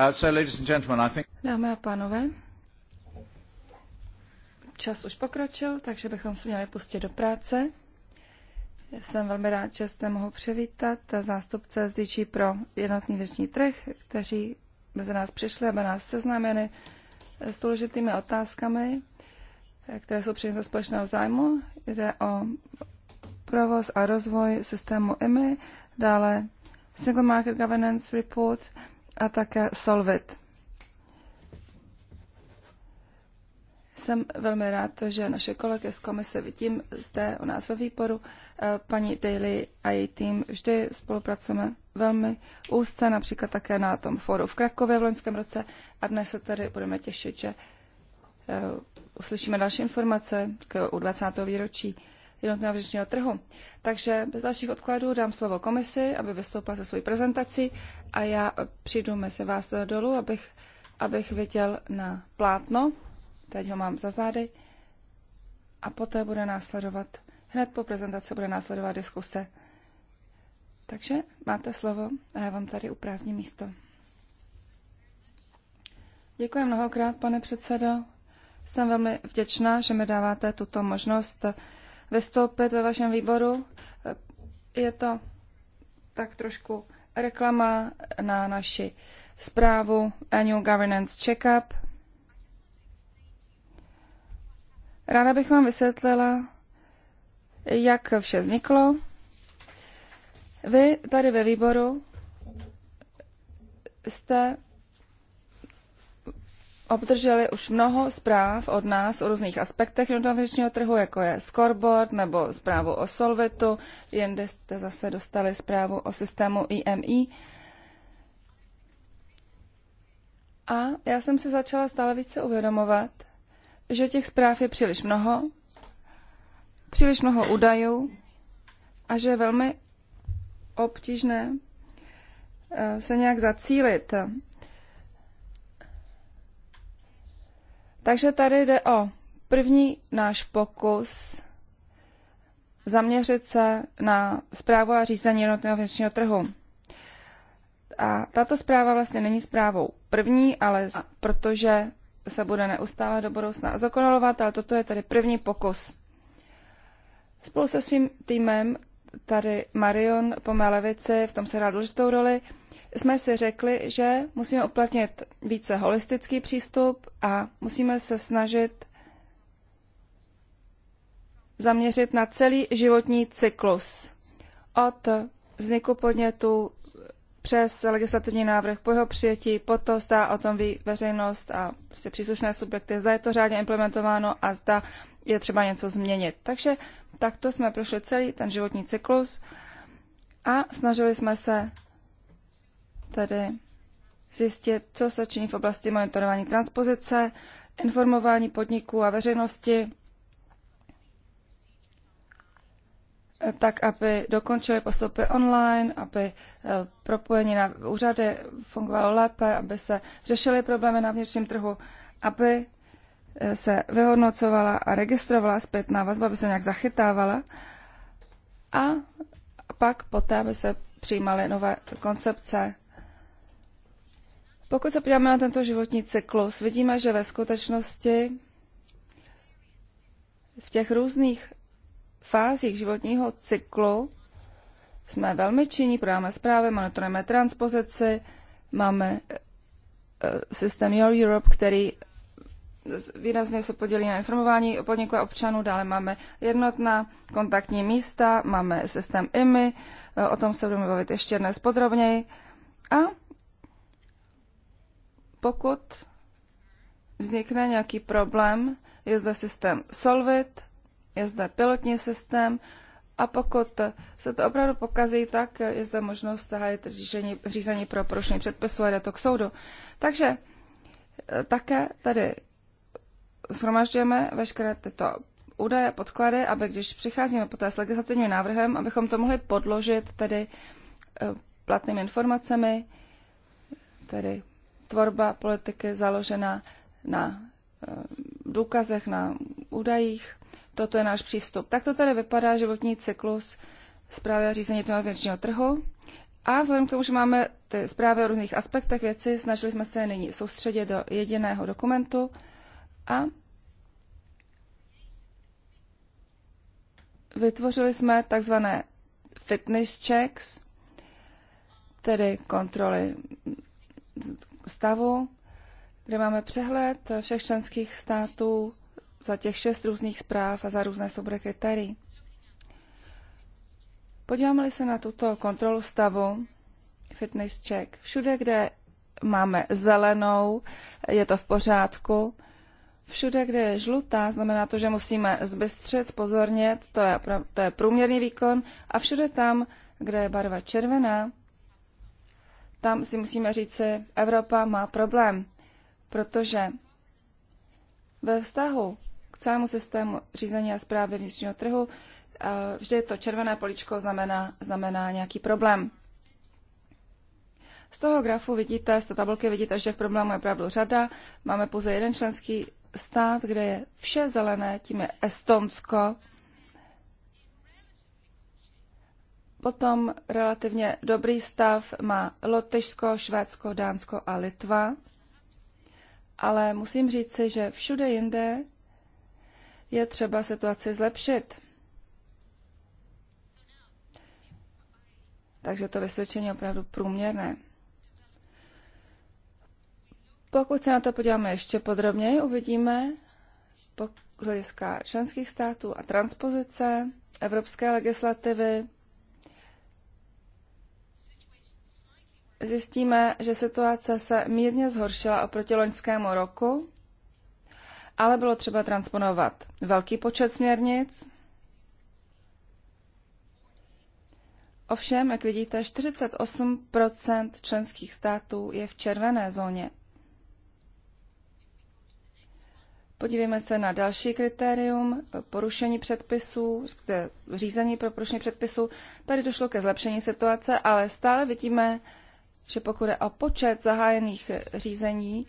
Uh, so, ladies and gentlemen, I think... Dámy a pánové, čas už pokročil, takže bychom se měli pustit do práce. Jsem velmi rád, že jste mohl přivítat zástupce z DG pro jednotný věřní trh, kteří mezi nás přišli, aby nás seznámili s důležitými otázkami, které jsou předmětem společného zájmu. Jde o provoz a rozvoj systému IMI, dále Single Market Governance Report, a také Solvit. Jsem velmi rád, že naše kolegy z komise vidím zde u nás ve výboru. Eh, paní Daly a její tým vždy spolupracujeme velmi úzce, například také na tom fóru v Krakově v loňském roce a dnes se tady budeme těšit, že eh, uslyšíme další informace k u 20. výročí jednotného vnitřního trhu. Takže bez dalších odkladů dám slovo komisi, aby vystoupila se svojí prezentací a já přijdu mezi vás dolů, abych, abych viděl na plátno. Teď ho mám za zády. A poté bude následovat, hned po prezentaci bude následovat diskuse. Takže máte slovo a já vám tady uprázdním místo. Děkuji mnohokrát, pane předsedo. Jsem velmi vděčná, že mi dáváte tuto možnost vystoupit ve vašem výboru. Je to tak trošku reklama na naši zprávu Annual Governance Checkup. Ráda bych vám vysvětlila, jak vše vzniklo. Vy tady ve výboru jste obdrželi už mnoho zpráv od nás o různých aspektech jednotlivého trhu, jako je scoreboard nebo zprávu o Solvitu, jinde jste zase dostali zprávu o systému IMI. E e. A já jsem si začala stále více uvědomovat, že těch zpráv je příliš mnoho, příliš mnoho údajů a že je velmi obtížné eh, se nějak zacílit Takže tady jde o první náš pokus zaměřit se na zprávu a řízení jednotného vnitřního trhu. A tato zpráva vlastně není zprávou první, ale protože se bude neustále do budoucna zokonalovat, ale toto je tedy první pokus. Spolu se svým týmem tady Marion po mé levici, v tom se hrá důležitou roli, jsme si řekli, že musíme uplatnit více holistický přístup a musíme se snažit zaměřit na celý životní cyklus. Od vzniku podnětu přes legislativní návrh, po jeho přijetí, po to zda o tom ví veřejnost a prostě příslušné subjekty, zda je to řádně implementováno a zda je třeba něco změnit. Takže takto jsme prošli celý ten životní cyklus a snažili jsme se tedy zjistit, co se činí v oblasti monitorování transpozice, informování podniků a veřejnosti, tak aby dokončili postupy online, aby eh, propojení na úřady fungovalo lépe, aby se řešily problémy na vnitřním trhu, aby eh, se vyhodnocovala a registrovala zpětná vazba, aby se nějak zachytávala a pak poté, aby se přijímaly nové koncepce pokud se podíváme na tento životní cyklus, vidíme, že ve skutečnosti v těch různých fázích životního cyklu jsme velmi činní, prodáváme zprávy, monitorujeme transpozici, máme eh, eh, systém Your Europe, který výrazně se podělí na informování podniků a občanů. Dále máme jednotná kontaktní místa, máme systém IMI, eh, o tom se budeme bavit ještě dnes podrobněji. A pokud vznikne nějaký problém, je zde systém Solvit, je zde pilotní systém a pokud se to opravdu pokazí, tak je zde možnost zahájit řízení, řízení pro porušení předpisu a jde to k soudu. Takže eh, také tady shromažďujeme veškeré tyto údaje, podklady, aby když přicházíme poté s legislativním návrhem, abychom to mohli podložit tedy eh, platnými informacemi, tedy tvorba politiky založena na eh, důkazech, na údajích. Toto je náš přístup. Tak to tady vypadá životní cyklus zprávy a řízení toho vnitřního trhu. A vzhledem k tomu, že máme ty zprávy o různých aspektech věci, snažili jsme se nyní soustředit do jediného dokumentu a vytvořili jsme takzvané fitness checks, tedy kontroly stavu, kde máme přehled všech členských států za těch šest různých zpráv a za různé soubory kritérií. Podíváme-li se na tuto kontrolu stavu, fitness check, všude, kde máme zelenou, je to v pořádku. Všude, kde je žlutá, znamená to, že musíme zbystřet, pozornět. to je, to je průměrný výkon. A všude tam, kde je barva červená, tam si musíme říci, Evropa má problém, protože ve vztahu k celému systému řízení a zprávy vnitřního trhu eh, vždy to červené poličko znamená, znamená nějaký problém. Z toho grafu vidíte, z té tabulky vidíte, že těch problémů je opravdu řada. Máme pouze jeden členský stát, kde je vše zelené, tím je Estonsko, Potom relativně dobrý stav má Lotyšsko, Švédsko, Dánsko a Litva. Ale musím říci, že všude jinde je třeba situaci zlepšit. Takže to vysvědčení je opravdu průměrné. Pokud se na to podíváme ještě podrobněji, uvidíme z hlediska členských států a transpozice evropské legislativy, zjistíme, že situace se mírně zhoršila oproti loňskému roku, ale bylo třeba transponovat velký počet směrnic. Ovšem, jak vidíte, 48 členských států je v červené zóně. Podívejme se na další kritérium, porušení předpisů, řízení pro porušení předpisů. Tady došlo ke zlepšení situace, ale stále vidíme že pokud je o počet zahájených řízení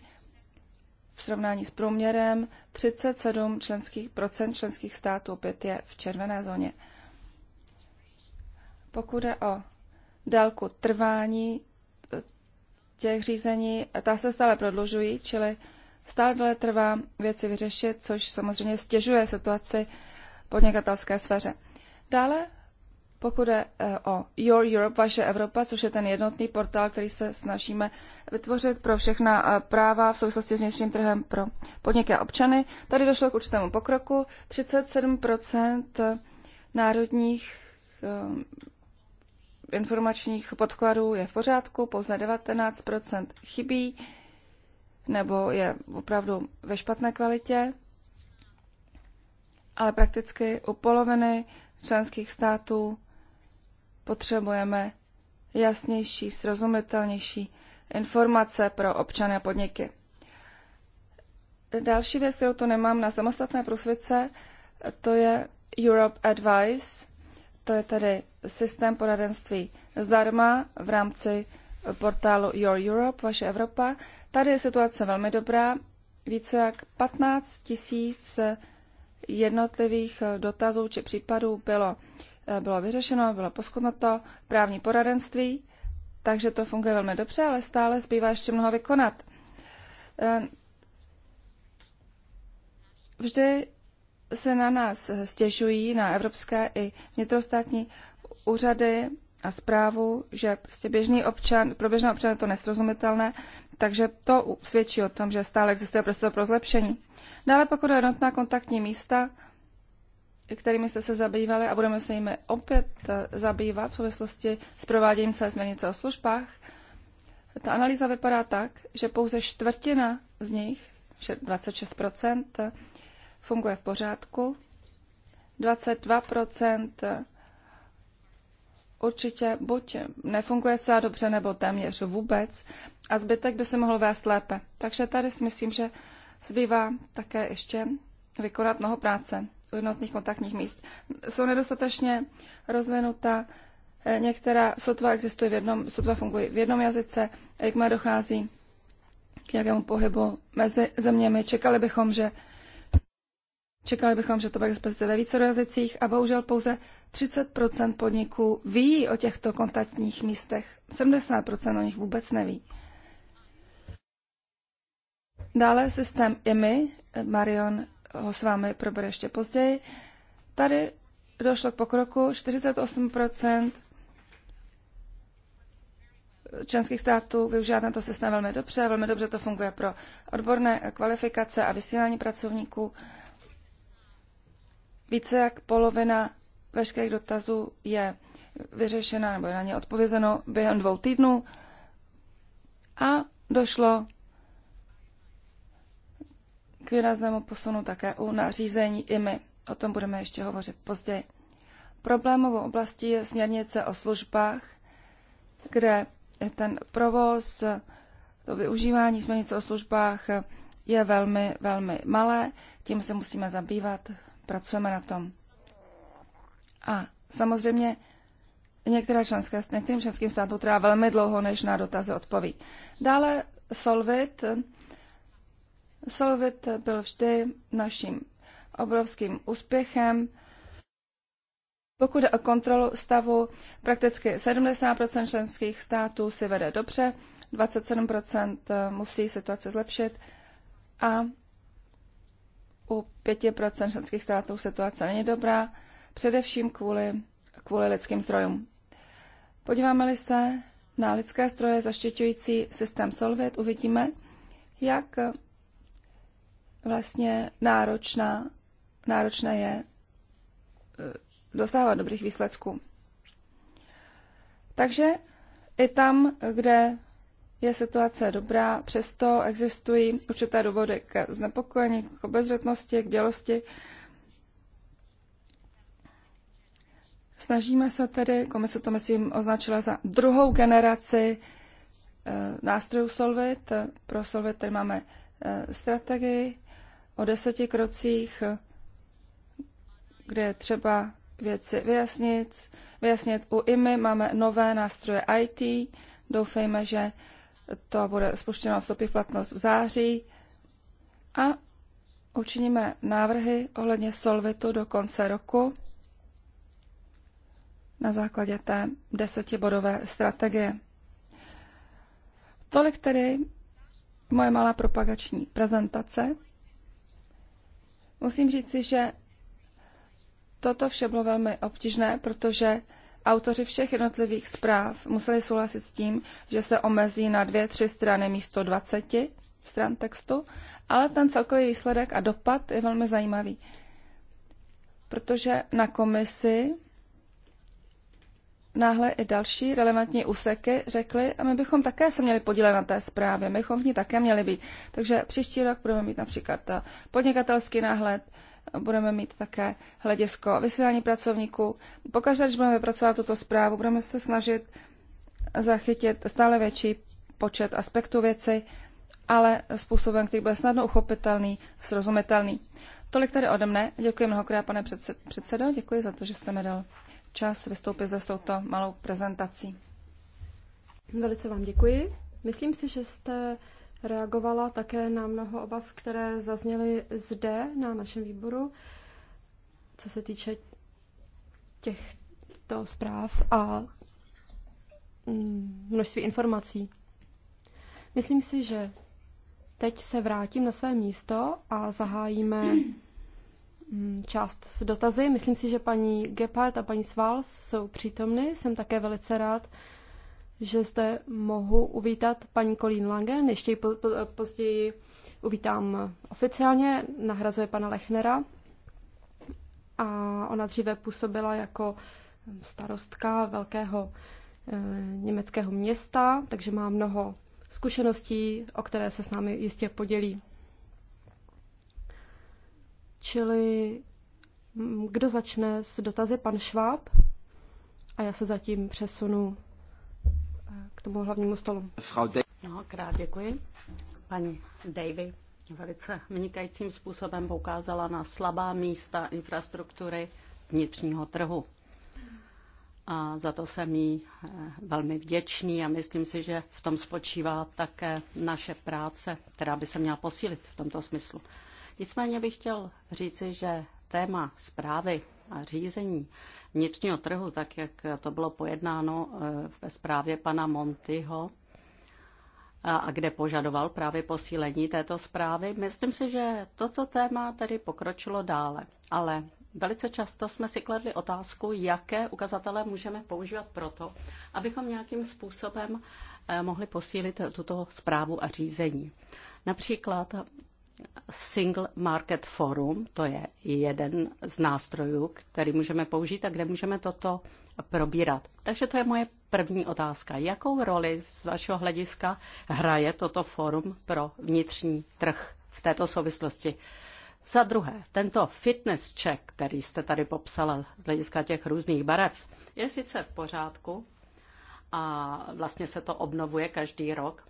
v srovnání s průměrem, 37 členských, procent členských států opět je v červené zóně. Pokud je o délku trvání eh, těch řízení, eh, ta se stále prodlužují, čili stále dole trvá věci vyřešit, což samozřejmě stěžuje situaci podnikatelské sféře. Dále pokud je eh, o Your Europe, vaše Evropa, což je ten jednotný portál, který se snažíme vytvořit pro všechna eh, práva v souvislosti s vnitřním trhem pro podniky a občany, tady došlo k určitému pokroku. 37 eh, národních informačních podkladů je v pořádku, pouze 19 chybí nebo je opravdu ve špatné kvalitě, ale prakticky u poloviny členských států potřebujeme jasnější, srozumitelnější informace pro občany a podniky. Další věc, kterou tu nemám na samostatné prosvědce, to je Europe Advice. To je tedy systém poradenství zdarma v rámci portálu Your Europe, vaše Evropa. Tady je situace velmi dobrá. Více jak 15 tisíc jednotlivých dotazů či případů bylo Eh, bylo vyřešeno, bylo poskudnuto právní poradenství, takže to funguje velmi dobře, ale stále zbývá ještě mnoho vykonat. Eh, vždy se na nás stěžují, na evropské i vnitrostátní úřady a zprávu, že prostě běžný občan, pro běžné občany je to nesrozumitelné, takže to svědčí o tom, že stále existuje prostor pro zlepšení. Dále pokud je jednotná kontaktní místa, kterými jste se zabývali a budeme se jimi opět eh, zabývat v souvislosti s prováděním celé směrnice o službách. Ta analýza vypadá tak, že pouze čtvrtina z nich, 26%, funguje v pořádku, 22% určitě buď nefunguje se dobře, nebo téměř vůbec a zbytek by se mohl vést lépe. Takže tady si myslím, že zbývá také ještě vykonat mnoho práce jednotných kontaktních míst. Jsou nedostatečně rozvinuta, eh, některá sotva existuje v jednom, sotva fungují v jednom jazyce, jak má dochází k nějakému pohybu mezi zeměmi, čekali bychom, že Čekali bychom, že to bude dispozice ve více jazycích a bohužel pouze 30 podniků ví o těchto kontaktních místech. 70 o nich vůbec neví. Dále systém EMI, eh, Marion ho s vámi probere ještě později. Tady došlo k pokroku 48 členských států využívá tento systém velmi dobře, velmi dobře to funguje pro odborné kvalifikace a vysílání pracovníků. Více jak polovina veškerých dotazů je vyřešena nebo je na ně odpovězeno během dvou týdnů a došlo k výraznému posunu také u nařízení IMI. O tom budeme ještě hovořit později. Problémovou oblastí je směrnice o službách, kde ten provoz, to využívání směrnice o službách je velmi, velmi malé. Tím se musíme zabývat, pracujeme na tom. A samozřejmě některé členské, některým členským státům trvá velmi dlouho, než na dotazy odpoví. Dále Solvit, Solvit byl vždy naším obrovským úspěchem. Pokud jde o kontrolu stavu, prakticky 70 členských států si vede dobře, 27 musí situace zlepšit a u 5 členských států situace není dobrá, především kvůli, kvůli lidským zdrojům. Podíváme-li se na lidské stroje zaštiťující systém Solvit, uvidíme, jak vlastně náročná, náročné je e, dosávat dobrých výsledků. Takže i tam, kde je situace dobrá, přesto existují určité důvody k znepokojení, k obezřetnosti, k bělosti. Snažíme se tedy, komise to myslím označila za druhou generaci e, nástrojů Solvit. Pro Solvit tady máme e, strategii o deseti krocích, kde je třeba věci vyjasnit. Vyjasnit u IMI máme nové nástroje IT. Doufejme, že to bude spuštěno v v platnost v září. A učiníme návrhy ohledně Solvitu do konce roku na základě té desetibodové strategie. Tolik tedy moje malá propagační prezentace. Musím říci, že toto vše bylo velmi obtížné, protože autoři všech jednotlivých zpráv museli souhlasit s tím, že se omezí na dvě, tři strany místo 20 stran textu, ale ten celkový výsledek a dopad je velmi zajímavý. Protože na komisi náhle i další relevantní úseky řekli a my bychom také se měli podílet na té zprávě, my bychom v ní také měli být. Takže příští rok budeme mít například eh, podnikatelský náhled, eh, budeme mít také hledisko vysílání pracovníků. Pokaždé, když budeme vypracovat tuto zprávu, budeme se snažit zachytit stále větší počet aspektů věci, ale způsobem, který bude snadno uchopitelný, srozumitelný. Tolik tady ode mne. Děkuji mnohokrát, pane předsedo. Děkuji za to, že jste mi dal čas vystoupit zde s touto malou prezentací. Velice vám děkuji. Myslím si, že jste reagovala také na mnoho obav, které zazněly zde na našem výboru, co se týče těchto zpráv a mm, množství informací. Myslím si, že teď se vrátím na své místo a zahájíme Mm, část s dotazy. Myslím si, že paní Gepard a paní Svals jsou přítomny. Jsem také velice rád, že zde mohu uvítat paní Colleen Langen. Ještě po, po, později uvítám oficiálně, nahrazuje pana Lechnera. A ona dříve působila jako starostka velkého e, německého města, takže má mnoho zkušeností, o které se s námi jistě podělí. Čili mm, kdo začne s dotazy? Pan Šváb? A já se zatím přesunu eh, k tomu hlavnímu stolu. No, krát děkuji. Paní Davy velice vynikajícím způsobem poukázala na slabá místa infrastruktury vnitřního trhu. A za to jsem jí eh, velmi vděčný a myslím si, že v tom spočívá také naše práce, která by se měla posílit v tomto smyslu. Nicméně bych chtěl říci, že téma zprávy a řízení vnitřního trhu, tak jak to bylo pojednáno eh, ve zprávě pana Montyho, a kde požadoval právě posílení této zprávy. Myslím si, že toto téma tedy pokročilo dále, ale velice často jsme si kladli otázku, jaké ukazatele můžeme používat proto, abychom nějakým způsobem eh, mohli posílit tuto zprávu a řízení. Například Single Market Forum, to je jeden z nástrojů, který můžeme použít a kde můžeme toto probírat. Takže to je moje první otázka. Jakou roli z vašeho hlediska hraje toto forum pro vnitřní trh v této souvislosti? Za druhé, tento fitness check, který jste tady popsala z hlediska těch různých barev, je sice v pořádku a vlastně se to obnovuje každý rok,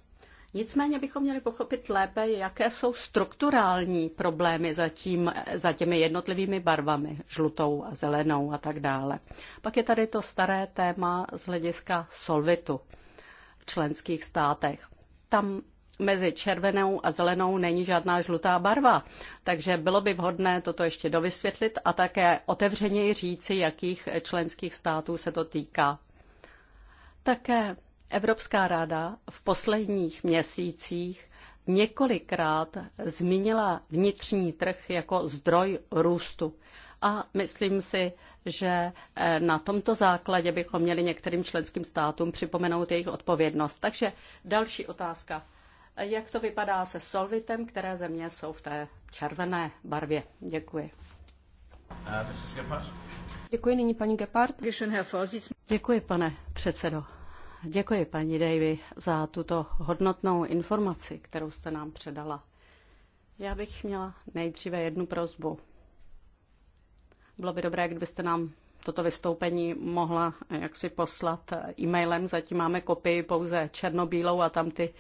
Nicméně bychom měli pochopit lépe, jaké jsou strukturální problémy za, tím, za těmi jednotlivými barvami, žlutou a zelenou a tak dále. Pak je tady to staré téma z hlediska solvitu v členských státech. Tam mezi červenou a zelenou není žádná žlutá barva. Takže bylo by vhodné toto ještě dovysvětlit a také otevřeněji říci, jakých členských států se to týká. Také Evropská rada v posledních měsících několikrát zmínila vnitřní trh jako zdroj růstu. A myslím si, že eh, na tomto základě bychom měli některým členským státům připomenout jejich odpovědnost. Takže další otázka. Jak to vypadá se solvitem, které země jsou v té červené barvě? Děkuji. Uh, Děkuji nyní paní Gepard. Děkuji, pane předsedo. Děkuji, paní Davy, za tuto hodnotnou informaci, kterou jste nám předala. Já bych měla nejdříve jednu prozbu. Bylo by dobré, kdybyste nám toto vystoupení mohla jaksi poslat e-mailem. Zatím máme kopii pouze černobílou a tam ty,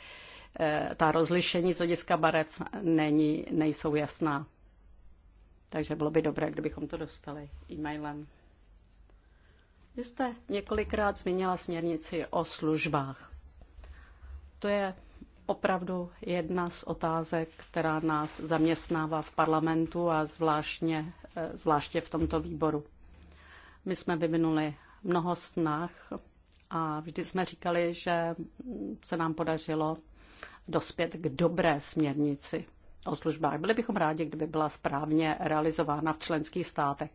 eh, ta rozlišení z hlediska barev není, nejsou jasná. Takže bylo by dobré, kdybychom to dostali e-mailem. Vy jste několikrát zmínila směrnici o službách. To je opravdu jedna z otázek, která nás zaměstnává v parlamentu a zvláštně, eh, zvláště v tomto výboru. My jsme vyvinuli mnoho snah a vždy jsme říkali, že se nám podařilo dospět k dobré směrnici o službách. Byli bychom rádi, kdyby byla správně realizována v členských státech.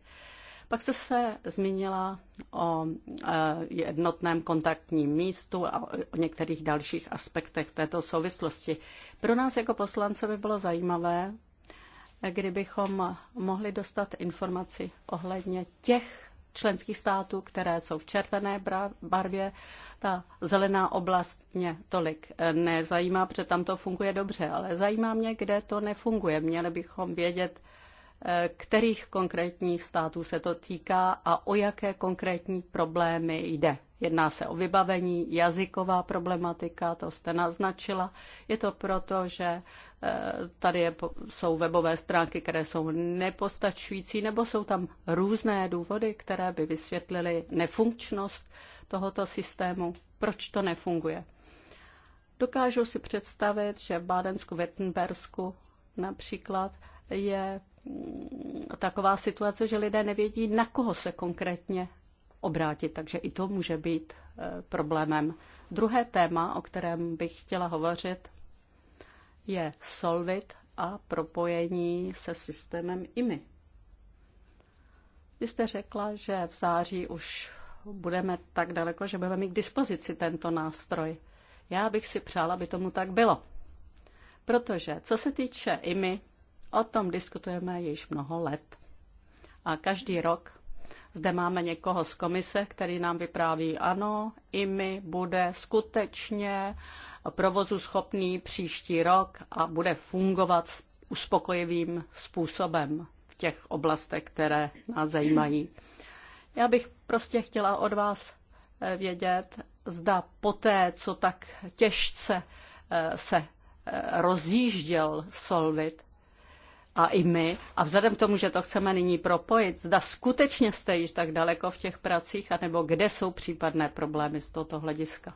Pak jste se zmínila o eh, jednotném kontaktním místu a o některých dalších aspektech této souvislosti. Pro nás jako poslance by bylo zajímavé, kdybychom mohli dostat informaci ohledně těch členských států, které jsou v červené barvě. Ta zelená oblast mě tolik eh, nezajímá, protože tam to funguje dobře, ale zajímá mě, kde to nefunguje. Měli bychom vědět, Eh, kterých konkrétních států se to týká a o jaké konkrétní problémy jde. Jedná se o vybavení, jazyková problematika, to jste naznačila. Je to proto, že eh, tady je, jsou webové stránky, které jsou nepostačující, nebo jsou tam různé důvody, které by vysvětlily nefunkčnost tohoto systému. Proč to nefunguje? Dokážu si představit, že v Bádensku, Württembersku například je mm, taková situace, že lidé nevědí, na koho se konkrétně obrátit, takže i to může být e, problémem. Druhé téma, o kterém bych chtěla hovořit, je Solvit a propojení se systémem IMI. Vy jste řekla, že v září už budeme tak daleko, že budeme mít k dispozici tento nástroj. Já bych si přála, aby tomu tak bylo. Protože co se týče IMI, O tom diskutujeme již mnoho let. A každý rok zde máme někoho z komise, který nám vypráví, ano, i my bude skutečně provozu schopný příští rok a bude fungovat s uspokojivým způsobem v těch oblastech, které nás zajímají. Já bych prostě chtěla od vás eh, vědět, zda poté, co tak těžce eh, se eh, rozjížděl Solvit, a i my. A vzhledem k tomu, že to chceme nyní propojit, zda skutečně jste již tak daleko v těch pracích, anebo kde jsou případné problémy z tohoto hlediska?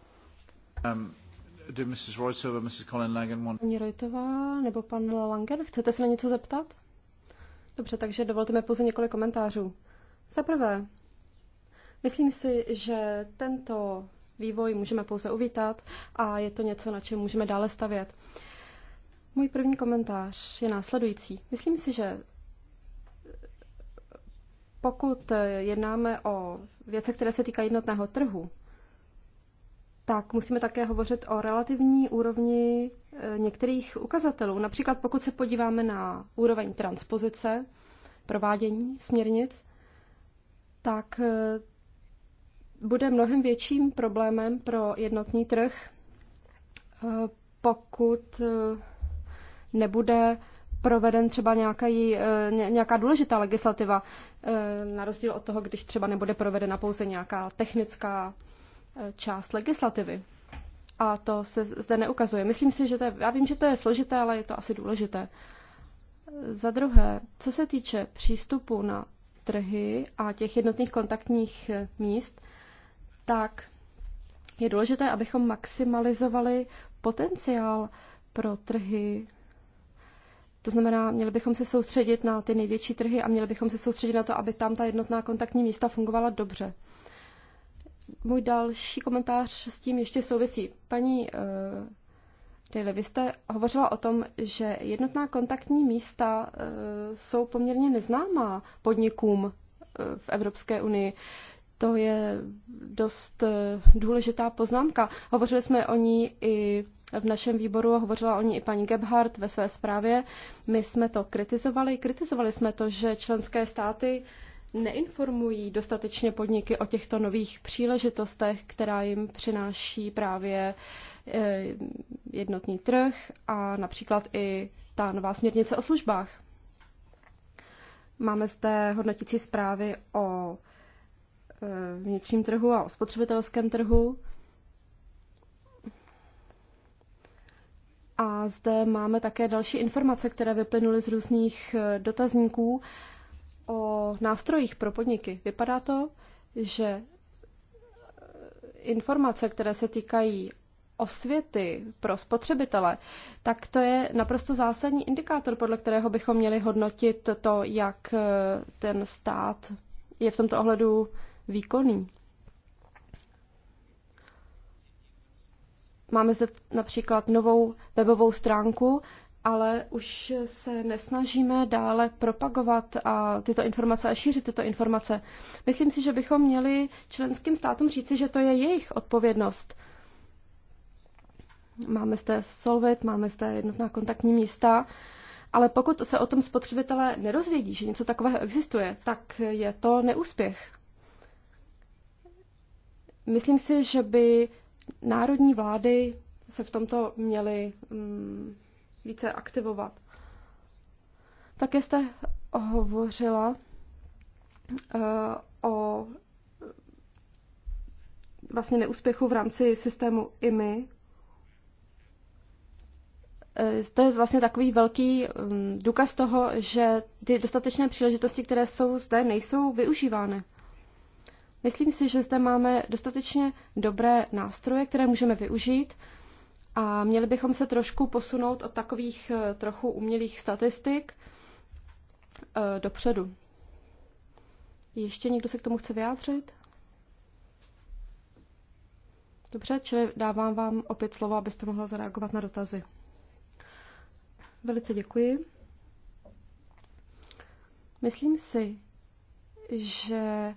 Um. Mrs. Paní Reutová nebo pan Langen, chcete se na něco zeptat? Dobře, takže dovolte mi pouze několik komentářů. Za prvé, myslím si, že tento vývoj můžeme pouze uvítat a je to něco, na čem můžeme dále stavět. Uh, můj první komentář je následující. Myslím si, že pokud jednáme o věcech, které se týkají jednotného trhu, tak musíme také hovořit o relativní úrovni eh, některých ukazatelů. Například pokud se podíváme na úroveň transpozice, provádění směrnic, tak eh, bude mnohem větším problémem pro jednotný trh, eh, pokud nebude proveden třeba nějaký, eh, nějaká důležitá legislativa, eh, na rozdíl od toho, když třeba nebude provedena pouze nějaká technická eh, část legislativy. A to se zde neukazuje. Myslím si, že to je, já vím, že to je složité, ale je to asi důležité. Za druhé, co se týče přístupu na trhy a těch jednotných kontaktních míst, tak je důležité, abychom maximalizovali potenciál pro trhy to znamená, měli bychom se soustředit na ty největší trhy a měli bychom se soustředit na to, aby tam ta jednotná kontaktní místa fungovala dobře. Můj další komentář s tím ještě souvisí. Paní uh, Daly, vy jste hovořila o tom, že jednotná kontaktní místa uh, jsou poměrně neznámá podnikům uh, v Evropské unii. To je dost uh, důležitá poznámka. Hovořili jsme o ní i v našem výboru a hovořila o ní i paní Gebhardt ve své zprávě. My jsme to kritizovali. Kritizovali jsme to, že členské státy neinformují dostatečně podniky o těchto nových příležitostech, která jim přináší právě eh, jednotný trh a například i ta nová směrnice o službách. Máme zde hodnotící zprávy o eh, vnitřním trhu a o spotřebitelském trhu. A zde máme také další informace, které vyplynuly z různých eh, dotazníků o nástrojích pro podniky. Vypadá to, že eh, informace, které se týkají osvěty pro spotřebitele, tak to je naprosto zásadní indikátor, podle kterého bychom měli hodnotit to, jak eh, ten stát je v tomto ohledu výkonný. Máme zde například novou webovou stránku, ale už se nesnažíme dále propagovat a tyto informace a šířit tyto informace. Myslím si, že bychom měli členským státům říci, že to je jejich odpovědnost. Máme zde Solvit, máme zde jednotná kontaktní místa, ale pokud se o tom spotřebitelé nerozvědí, že něco takového existuje, tak je to neúspěch. Myslím si, že by národní vlády se v tomto měly mm, více aktivovat. Také jste hovořila eh, o vlastně neúspěchu v rámci systému IMI. Eh, to je vlastně takový velký mm, důkaz toho, že ty dostatečné příležitosti, které jsou zde, nejsou využívány. Myslím si, že zde máme dostatečně dobré nástroje, které můžeme využít a měli bychom se trošku posunout od takových eh, trochu umělých statistik eh, dopředu. Ještě někdo se k tomu chce vyjádřit? Dobře, čili dávám vám opět slovo, abyste mohla zareagovat na dotazy. Velice děkuji. Myslím si, že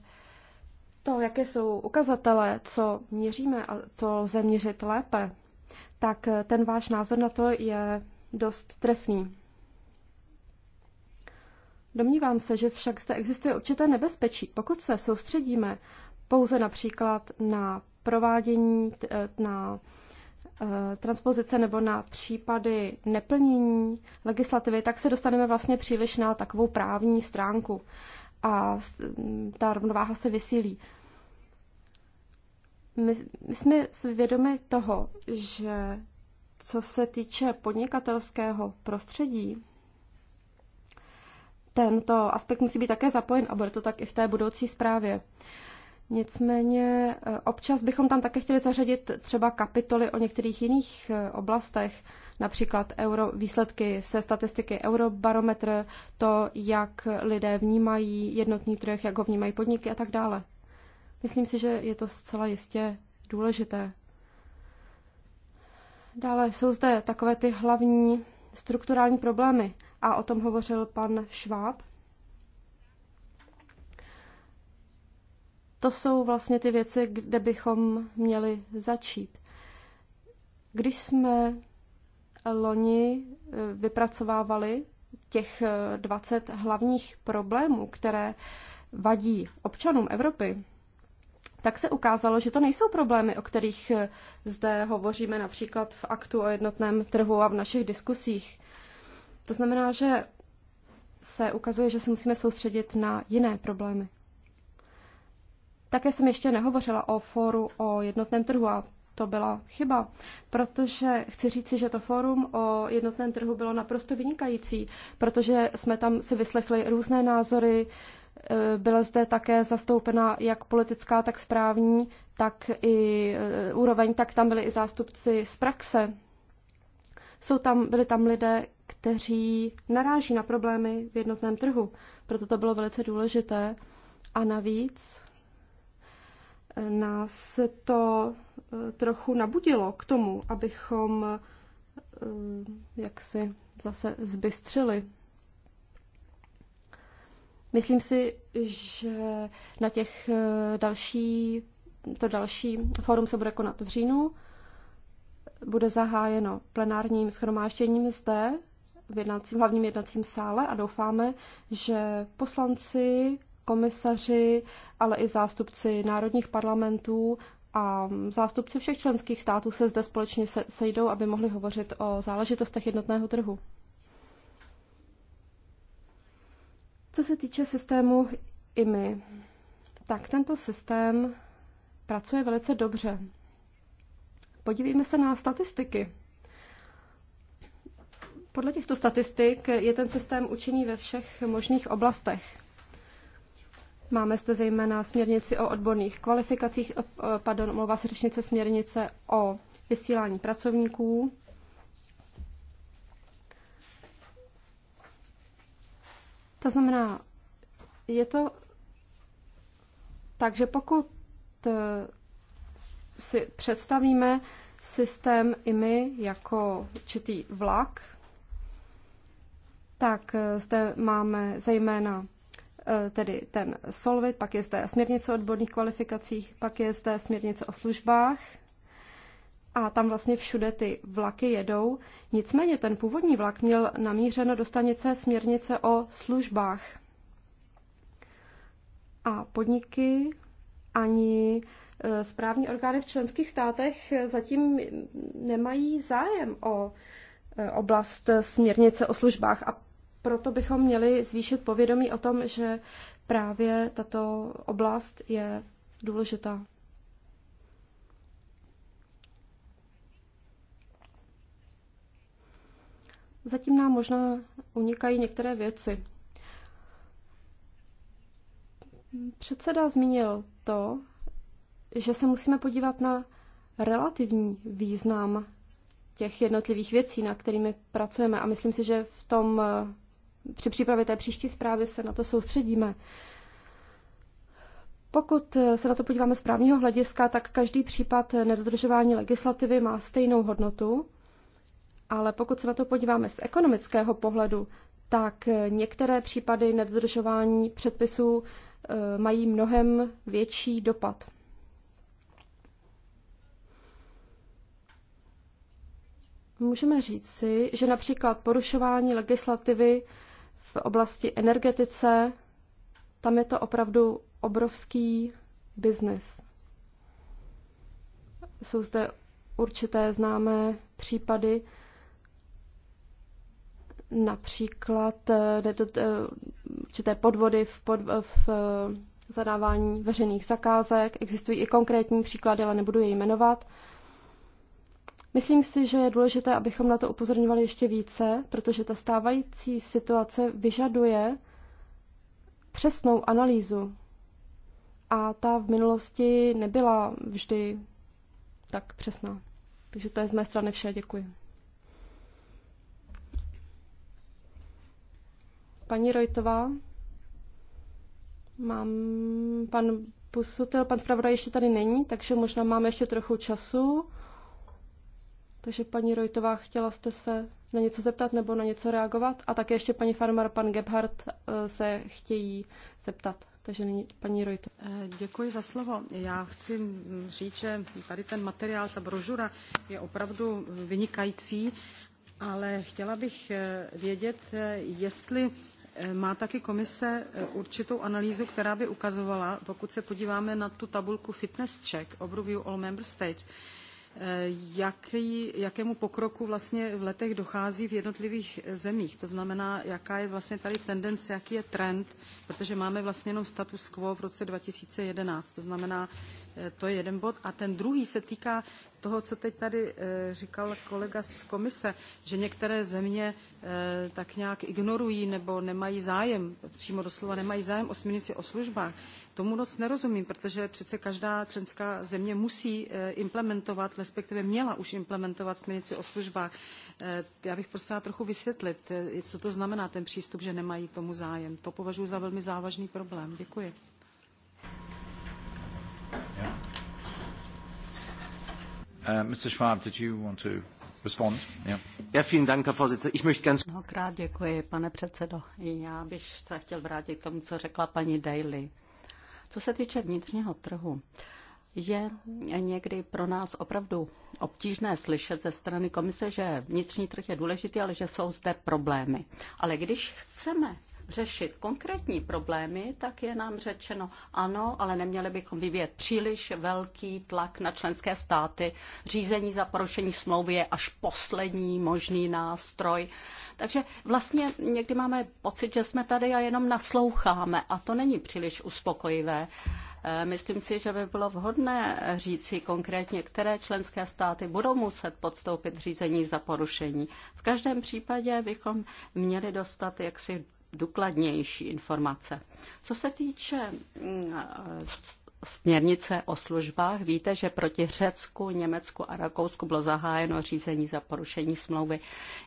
to, jaké jsou ukazatele, co měříme a co lze měřit lépe, tak eh, ten váš názor na to je dost trefný. Domnívám se, že však zde existuje určité nebezpečí. Pokud se soustředíme pouze například na provádění, eh, na eh, transpozice nebo na případy neplnění legislativy, tak se dostaneme vlastně příliš na takovou právní stránku a ta rovnováha se vysílí. My, my jsme vědomi toho, že co se týče podnikatelského prostředí, tento aspekt musí být také zapojen a bude to tak i v té budoucí zprávě. Uh, Nicméně eh, občas bychom tam také chtěli zařadit třeba kapitoly o některých jiných eh, oblastech, například euro, výsledky se statistiky Eurobarometr, to, jak lidé vnímají jednotný trh, jak ho vnímají podniky a tak dále. Myslím si, že je to zcela jistě důležité. Dále jsou zde takové ty hlavní strukturální problémy a o tom hovořil pan Šváb. To jsou vlastně ty věci, kde bychom měli začít. Když jsme loni eh, vypracovávali těch 20 eh, hlavních problémů, které vadí občanům Evropy, tak se ukázalo, že to nejsou problémy, o kterých eh, zde hovoříme například v aktu o jednotném trhu a v našich diskusích. To znamená, že se ukazuje, že se musíme soustředit na jiné problémy. Také jsem ještě nehovořila o fóru o jednotném trhu a to byla chyba, protože chci říci, že to fórum o jednotném trhu bylo naprosto vynikající, protože jsme tam si vyslechli různé názory, e, byla zde také zastoupena jak politická, tak správní, tak i e, úroveň, tak tam byli i zástupci z praxe. Jsou tam, byli tam lidé, kteří naráží na problémy v jednotném trhu. Proto to bylo velice důležité. A navíc nás to eh, trochu nabudilo k tomu, abychom eh, jaksi zase zbystřili. Myslím si, že na těch eh, další, to další fórum se bude konat v říjnu. Bude zahájeno plenárním schromáštěním zde v jednacím, hlavním jednacím sále a doufáme, že poslanci komisaři, ale i zástupci národních parlamentů a zástupci všech členských států se zde společně sejdou, aby mohli hovořit o záležitostech jednotného trhu. Co se týče systému IMI, tak tento systém pracuje velice dobře. Podívejme se na statistiky. Podle těchto statistik je ten systém účinný ve všech možných oblastech. Máme zde zejména směrnici o odborných kvalifikacích, eh, pardon, omlouvá se řečnice směrnice o vysílání pracovníků. To znamená, je to tak, že pokud eh, si představíme systém i my jako určitý vlak, tak eh, zde máme zejména Eh, tedy ten Solvit, pak je zde směrnice o odborných kvalifikacích, pak je zde směrnice o službách a tam vlastně všude ty vlaky jedou. Nicméně ten původní vlak měl namířeno do stanice směrnice o službách. A podniky ani eh, správní orgány v členských státech eh, zatím nemají zájem o oblast směrnice o službách a proto bychom měli zvýšit povědomí o tom, že právě tato oblast je důležitá. Zatím nám možná unikají některé věci. Předseda zmínil to, že se musíme podívat na relativní význam těch jednotlivých věcí, na kterými pracujeme. A myslím si, že v tom při přípravě té příští zprávy se na to soustředíme. Pokud se na to podíváme z právního hlediska, tak každý případ nedodržování legislativy má stejnou hodnotu, ale pokud se na to podíváme z ekonomického pohledu, tak některé případy nedodržování předpisů e, mají mnohem větší dopad. Můžeme říct si, že například porušování legislativy v oblasti energetice, tam je to opravdu obrovský biznis. Jsou zde určité známé případy, například eh, eh, určité podvody v, pod, eh, v zadávání veřejných zakázek. Existují i konkrétní příklady, ale nebudu je jmenovat. Myslím si, že je důležité, abychom na to upozorňovali ještě více, protože ta stávající situace vyžaduje přesnou analýzu. A ta v minulosti nebyla vždy tak přesná. Takže to je z mé strany vše. Děkuji. Paní Rojtová, mám pan Pusutil, pan zpravodaj ještě tady není, takže možná máme ještě trochu času. Takže paní Rojtová, chtěla jste se na něco zeptat nebo na něco reagovat? A také ještě paní Farmer, pan Gebhardt eh, se chtějí zeptat. Takže nyní paní Rojto. Eh, děkuji za slovo. Já chci mm, říct, že tady ten materiál, ta brožura je opravdu vynikající, ale chtěla bych eh, vědět, jestli má taky komise určitou analýzu, která by ukazovala, pokud se podíváme na tu tabulku fitness check, overview all member states, Eh, jaký, jakému pokroku vlastně v letech dochází v jednotlivých eh, zemích. To znamená, jaká je vlastně tady tendence, jaký je trend, protože máme vlastně jenom status quo v roce 2011. To znamená, Eh, to je jeden bod. A ten druhý se týká toho, co teď tady eh, říkal kolega z komise, že některé země eh, tak nějak ignorují nebo nemají zájem, přímo doslova nemají zájem o směrnici o službách. Tomu moc nerozumím, protože přece každá členská země musí implementovat, respektive měla už implementovat směrnici o službách. Já bych prosila trochu vysvětlit, co to znamená ten přístup, že nemají tomu zájem. To považuji za velmi závažný problém. Děkuji. Uh, Mr. Schwab, did you want to respond? Yeah. Ja, vielen Dank, Herr Vorsitzender. Ich möchte ganz... Mnohokrát děkuji, pane předsedo. Já bych se chtěl vrátit k tomu, co řekla paní Daly. Co se týče vnitřního trhu, je někdy pro nás opravdu obtížné slyšet ze strany komise, že vnitřní trh je důležitý, ale že jsou zde problémy. Ale když chceme řešit konkrétní problémy, tak je nám řečeno ano, ale neměli bychom vyvíjet příliš velký tlak na členské státy. Řízení za porušení smlouvy je až poslední možný nástroj. Takže vlastně někdy máme pocit, že jsme tady a jenom nasloucháme a to není příliš uspokojivé. Eh, myslím si, že by bylo vhodné říci konkrétně, které členské státy budou muset podstoupit řízení za porušení. V každém případě bychom měli dostat jaksi důkladnější informace. Co se týče mm, směrnice o službách. Víte, že proti Řecku, Německu a Rakousku bylo zahájeno řízení za porušení smlouvy.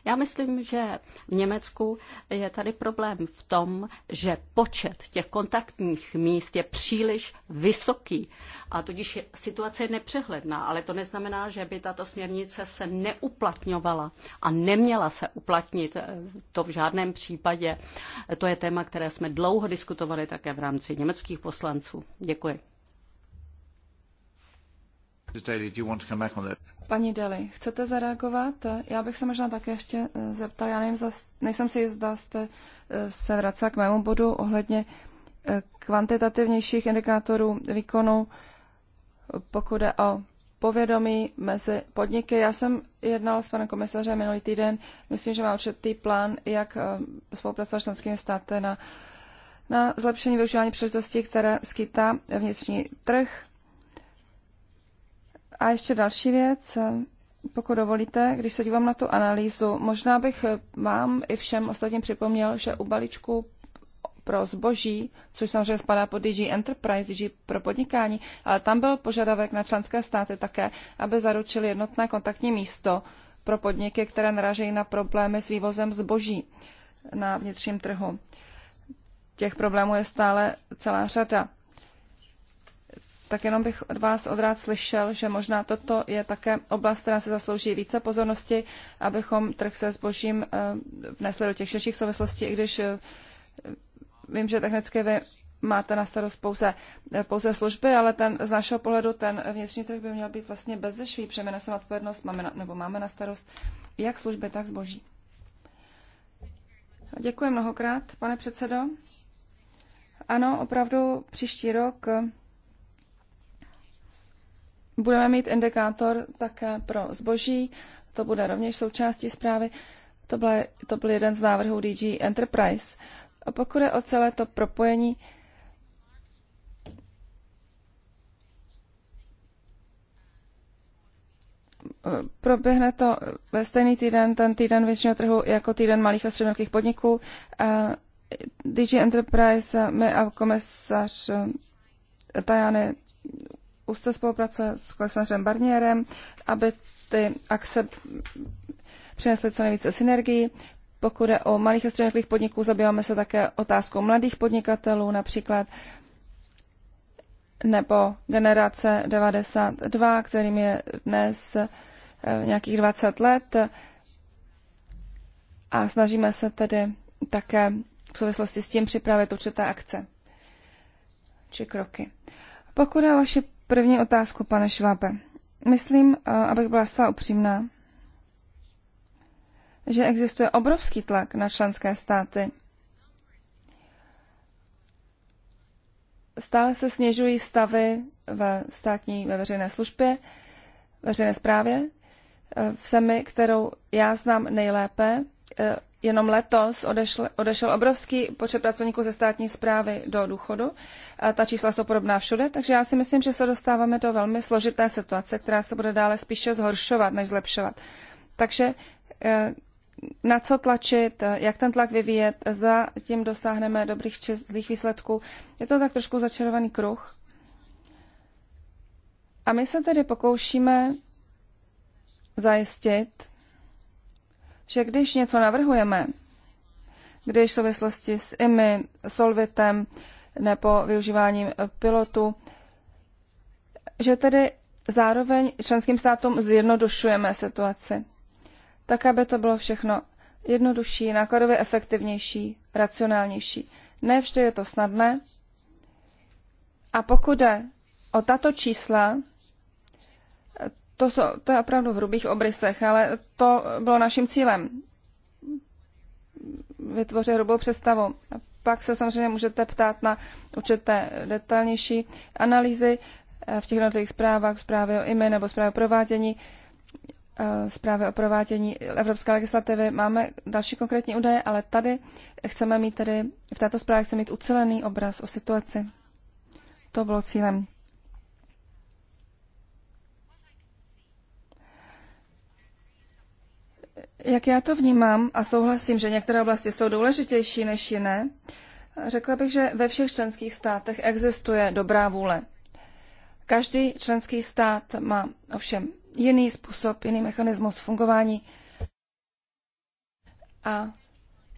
Já myslím, že v Německu je tady problém v tom, že počet těch kontaktních míst je příliš vysoký a tudíž situace je nepřehledná, ale to neznamená, že by tato směrnice se neuplatňovala a neměla se uplatnit eh, to v žádném případě. To je téma, které jsme dlouho diskutovali také v rámci německých poslanců. Děkuji. Paní Deli, chcete zareagovat? Já bych se možná také ještě eh, zeptal, já nevím, zas, nejsem si jistá, jste eh, se vracela k mému bodu ohledně eh, kvantitativnějších indikátorů výkonu, pokud je o povědomí mezi podniky. Já jsem jednal s panem komisařem minulý týden, myslím, že má určitý plán, jak spolupracovat s členskými státy na, na zlepšení využívání příležitostí, které skýtá vnitřní trh a ještě další věc, pokud dovolíte, když se dívám na tu analýzu, možná bych vám i všem ostatním připomněl, že u balíčku pro zboží, což samozřejmě spadá pod DG Enterprise, DG pro podnikání, ale tam byl požadavek na členské státy také, aby zaručili jednotné kontaktní místo pro podniky, které narážejí na problémy s vývozem zboží na vnitřním trhu. Těch problémů je stále celá řada tak jenom bych od vás odrád slyšel, že možná toto je také oblast, která se zaslouží více pozornosti, abychom trh se zbožím eh, vnesli do těch širších souvislostí, i když eh, vím, že technicky vy máte na starost pouze, eh, pouze služby, ale ten, z našeho pohledu ten vnitřní trh by měl být vlastně bez zešví. Přeměna sem odpovědnost máme na, nebo máme na starost jak služby, tak zboží. Děkuji mnohokrát, pane předsedo. Ano, opravdu příští rok Budeme mít indikátor také pro zboží, to bude rovněž součástí zprávy. To byl, to byl jeden z návrhů DG Enterprise. A pokud je o celé to propojení, proběhne to ve stejný týden, ten týden většinou trhu jako týden malých a středních podniků. DG Enterprise, my a komisař eh, Tajany úzce spolupracuje s komisařem Barnierem, aby ty akce přinesly co nejvíce synergii. Pokud je o malých a středních podniků, zabýváme se také otázkou mladých podnikatelů, například nebo generace 92, kterým je dnes eh, nějakých 20 let. A snažíme se tedy také v souvislosti s tím připravit určité akce či kroky. Pokud je o vaši První otázku, pane Švábe. Myslím, eh, abych byla zcela upřímná, že existuje obrovský tlak na členské státy. Stále se snižují stavy ve státní, ve veřejné službě, veřejné správě. Eh, v zemi, kterou já znám nejlépe, eh, jenom letos odešl, odešel obrovský počet pracovníků ze státní zprávy do důchodu. A ta čísla jsou podobná všude, takže já si myslím, že se dostáváme do velmi složité situace, která se bude dále spíše zhoršovat, než zlepšovat. Takže eh, na co tlačit, jak ten tlak vyvíjet, za tím dosáhneme dobrých či zlých výsledků. Je to tak trošku začarovaný kruh. A my se tedy pokoušíme zajistit, že když něco navrhujeme, když v souvislosti s IMI, Solvitem nebo využíváním pilotu, že tedy zároveň členským státům zjednodušujeme situaci, tak aby to bylo všechno jednodušší, nákladově efektivnější, racionálnější. Ne vždy je to snadné. A pokud jde o tato čísla, to, jsou, to je opravdu v hrubých obrysech, ale to bylo naším cílem. Vytvořit hrubou představu. Pak se samozřejmě můžete ptát na určité detailnější analýzy eh, v těch jednotlivých zprávách, zprávy o IMI nebo zprávy o provádění, eh, zprávy o provádění evropské legislativy. Máme další konkrétní údaje, ale tady chceme mít tedy, v této zprávě chceme mít ucelený obraz o situaci. To bylo cílem. Jak já to vnímám a souhlasím, že některé oblasti jsou důležitější než jiné, řekla bych, že ve všech členských státech existuje dobrá vůle. Každý členský stát má ovšem jiný způsob, jiný mechanismus fungování a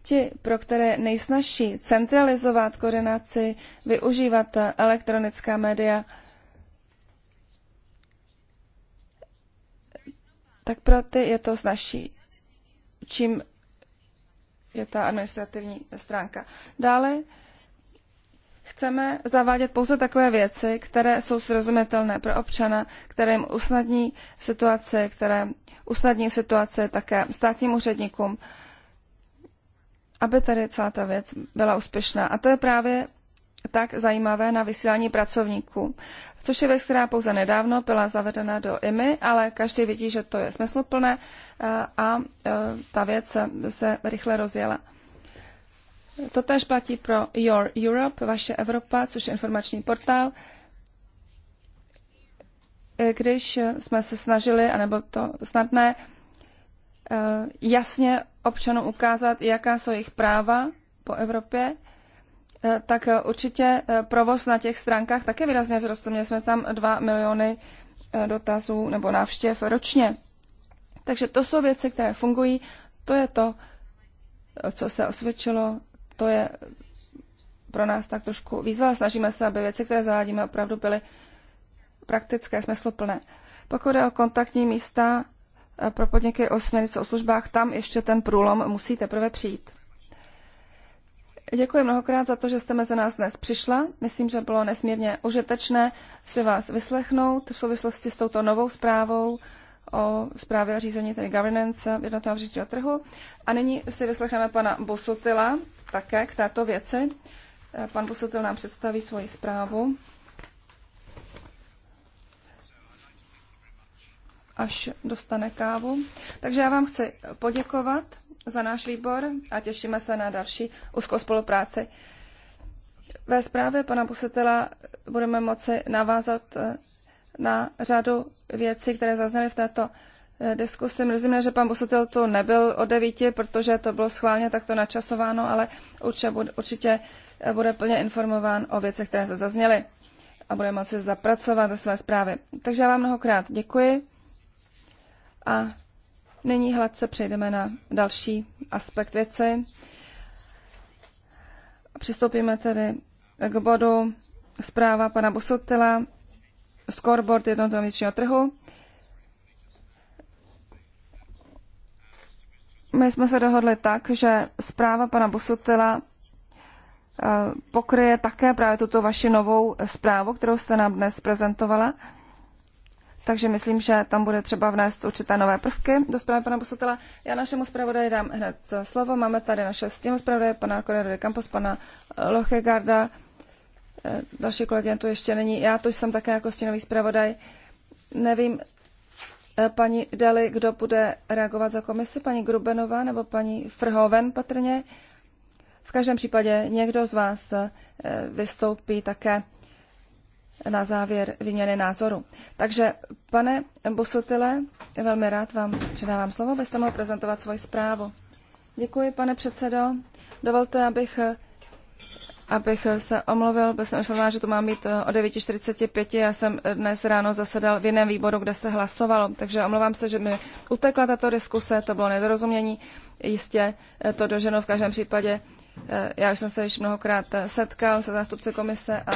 ti, pro které nejsnažší centralizovat koordinaci, využívat elektronická média, tak pro ty je to snažší čím je ta administrativní stránka. Dále chceme zavádět pouze takové věci, které jsou srozumitelné pro občana, které jim usnadní situace, které usnadní situace také státním úředníkům, aby tady celá ta věc byla úspěšná. A to je právě tak zajímavé na vysílání pracovníků, což je věc, která pouze nedávno byla zavedena do IMI, ale každý vidí, že to je smysluplné a e, ta věc se rychle rozjela. Totež platí pro Your Europe, vaše Evropa, což je informační portál. E, když jsme se snažili, anebo to snadné, e, jasně občanům ukázat, jaká jsou jejich práva po Evropě, tak určitě provoz na těch stránkách také výrazně vzrostl. Měli jsme tam 2 miliony dotazů nebo návštěv ročně. Takže to jsou věci, které fungují, to je to, co se osvědčilo, to je pro nás tak trošku výzva. Snažíme se, aby věci, které zavádíme, opravdu byly praktické, smysluplné. Pokud je o kontaktní místa eh, pro podniky o směrnice o službách, tam ještě ten průlom musí teprve přijít. Děkuji mnohokrát za to, že jste mezi nás dnes přišla. Myslím, že bylo nesmírně užitečné si vás vyslechnout v souvislosti s touto novou zprávou o zprávě a řízení, tedy governance jednotného vřičního trhu. A nyní si vyslechneme pana Bosotila také k této věci. Eh, pan Bosotil nám představí svoji zprávu. až dostane kávu. Takže já vám chci poděkovat za náš výbor a těšíme se na další úzkou spolupráci. Ve zprávě pana Busetela budeme moci navázat eh, na řadu věcí, které zazněly v této eh, diskusi. Mrzí mě, že pan Busutil tu nebyl o devíti, protože to bylo schválně takto načasováno, ale určitě, určitě eh, bude plně informován o věcech, které se zazněly a bude moci zapracovat do své zprávy. Takže já vám mnohokrát děkuji a nyní hladce přejdeme na další aspekt věci. Přistoupíme tedy k bodu zpráva pana Busutila scoreboard jednotného vnitřního trhu. My jsme se dohodli tak, že zpráva pana Busutela eh, pokryje také právě tuto vaši novou zprávu, kterou jste nám dnes prezentovala. Takže myslím, že tam bude třeba vnést určité nové prvky do zprávy pana Busutela. Já našemu zpravodaji dám hned slovo. Máme tady naše stěmu zpravodaje, pana Corredo de Campos, pana Lochegarda, další eh, kolegyně tu ještě není. Já to jsem také jako stínový zpravodaj. Nevím, eh, paní Deli, kdo bude reagovat za komisi, paní Grubenová nebo paní Frhoven patrně. V každém případě někdo z vás eh, vystoupí také na závěr výměny názoru. Takže, pane Busutile, velmi rád vám předávám slovo, abyste mohl prezentovat svoji zprávu. Děkuji, pane předsedo. Dovolte, abych abych se omluvil, byl jsem informován, že to mám být eh, o 9.45. Já jsem eh, dnes ráno zasedal v jiném výboru, kde se hlasovalo, takže omlouvám se, že mi utekla tato diskuse, to bylo nedorozumění. Jistě eh, to doženo v každém případě. Já už jsem se již mnohokrát setkal se zástupci komise a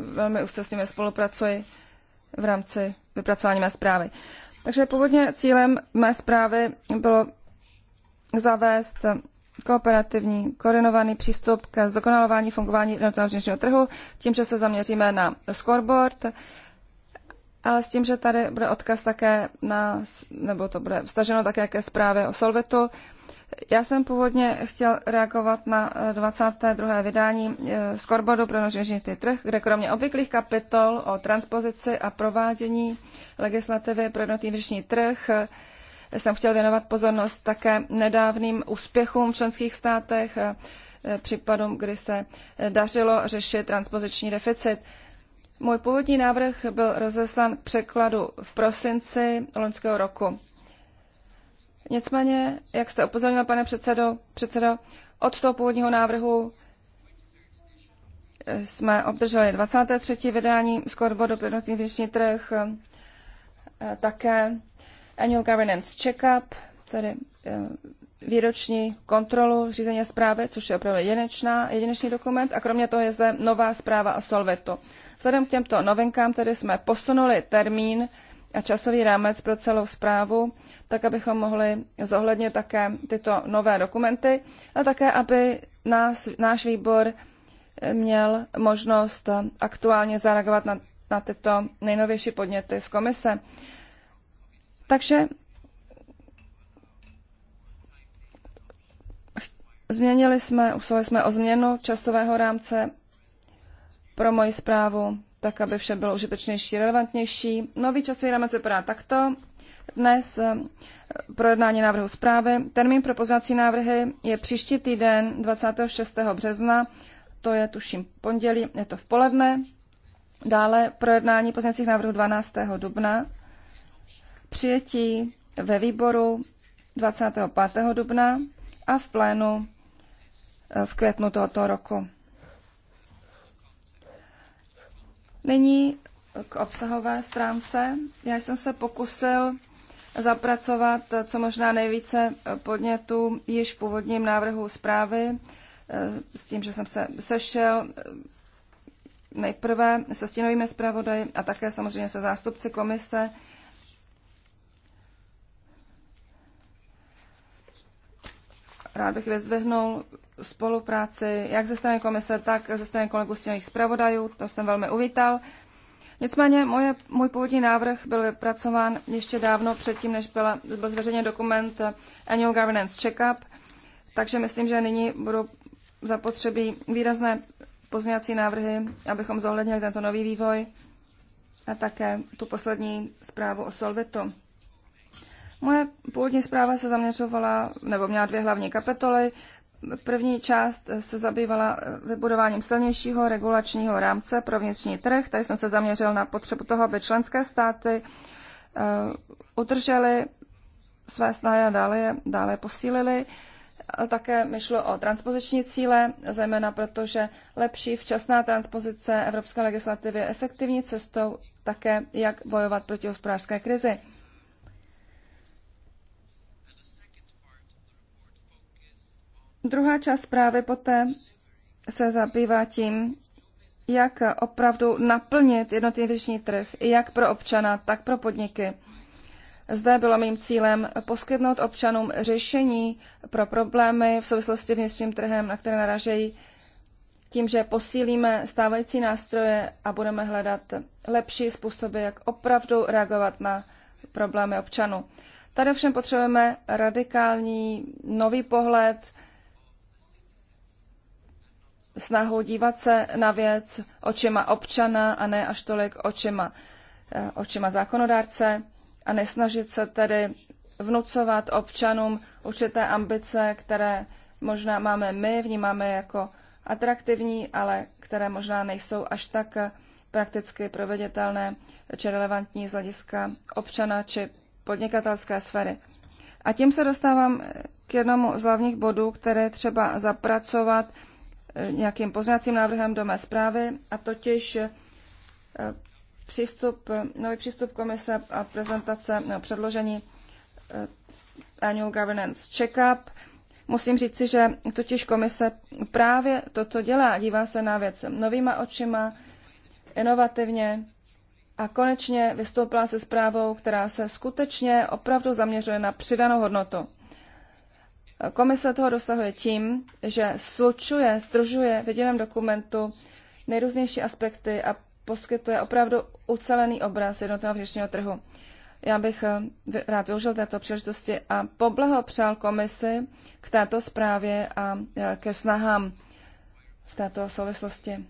velmi úzce s nimi spolupracuji v rámci vypracování mé zprávy. Takže původně cílem mé zprávy bylo zavést kooperativní, koordinovaný přístup k zdokonalování fungování jednotného vnitřního trhu, tím, že se zaměříme na scoreboard, ale s tím, že tady bude odkaz také na, nebo to bude vstaženo také ke zprávě o Solvitu. Já jsem původně chtěl reagovat na 22. Eh, vydání eh, scoreboardu pro nožnější trh, kde kromě obvyklých kapitol o transpozici a provádění legislativy pro jednotný vnitřní trh jsem chtěl věnovat pozornost také nedávným úspěchům v členských státech, eh, případům, kdy se dařilo řešit transpoziční deficit. Můj původní návrh byl rozeslán k překladu v prosinci loňského roku. Nicméně, jak jste upozornil, pane předsedo, předsedo, od toho původního návrhu eh, jsme obdrželi 23. vydání skorbo do jednotný vnitřní trh, eh, také Annual Governance Checkup, tedy eh, výroční kontrolu řízení zprávy, což je opravdu jedinečná, jedinečný dokument a kromě toho je zde nová zpráva o Solvetu. Vzhledem k těmto novinkám tedy jsme posunuli termín a časový rámec pro celou zprávu, tak abychom mohli zohlednit také tyto nové dokumenty a také, aby nás, náš výbor eh, měl možnost eh, aktuálně zareagovat na, na tyto nejnovější podněty z komise. Takže změnili jsme, usilovali jsme o změnu časového rámce pro moji zprávu, tak aby vše bylo užitečnější, relevantnější. Nový časový rámec vypadá takto. Dnes eh, projednání návrhu zprávy. Termín pro poznací návrhy je příští týden 26. března, to je tuším pondělí, je to v poledne. Dále projednání pozměňovacích návrhů 12. dubna přijetí ve výboru 25. dubna a v plénu eh, v květnu tohoto roku. Nyní k obsahové stránce. Já jsem se pokusil zapracovat eh, co možná nejvíce eh, podnětů již v původním návrhu zprávy, s tím, že jsem se sešel nejprve se stínovými zpravodaji a také samozřejmě se zástupci komise Rád bych vyzdvihnul spolupráci jak ze strany komise, tak ze strany kolegů těch zpravodajů. To jsem velmi uvítal. Nicméně moje, můj původní návrh byl vypracován ještě dávno předtím, než byla, byl zveřejněn dokument Annual Governance Checkup, takže myslím, že nyní budou zapotřebí výrazné pozměňovací návrhy, abychom zohlednili tento nový vývoj a také tu poslední zprávu o Solvitu. Moje původní zpráva se zaměřovala, nebo měla dvě hlavní kapitoly. První část se zabývala eh, vybudováním silnějšího regulačního rámce pro vnitřní trh. Tady jsem se zaměřil na potřebu toho, aby členské státy eh, udržely své snahy a dále je, dále je Ale Také mi šlo o transpoziční cíle, zejména protože lepší včasná transpozice evropské legislativy je efektivní cestou také, jak bojovat proti hospodářské krizi. Druhá část právě poté se zabývá tím, jak opravdu naplnit jednotný vnitřní trh, jak pro občana, tak pro podniky. Zde bylo mým cílem poskytnout občanům řešení pro problémy v souvislosti s vnitřním trhem, na které naražejí tím, že posílíme stávající nástroje a budeme hledat lepší způsoby, jak opravdu reagovat na problémy občanů. Tady všem potřebujeme radikální nový pohled, snahu dívat se na věc očima občana a ne až tolik očima, eh, očima zákonodárce a nesnažit se tedy vnucovat občanům určité ambice, které možná máme my, vnímáme jako atraktivní, ale které možná nejsou až tak prakticky proveditelné či relevantní z hlediska občana či podnikatelské sféry. A tím se dostávám k jednomu z hlavních bodů, které třeba zapracovat nějakým poznacím návrhem do mé zprávy, a totiž eh, přístup, nový přístup komise a prezentace no, předložení eh, Annual Governance Checkup. Musím říci, že totiž komise právě toto dělá. Dívá se na věc novýma očima, inovativně a konečně vystoupila se zprávou, která se skutečně opravdu zaměřuje na přidanou hodnotu. Komise toho dosahuje tím, že slučuje, združuje v jediném dokumentu nejrůznější aspekty a poskytuje opravdu ucelený obraz jednotného vnitřního trhu. Já bych eh, rád využil této příležitosti a poblahopřál komisi k této zprávě a eh, ke snahám v této souvislosti.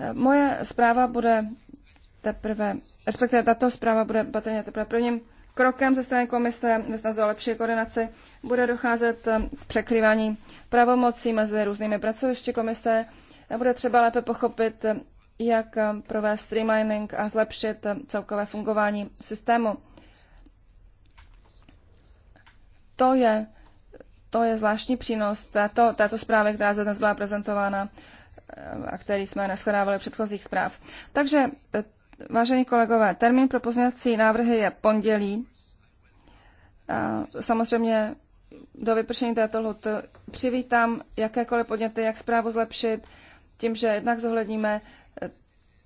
Eh, moje zpráva bude teprve, respektive tato zpráva bude patrně teprve prvním krokem ze strany komise ve snaze o lepší koordinaci bude docházet eh, k překrývání pravomocí mezi různými pracovišti komise bude třeba lépe pochopit, eh, jak eh, provést streamlining a zlepšit celkové fungování systému. To je, to je zvláštní přínos této, této zprávy, která zde dnes byla prezentována a který jsme neschledávali předchozích zpráv. Takže Vážení kolegové, termín pro pozměňovací návrhy je pondělí. A samozřejmě do vypršení této lhuty přivítám jakékoliv podněty, jak zprávu zlepšit, tím, že jednak zohledníme eh,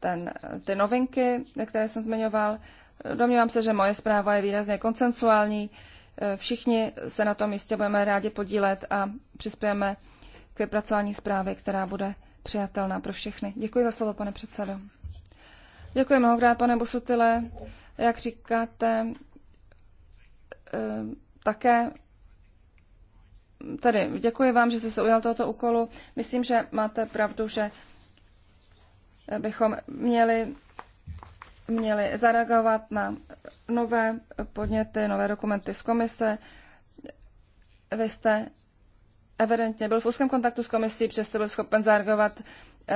ten, ty novinky, které jsem zmiňoval. Domnívám se, že moje zpráva je výrazně koncensuální. Eh, všichni se na tom jistě budeme rádi podílet a přispějeme k vypracování zprávy, která bude přijatelná pro všechny. Děkuji za slovo, pane předsedo. Děkuji mnohokrát, pane Bosutile. Jak říkáte, eh, také tady děkuji vám, že jste se ujal tohoto úkolu. Myslím, že máte pravdu, že bychom měli, měli zareagovat na nové podněty, nové dokumenty z komise. Vy jste evidentně byl v úzkém kontaktu s komisí, přesto byl schopen zareagovat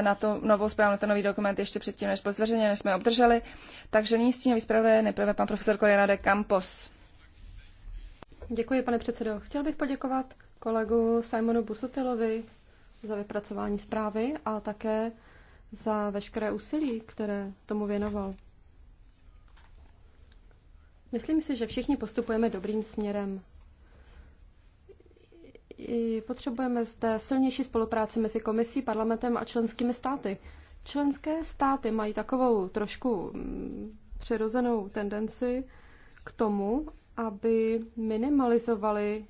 na tu novou zprávu, na ten nový dokument ještě předtím, než byl zveřejněn, než jsme obdrželi. Takže nyní stínový zpravodaj nejprve pan profesor Correa de Campos. Děkuji, pane předsedo. Chtěl bych poděkovat kolegu Simonu Busutilovi za vypracování zprávy a také za veškeré úsilí, které tomu věnoval. Myslím si, že všichni postupujeme dobrým směrem potřebujeme zde silnější spolupráci mezi komisí, parlamentem a členskými státy. Členské státy mají takovou trošku mm, přirozenou tendenci k tomu, aby minimalizovali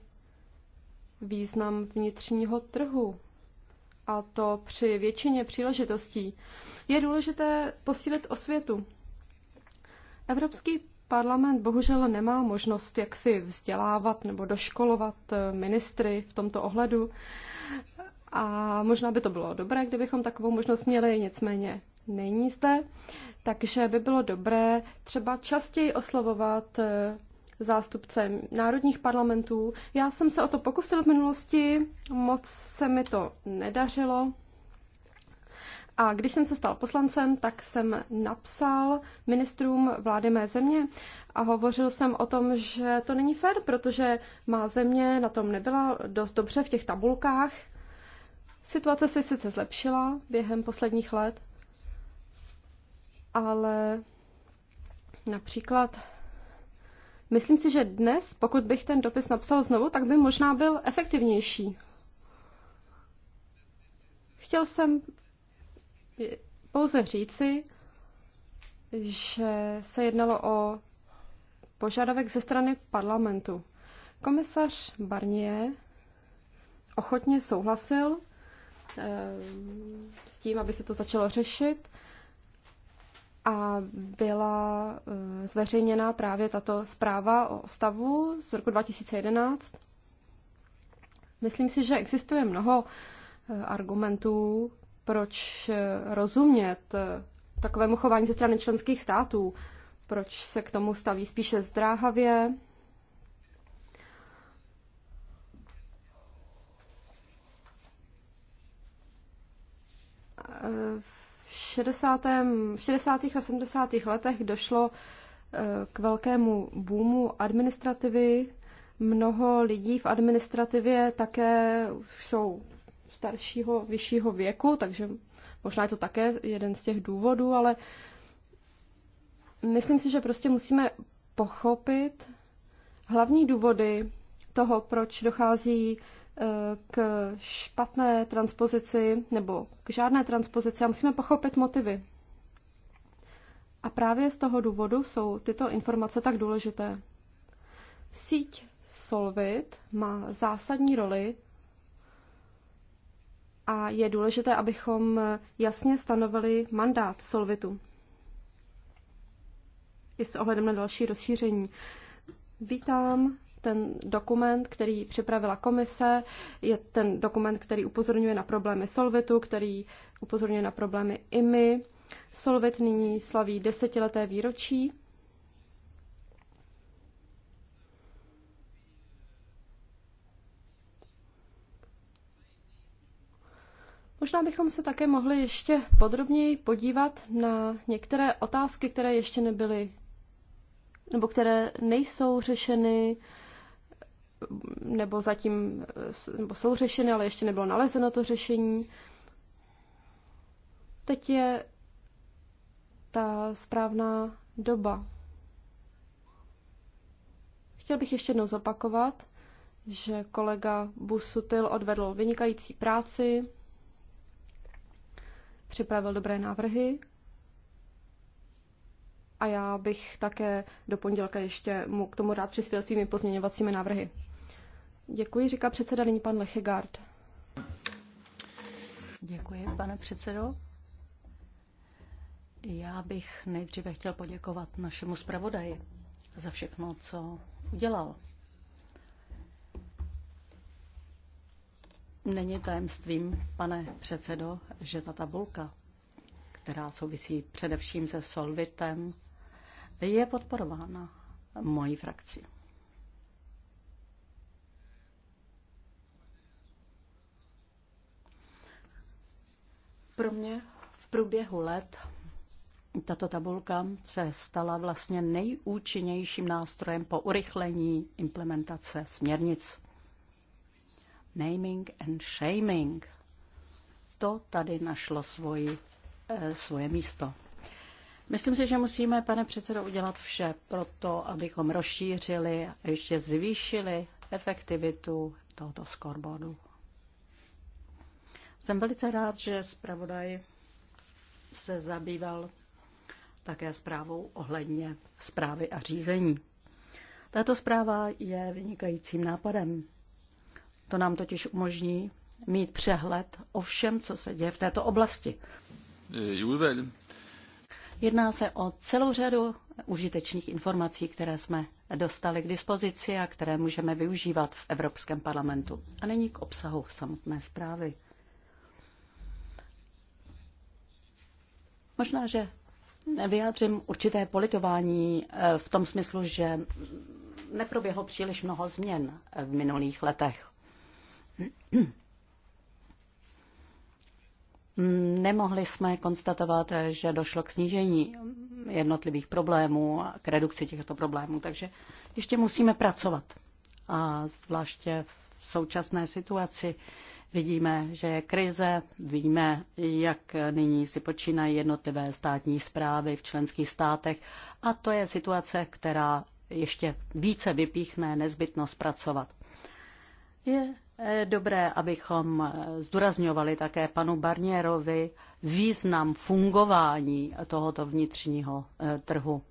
význam vnitřního trhu. A to při většině příležitostí. Je důležité posílit osvětu. Evropský Parlament bohužel nemá možnost, jak si vzdělávat nebo doškolovat eh, ministry v tomto ohledu. A možná by to bylo dobré, kdybychom takovou možnost měli, nicméně není zde. Takže by bylo dobré třeba častěji oslovovat eh, zástupce národních parlamentů. Já jsem se o to pokusil v minulosti, moc se mi to nedařilo. A když jsem se stal poslancem, tak jsem napsal ministrům vlády mé země a hovořil jsem o tom, že to není fér, protože má země na tom nebyla dost dobře v těch tabulkách. Situace se sice zlepšila během posledních let, ale například myslím si, že dnes, pokud bych ten dopis napsal znovu, tak by možná byl efektivnější. Chtěl jsem pouze říci, že se jednalo o požadavek ze strany parlamentu. Komisař Barnier ochotně souhlasil eh, s tím, aby se to začalo řešit a byla eh, zveřejněna právě tato zpráva o stavu z roku 2011. Myslím si, že existuje mnoho eh, argumentů proč eh, rozumět eh, takovému chování ze strany členských států, proč se k tomu staví spíše zdráhavě. Eh, v, 60. v 60. a 70. letech došlo k velkému boomu administrativy. Mnoho lidí v administrativě také jsou staršího, vyššího věku, takže možná je to také jeden z těch důvodů, ale myslím si, že prostě musíme pochopit hlavní důvody toho, proč dochází e, k špatné transpozici nebo k žádné transpozici a musíme pochopit motivy. A právě z toho důvodu jsou tyto informace tak důležité. Síť Solvit má zásadní roli a je důležité, abychom jasně stanovili mandát Solvitu. I s ohledem na další rozšíření. Vítám ten dokument, který připravila komise, je ten dokument, který upozorňuje na problémy Solvitu, který upozorňuje na problémy IMI. Solvit nyní slaví desetileté výročí Možná bychom se také mohli ještě podrobněji podívat na některé otázky, které ještě nebyly nebo které nejsou řešeny, nebo zatím nebo jsou řešeny, ale ještě nebylo nalezeno to řešení. Teď je ta správná doba. Chtěl bych ještě jednou zopakovat, že kolega Busutil odvedl vynikající práci, připravil dobré návrhy a já bych také do pondělka ještě mu k tomu rád přispěl svými pozměňovacími návrhy. Děkuji, říká předseda, nyní pan Lechegard. Děkuji, pane předsedo. Já bych nejdříve chtěl poděkovat našemu zpravodaji za všechno, co udělal. Není tajemstvím, pane předsedo, že ta tabulka, která souvisí především se Solvitem, je podporována mojí frakcí. Pro mě v průběhu let tato tabulka se stala vlastně nejúčinnějším nástrojem po urychlení implementace směrnic naming and shaming. To tady našlo svoji, eh, svoje místo. Myslím si, že musíme, pane předsedo, udělat vše pro to, abychom rozšířili a ještě zvýšili efektivitu tohoto scoreboardu. Jsem velice rád, že zpravodaj se zabýval také zprávou ohledně zprávy a řízení. Tato zpráva je vynikajícím nápadem. To nám totiž umožní mít přehled o všem, co se děje v této oblasti. Eh, Jedná se o celou řadu užitečných informací, které jsme dostali k dispozici a které můžeme využívat v Evropském parlamentu. A není k obsahu samotné zprávy. Možná, že vyjádřím určité politování eh, v tom smyslu, že neproběhlo příliš mnoho změn eh, v minulých letech. Nemohli jsme konstatovat, že došlo k snížení jednotlivých problémů a k redukci těchto problémů, takže ještě musíme pracovat. A zvláště v současné situaci vidíme, že je krize, víme, jak nyní si počínají jednotlivé státní zprávy v členských státech a to je situace, která ještě více vypíchne nezbytnost pracovat. Je Eh, dobré, abychom eh, zdůrazňovali také panu Barnierovi význam fungování tohoto vnitřního eh, trhu.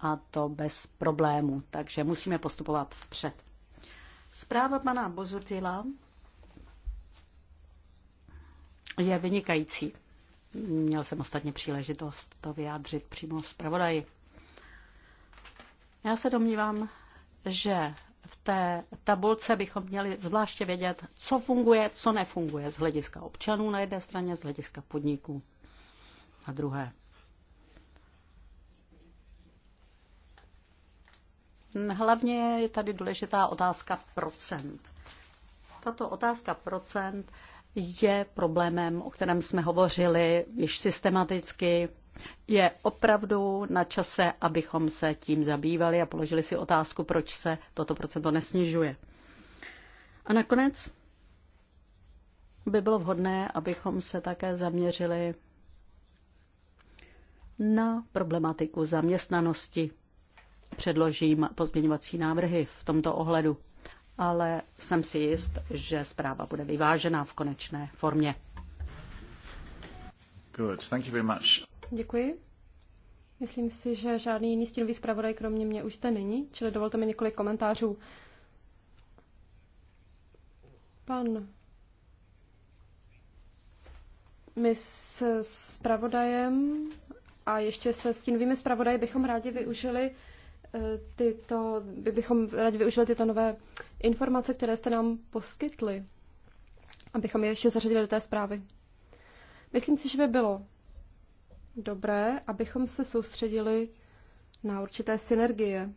A to bez problémů, takže musíme postupovat vpřed. Zpráva pana Bozutila je vynikající. Měl jsem ostatně příležitost to vyjádřit přímo zpravodaji. Já se domnívám, že v té tabulce bychom měli zvláště vědět, co funguje, co nefunguje z hlediska občanů na jedné straně, z hlediska podniků na druhé. Hlavně je tady důležitá otázka procent. Tato otázka procent je problémem, o kterém jsme hovořili již systematicky. Je opravdu na čase, abychom se tím zabývali a položili si otázku, proč se toto procento nesnižuje. A nakonec by bylo vhodné, abychom se také zaměřili na problematiku zaměstnanosti. Předložím pozměňovací návrhy v tomto ohledu ale jsem si jist, že zpráva bude vyvážená v konečné formě. Good. Thank you very much. Děkuji. Myslím si, že žádný jiný stínový zpravodaj kromě mě už jste není, čili dovolte mi několik komentářů. Pan my s zpravodajem a ještě se stínovými zpravodaji bychom rádi využili Eh, tyto, bychom rádi využili tyto nové informace, které jste nám poskytli, abychom je ještě zařadili do té zprávy. Myslím si, že by bylo dobré, abychom se soustředili na určité synergie,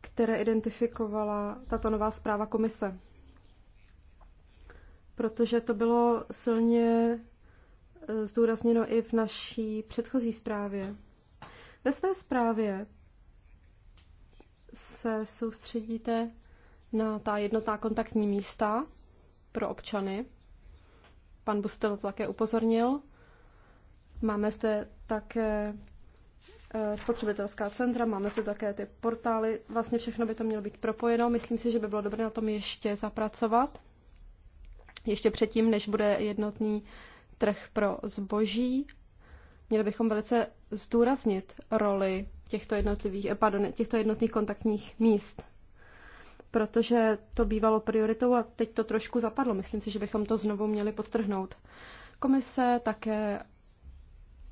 které identifikovala tato nová zpráva komise. Protože to bylo silně eh, zdůrazněno i v naší předchozí zprávě. Ve své zprávě se soustředíte na ta jednotná kontaktní místa pro občany. Pan Bustel to také upozornil. Máme zde také eh, spotřebitelská centra, máme zde také ty portály. Vlastně všechno by to mělo být propojeno. Myslím si, že by bylo dobré na tom ještě zapracovat. Ještě předtím, než bude jednotný trh pro zboží, měli bychom velice zdůraznit roli těchto jednotlivých, eh, pardon, těchto jednotných kontaktních míst. Protože to bývalo prioritou a teď to trošku zapadlo. Myslím si, že bychom to znovu měli podtrhnout. Komise také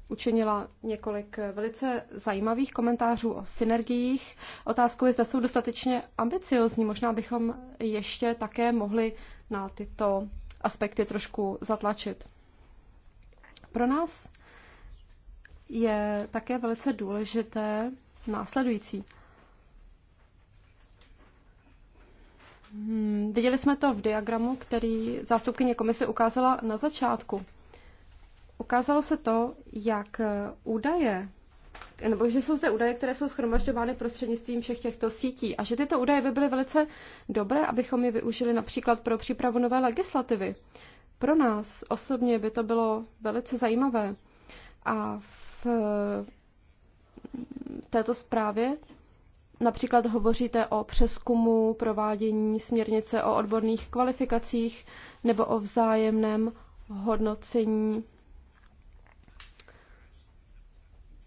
učinila několik eh, velice zajímavých komentářů o synergiích. Otázkou je, zda jsou dostatečně ambiciozní. Možná bychom ještě také mohli na tyto aspekty trošku zatlačit. Pro nás je také velice důležité následující. Hmm, viděli jsme to v diagramu, který zástupkyně komise ukázala na začátku. Ukázalo se to, jak údaje, nebo že jsou zde údaje, které jsou schromažďovány prostřednictvím všech těchto sítí a že tyto údaje by byly velice dobré, abychom je využili například pro přípravu nové legislativy. Pro nás osobně by to bylo velice zajímavé. A v v této zprávě. Například hovoříte o přeskumu provádění směrnice o odborných kvalifikacích nebo o vzájemném hodnocení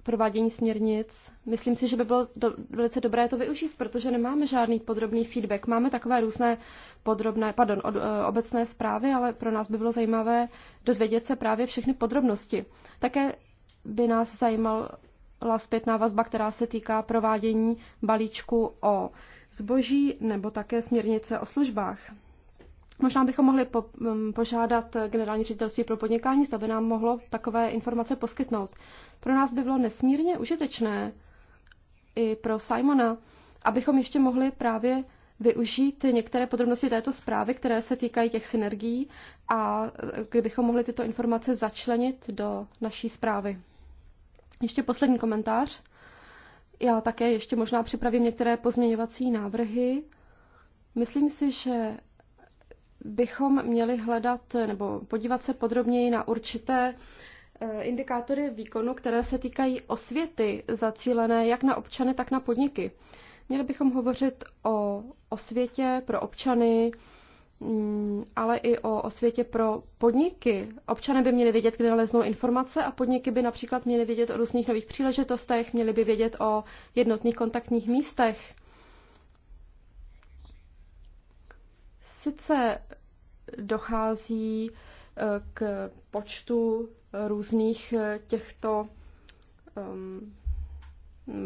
provádění směrnic. Myslím si, že by bylo do, velice dobré to využít, protože nemáme žádný podrobný feedback. Máme takové různé podrobné, pardon, od, eh, obecné zprávy, ale pro nás by bylo zajímavé dozvědět se právě všechny podrobnosti. Také by nás zajímala zpětná vazba, která se týká provádění balíčku o zboží nebo také směrnice o službách. Možná bychom mohli po, um, požádat generální ředitelství pro podnikání, zda by nám mohlo takové informace poskytnout. Pro nás by bylo nesmírně užitečné i pro Simona, abychom ještě mohli právě využít některé podrobnosti této zprávy, které se týkají těch synergií a kdybychom mohli tyto informace začlenit do naší zprávy. Ještě poslední komentář. Já také ještě možná připravím některé pozměňovací návrhy. Myslím si, že bychom měli hledat nebo podívat se podrobněji na určité eh, indikátory výkonu, které se týkají osvěty zacílené jak na občany, tak na podniky. Měli bychom hovořit o osvětě pro občany, Mm, ale i o osvětě pro podniky. Občané by měli vědět, kde naleznou informace a podniky by například měly vědět o různých nových příležitostech, měly by vědět o jednotných kontaktních místech. Sice dochází eh, k počtu různých eh, těchto ehm,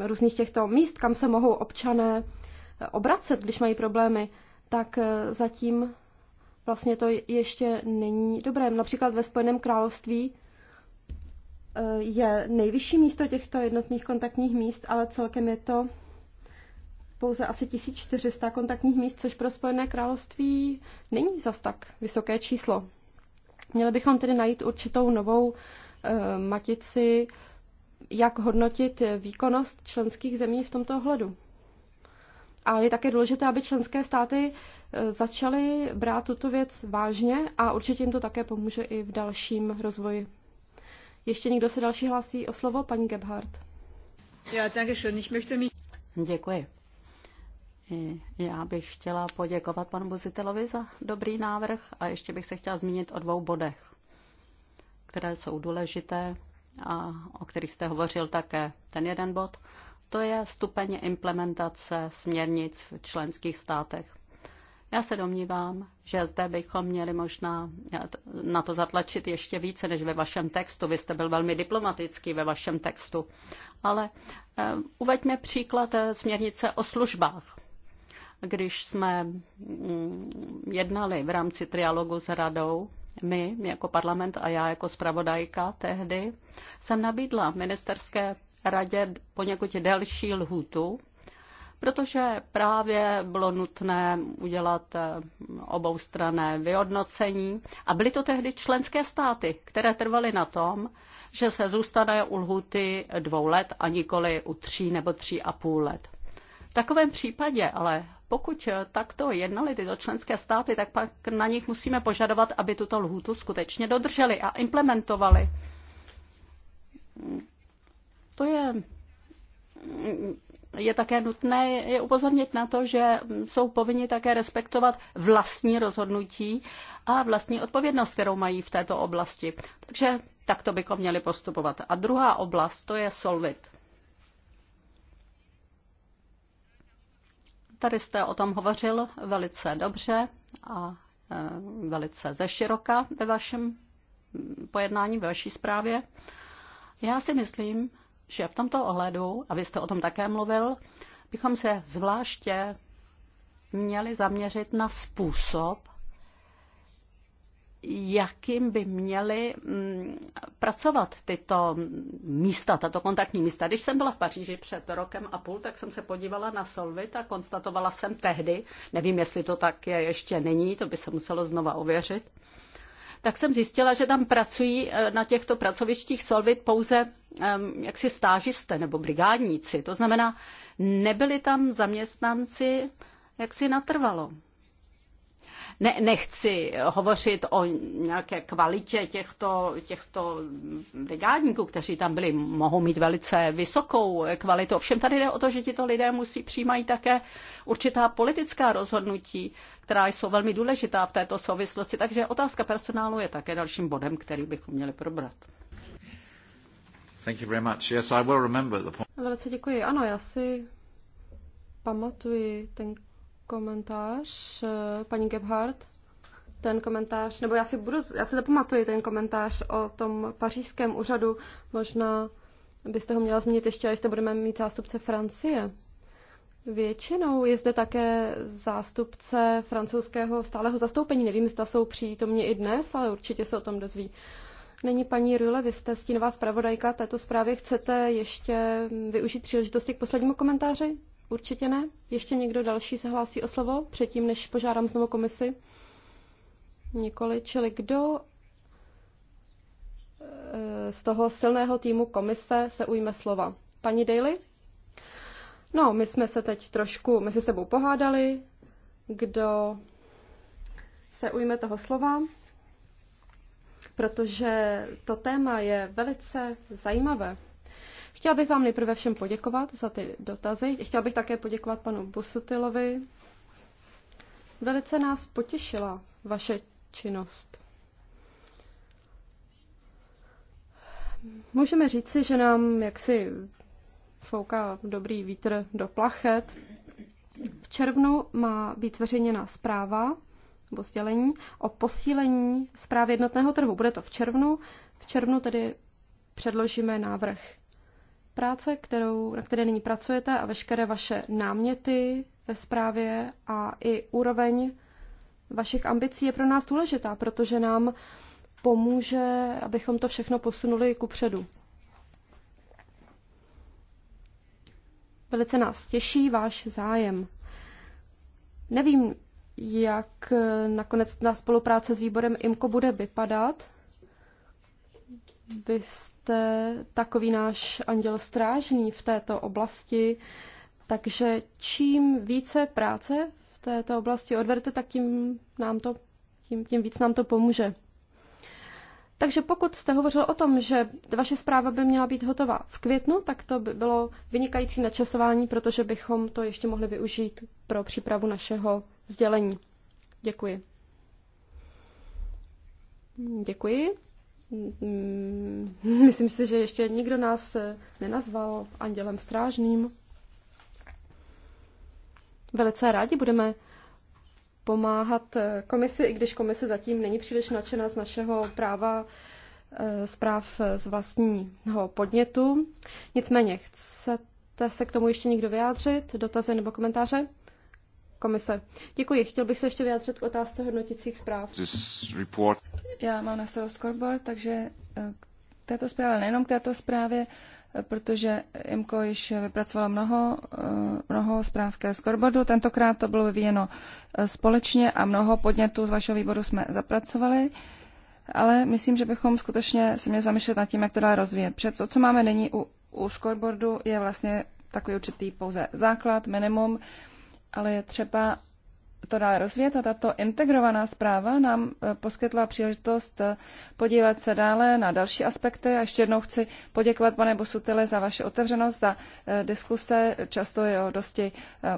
různých těchto míst, kam se mohou občané eh, obracet, když mají problémy, tak zatím vlastně to ještě není dobré. Například ve Spojeném království eh, je nejvyšší místo těchto jednotných kontaktních míst, ale celkem je to pouze asi 1400 kontaktních míst, což pro Spojené království není zas tak vysoké číslo. Měli bychom tedy najít určitou novou uh, matici, jak hodnotit výkonnost členských zemí v tomto ohledu. A je také důležité, aby členské státy začali brát tuto věc vážně a určitě jim to také pomůže i v dalším rozvoji. Ještě někdo se další hlásí o slovo? Paní Gebhardt. Já také Ich Děkuji. Já bych chtěla poděkovat panu Buzitelovi za dobrý návrh a ještě bych se chtěla zmínit o dvou bodech, které jsou důležité a o kterých jste hovořil také. Ten jeden bod, to je stupeň implementace směrnic v členských státech. Já se domnívám, že zde bychom měli možná na to zatlačit ještě více než ve vašem textu. Vy jste byl velmi diplomatický ve vašem textu. Ale eh, uveďme příklad eh, směrnice o službách. Když jsme mm, jednali v rámci trialogu s radou, my jako parlament a já jako zpravodajka tehdy, jsem nabídla ministerské radě poněkud delší lhůtu protože právě bylo nutné udělat eh, oboustrané vyhodnocení a byly to tehdy členské státy, které trvaly na tom, že se zůstane u lhuty dvou let a nikoli u tří nebo tří a půl let. V takovém případě ale pokud eh, takto jednali tyto členské státy, tak pak na nich musíme požadovat, aby tuto lhůtu skutečně dodrželi a implementovali. To je je také nutné je upozornit na to, že jsou povinni také respektovat vlastní rozhodnutí a vlastní odpovědnost, kterou mají v této oblasti. Takže takto bychom měli postupovat. A druhá oblast, to je Solvit. Tady jste o tom hovořil velice dobře a e, velice zeširoka ve vašem pojednání, ve vaší zprávě. Já si myslím, že v tomto ohledu, a vy jste o tom také mluvil, bychom se zvláště měli zaměřit na způsob, jakým by měly mm, pracovat tyto místa, tato kontaktní místa. Když jsem byla v Paříži před rokem a půl, tak jsem se podívala na Solvit a konstatovala jsem tehdy, nevím, jestli to tak je ještě není, to by se muselo znova ověřit, tak jsem zjistila, že tam pracují eh, na těchto pracovištích Solvit pouze jaksi stážisté nebo brigádníci. To znamená, nebyli tam zaměstnanci jaksi natrvalo ne, nechci hovořit o nějaké kvalitě těchto, těchto brigádníků, kteří tam byli, mohou mít velice vysokou kvalitu. Ovšem tady jde o to, že tito lidé musí přijímají také určitá politická rozhodnutí, která jsou velmi důležitá v této souvislosti. Takže otázka personálu je také dalším bodem, který bychom měli probrat. Thank you very much. Yes, I will remember the point. Velice děkuji. Ano, já si pamatuji ten komentář, eh, paní Gebhardt, ten komentář, nebo já si, budu, já si zapamatuji ten komentář o tom pařížském úřadu, možná byste ho měla zmínit ještě, až to budeme mít zástupce Francie. Většinou je zde také zástupce francouzského stáleho zastoupení. Nevím, zda jsou přítomni i dnes, ale určitě se o tom dozví. Není paní Rule, vy jste stínová zpravodajka této zprávy. Chcete ještě využít příležitosti k poslednímu komentáři? Určitě ne. Ještě někdo další se hlásí o slovo předtím, než požádám znovu komisi? Nikoli. Čili kdo eh, z toho silného týmu komise se ujme slova? Paní Daly? No, my jsme se teď trošku mezi sebou pohádali, kdo se ujme toho slova, protože to téma je velice zajímavé. Chtěla bych vám nejprve všem poděkovat za ty dotazy. Chtěla bych také poděkovat panu Busutilovi. Velice nás potěšila vaše činnost. Můžeme říci, že nám jaksi fouká dobrý vítr do plachet. V červnu má být zveřejněna zpráva nebo sdělení o posílení zprávy jednotného trhu. Bude to v červnu. V červnu tedy předložíme návrh práce, kterou, na které nyní pracujete a veškeré vaše náměty ve zprávě a i úroveň vašich ambicí je pro nás důležitá, protože nám pomůže, abychom to všechno posunuli ku předu. Velice nás těší váš zájem. Nevím, jak nakonec ta spolupráce s výborem IMKO bude vypadat, byste takový náš anděl strážný v této oblasti, takže čím více práce v této oblasti odvedete, tak tím, nám to, tím, tím víc nám to pomůže. Takže pokud jste hovořil o tom, že vaše zpráva by měla být hotová v květnu, tak to by bylo vynikající načasování, protože bychom to ještě mohli využít pro přípravu našeho sdělení. Děkuji. Děkuji. Mm, myslím si, že ještě nikdo nás eh, nenazval andělem strážným. Velice rádi budeme pomáhat eh, komisi, i když komise zatím není příliš nadšená z našeho práva eh, zpráv z vlastního podnětu. Nicméně, chcete se k tomu ještě někdo vyjádřit? Dotazy nebo komentáře? komise. Děkuji. Chtěl bych se ještě vyjádřit k otázce hodnoticích zpráv. Já mám na starost scoreboard, takže eh, k této zprávě, nejenom k této zprávě, eh, protože IMCO již vypracovalo mnoho, eh, mnoho zpráv ke scoreboardu. Tentokrát to bylo vyvíjeno společně a mnoho podnětů z vašeho výboru jsme zapracovali ale myslím, že bychom skutečně se měli zamýšlet nad tím, jak to dá rozvíjet. Protože to, co máme nyní u, u scoreboardu, je vlastně takový určitý pouze základ, minimum, ale je třeba to dále rozvíjet a tato integrovaná zpráva nám eh, poskytla příležitost eh, podívat se dále na další aspekty a ještě jednou chci poděkovat pane Bosutile za vaši otevřenost, za eh, diskuse, často je o dosti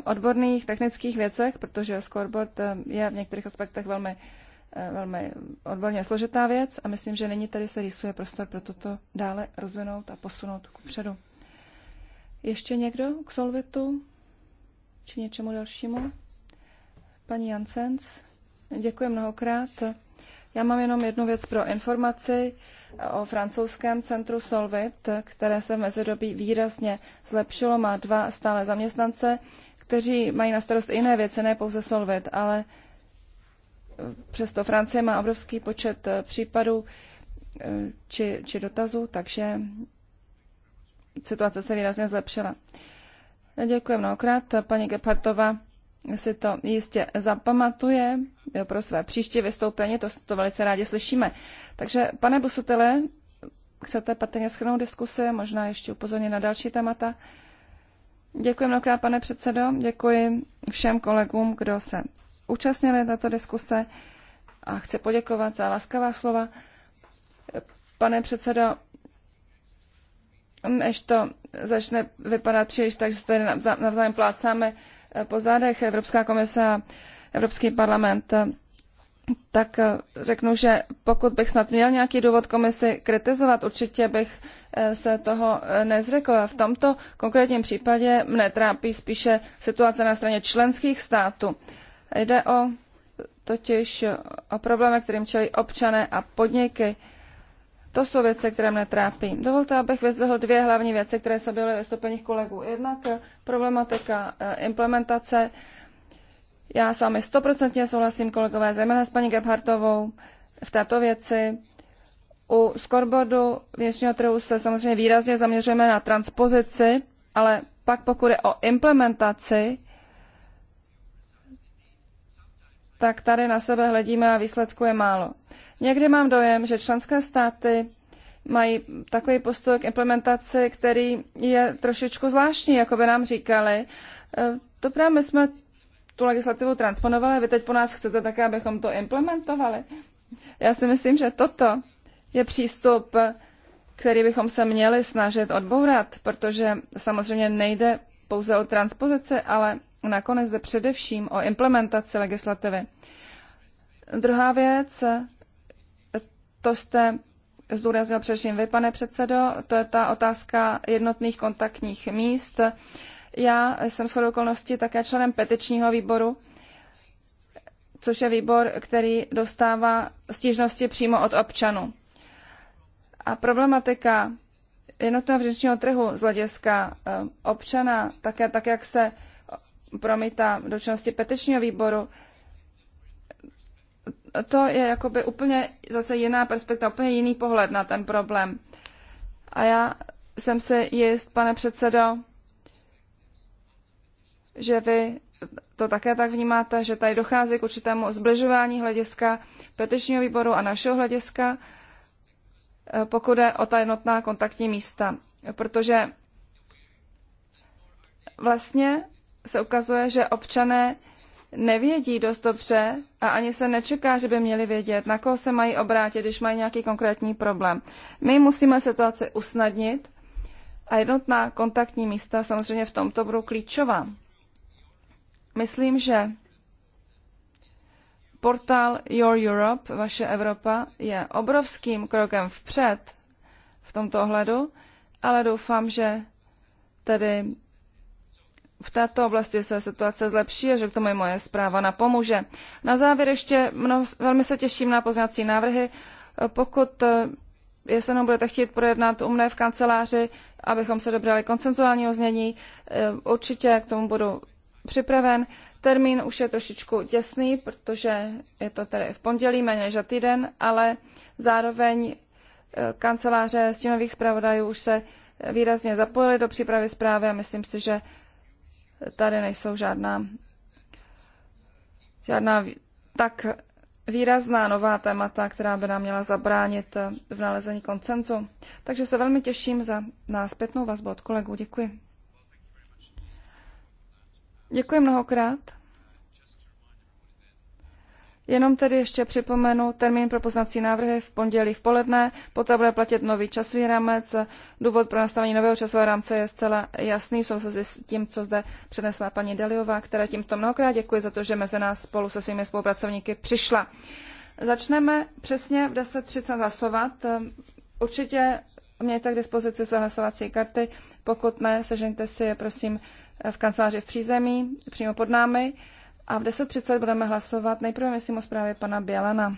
odborných technických věcech, protože scoreboard je v některých aspektech velmi velmi odborně složitá věc a myslím, že není tady se rýsuje prostor pro toto dále rozvinout a posunout kupředu. Ještě někdo k Solvitu? či něčemu dalšímu? Paní Jansens, děkuji mnohokrát. Já mám jenom jednu věc pro informaci o francouzském centru Solvit, které se v mezidobí výrazně zlepšilo. Má dva stále zaměstnance, kteří mají na starost jiné věci, ne pouze Solvit, ale přesto Francie má obrovský počet eh, případů eh, či, či dotazů, takže situace se výrazně zlepšila. Děkuji mnohokrát. Paní Gepartová si to jistě zapamatuje pro své příští vystoupení, to, to velice rádi slyšíme. Takže, pane Busutele, chcete patrně schrnout diskusi, možná ještě upozornit na další témata. Děkuji mnohokrát, pane předsedo, děkuji všem kolegům, kdo se účastnili na této diskuse a chci poděkovat za laskavá slova. Pane předsedo, než to začne vypadat příliš, takže se tady navzájem plácáme eh, po zádech Evropská komise a Evropský parlament, eh, tak eh, řeknu, že pokud bych snad měl nějaký důvod komisi kritizovat, určitě bych se toho nezřekl. V tomto konkrétním případě mne trápí spíše situace na straně členských států. Jde o totiž o problémy, kterým čelí občané a podniky. To jsou věci, které mne trápí. Dovolte, abych vyzdvihl dvě hlavní věci, které se byly ve kolegů. Jednak eh, problematika eh, implementace. Já s vámi stoprocentně souhlasím, kolegové, zejména s paní Gebhartovou v této věci. U scoreboardu vnitřního trhu se samozřejmě výrazně zaměřujeme na transpozici, ale pak pokud je o implementaci, tak tady na sebe hledíme a výsledku je málo. Někdy mám dojem, že členské státy mají takový postoj k implementaci, který je trošičku zvláštní, jako by nám říkali. E, dobrá, my jsme tu legislativu transponovali, vy teď po nás chcete také, abychom to implementovali. Já si myslím, že toto je přístup, který bychom se měli snažit odbourat, protože samozřejmě nejde pouze o transpozici, ale nakonec jde především o implementaci legislativy. Druhá věc, to jste zdůraznil především vy, pane předsedo, to je ta otázka jednotných kontaktních míst. Já jsem shodou okolností také členem petičního výboru, což je výbor, který dostává stížnosti přímo od občanů. A problematika jednotného vřečního trhu z hlediska eh, občana, také tak, jak se promítá do činnosti petičního výboru, to je jakoby úplně zase jiná perspektiva, úplně jiný pohled na ten problém. A já jsem si jist, pane předsedo, že vy to také tak vnímáte, že tady dochází k určitému zbližování hlediska petičního výboru a našeho hlediska, eh, pokud je o ta jednotná kontaktní místa. Protože vlastně se ukazuje, že občané nevědí dost dobře a ani se nečeká, že by měli vědět, na koho se mají obrátit, když mají nějaký konkrétní problém. My musíme situaci usnadnit a jednotná kontaktní místa samozřejmě v tomto budou klíčová. Myslím, že portál Your Europe, vaše Evropa, je obrovským krokem vpřed v tomto ohledu, ale doufám, že tedy v této oblasti se situace zlepší a že k tomu i moje zpráva napomůže. Na závěr ještě mno, velmi se těším na poznací návrhy. Pokud eh, je se mnou budete chtít projednat u mne v kanceláři, abychom se dobrali koncenzuálního znění, eh, určitě k tomu budu připraven. Termín už je trošičku těsný, protože je to tedy v pondělí, méně než za týden, ale zároveň eh, kanceláře stínových zpravodajů už se výrazně zapojily do přípravy zprávy a myslím si, že tady nejsou žádná, žádná tak výrazná nová témata, která by nám měla zabránit v nalezení koncenzu. Takže se velmi těším za na zpětnou vazbu od kolegů. Děkuji. Děkuji mnohokrát Jenom tedy ještě připomenu, termín pro poznací návrhy v pondělí v poledne, poté bude platit nový časový rámec. Důvod pro nastavení nového časového rámce je zcela jasný, jsou se s tím, co zde přednesla paní Deliová, která tímto mnohokrát děkuji za to, že mezi nás spolu se svými spolupracovníky přišla. Začneme přesně v 10.30 hlasovat. Určitě mějte k dispozici své hlasovací karty, pokud ne, sežeňte si je prosím v kanceláři v přízemí, přímo pod námi. A v 10.30 budeme hlasovat nejprve, myslím, o zprávě pana Bělana.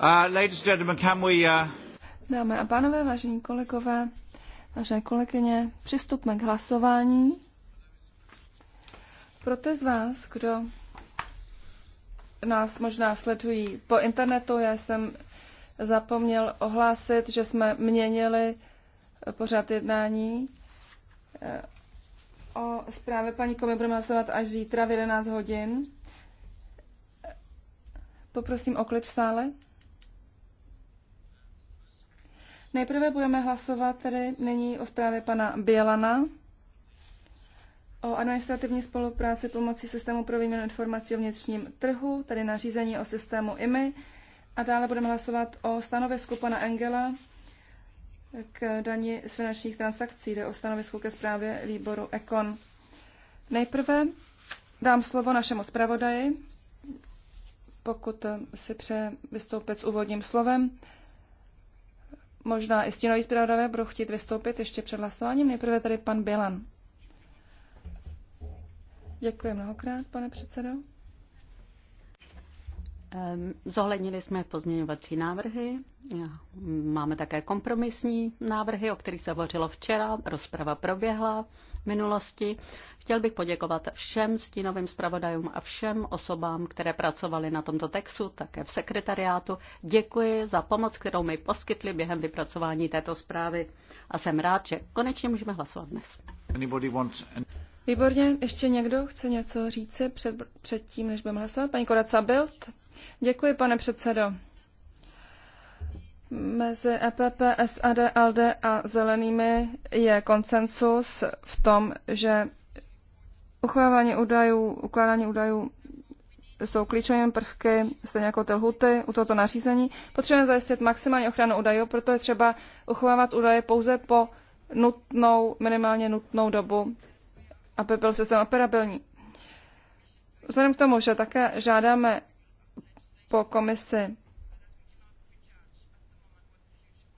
Uh, uh, Dámy a pánové, vážení kolegové, vážené kolegyně, přistupme k hlasování. Pro ty z vás, kdo nás možná sledují po internetu, já jsem zapomněl ohlásit, že jsme měnili pořád jednání. O zprávě paní Komi budeme hlasovat až zítra v 11 hodin. Poprosím o klid v sále. Nejprve budeme hlasovat tedy nyní o zprávě pana Bělana o administrativní spolupráci pomocí systému pro výměnu informací o vnitřním trhu, tedy nařízení o systému IMI. A dále budeme hlasovat o stanovisku pana Engela k dani z finančních transakcí, jde o stanovisku ke zprávě výboru Econ. Nejprve dám slovo našemu zpravodaji, pokud si přeje vystoupit s úvodním slovem. Možná i stínový zpravodavé budou chtít vystoupit ještě před hlasováním. Nejprve tady pan Bělan. Děkuji mnohokrát, pane předsedo. Zohlednili jsme pozměňovací návrhy, máme také kompromisní návrhy, o kterých se hovořilo včera, rozprava proběhla minulosti. Chtěl bych poděkovat všem stínovým zpravodajům a všem osobám, které pracovali na tomto textu, také v sekretariátu. Děkuji za pomoc, kterou mi poskytli během vypracování této zprávy a jsem rád, že konečně můžeme hlasovat dnes. Výborně, ještě někdo chce něco říci před, před tím, než budeme hlasovat? Paní Koraca Bild? Děkuji, pane předsedo. Mezi EPP, SAD, LD a zelenými je konsensus v tom, že uchovávání údajů, ukládání údajů jsou klíčovými prvky, stejně jako ty lhuty u tohoto nařízení. Potřebujeme zajistit maximální ochranu údajů, proto je třeba uchovávat údaje pouze po nutnou, minimálně nutnou dobu, aby byl systém operabilní. Vzhledem k tomu, že také žádáme po komisi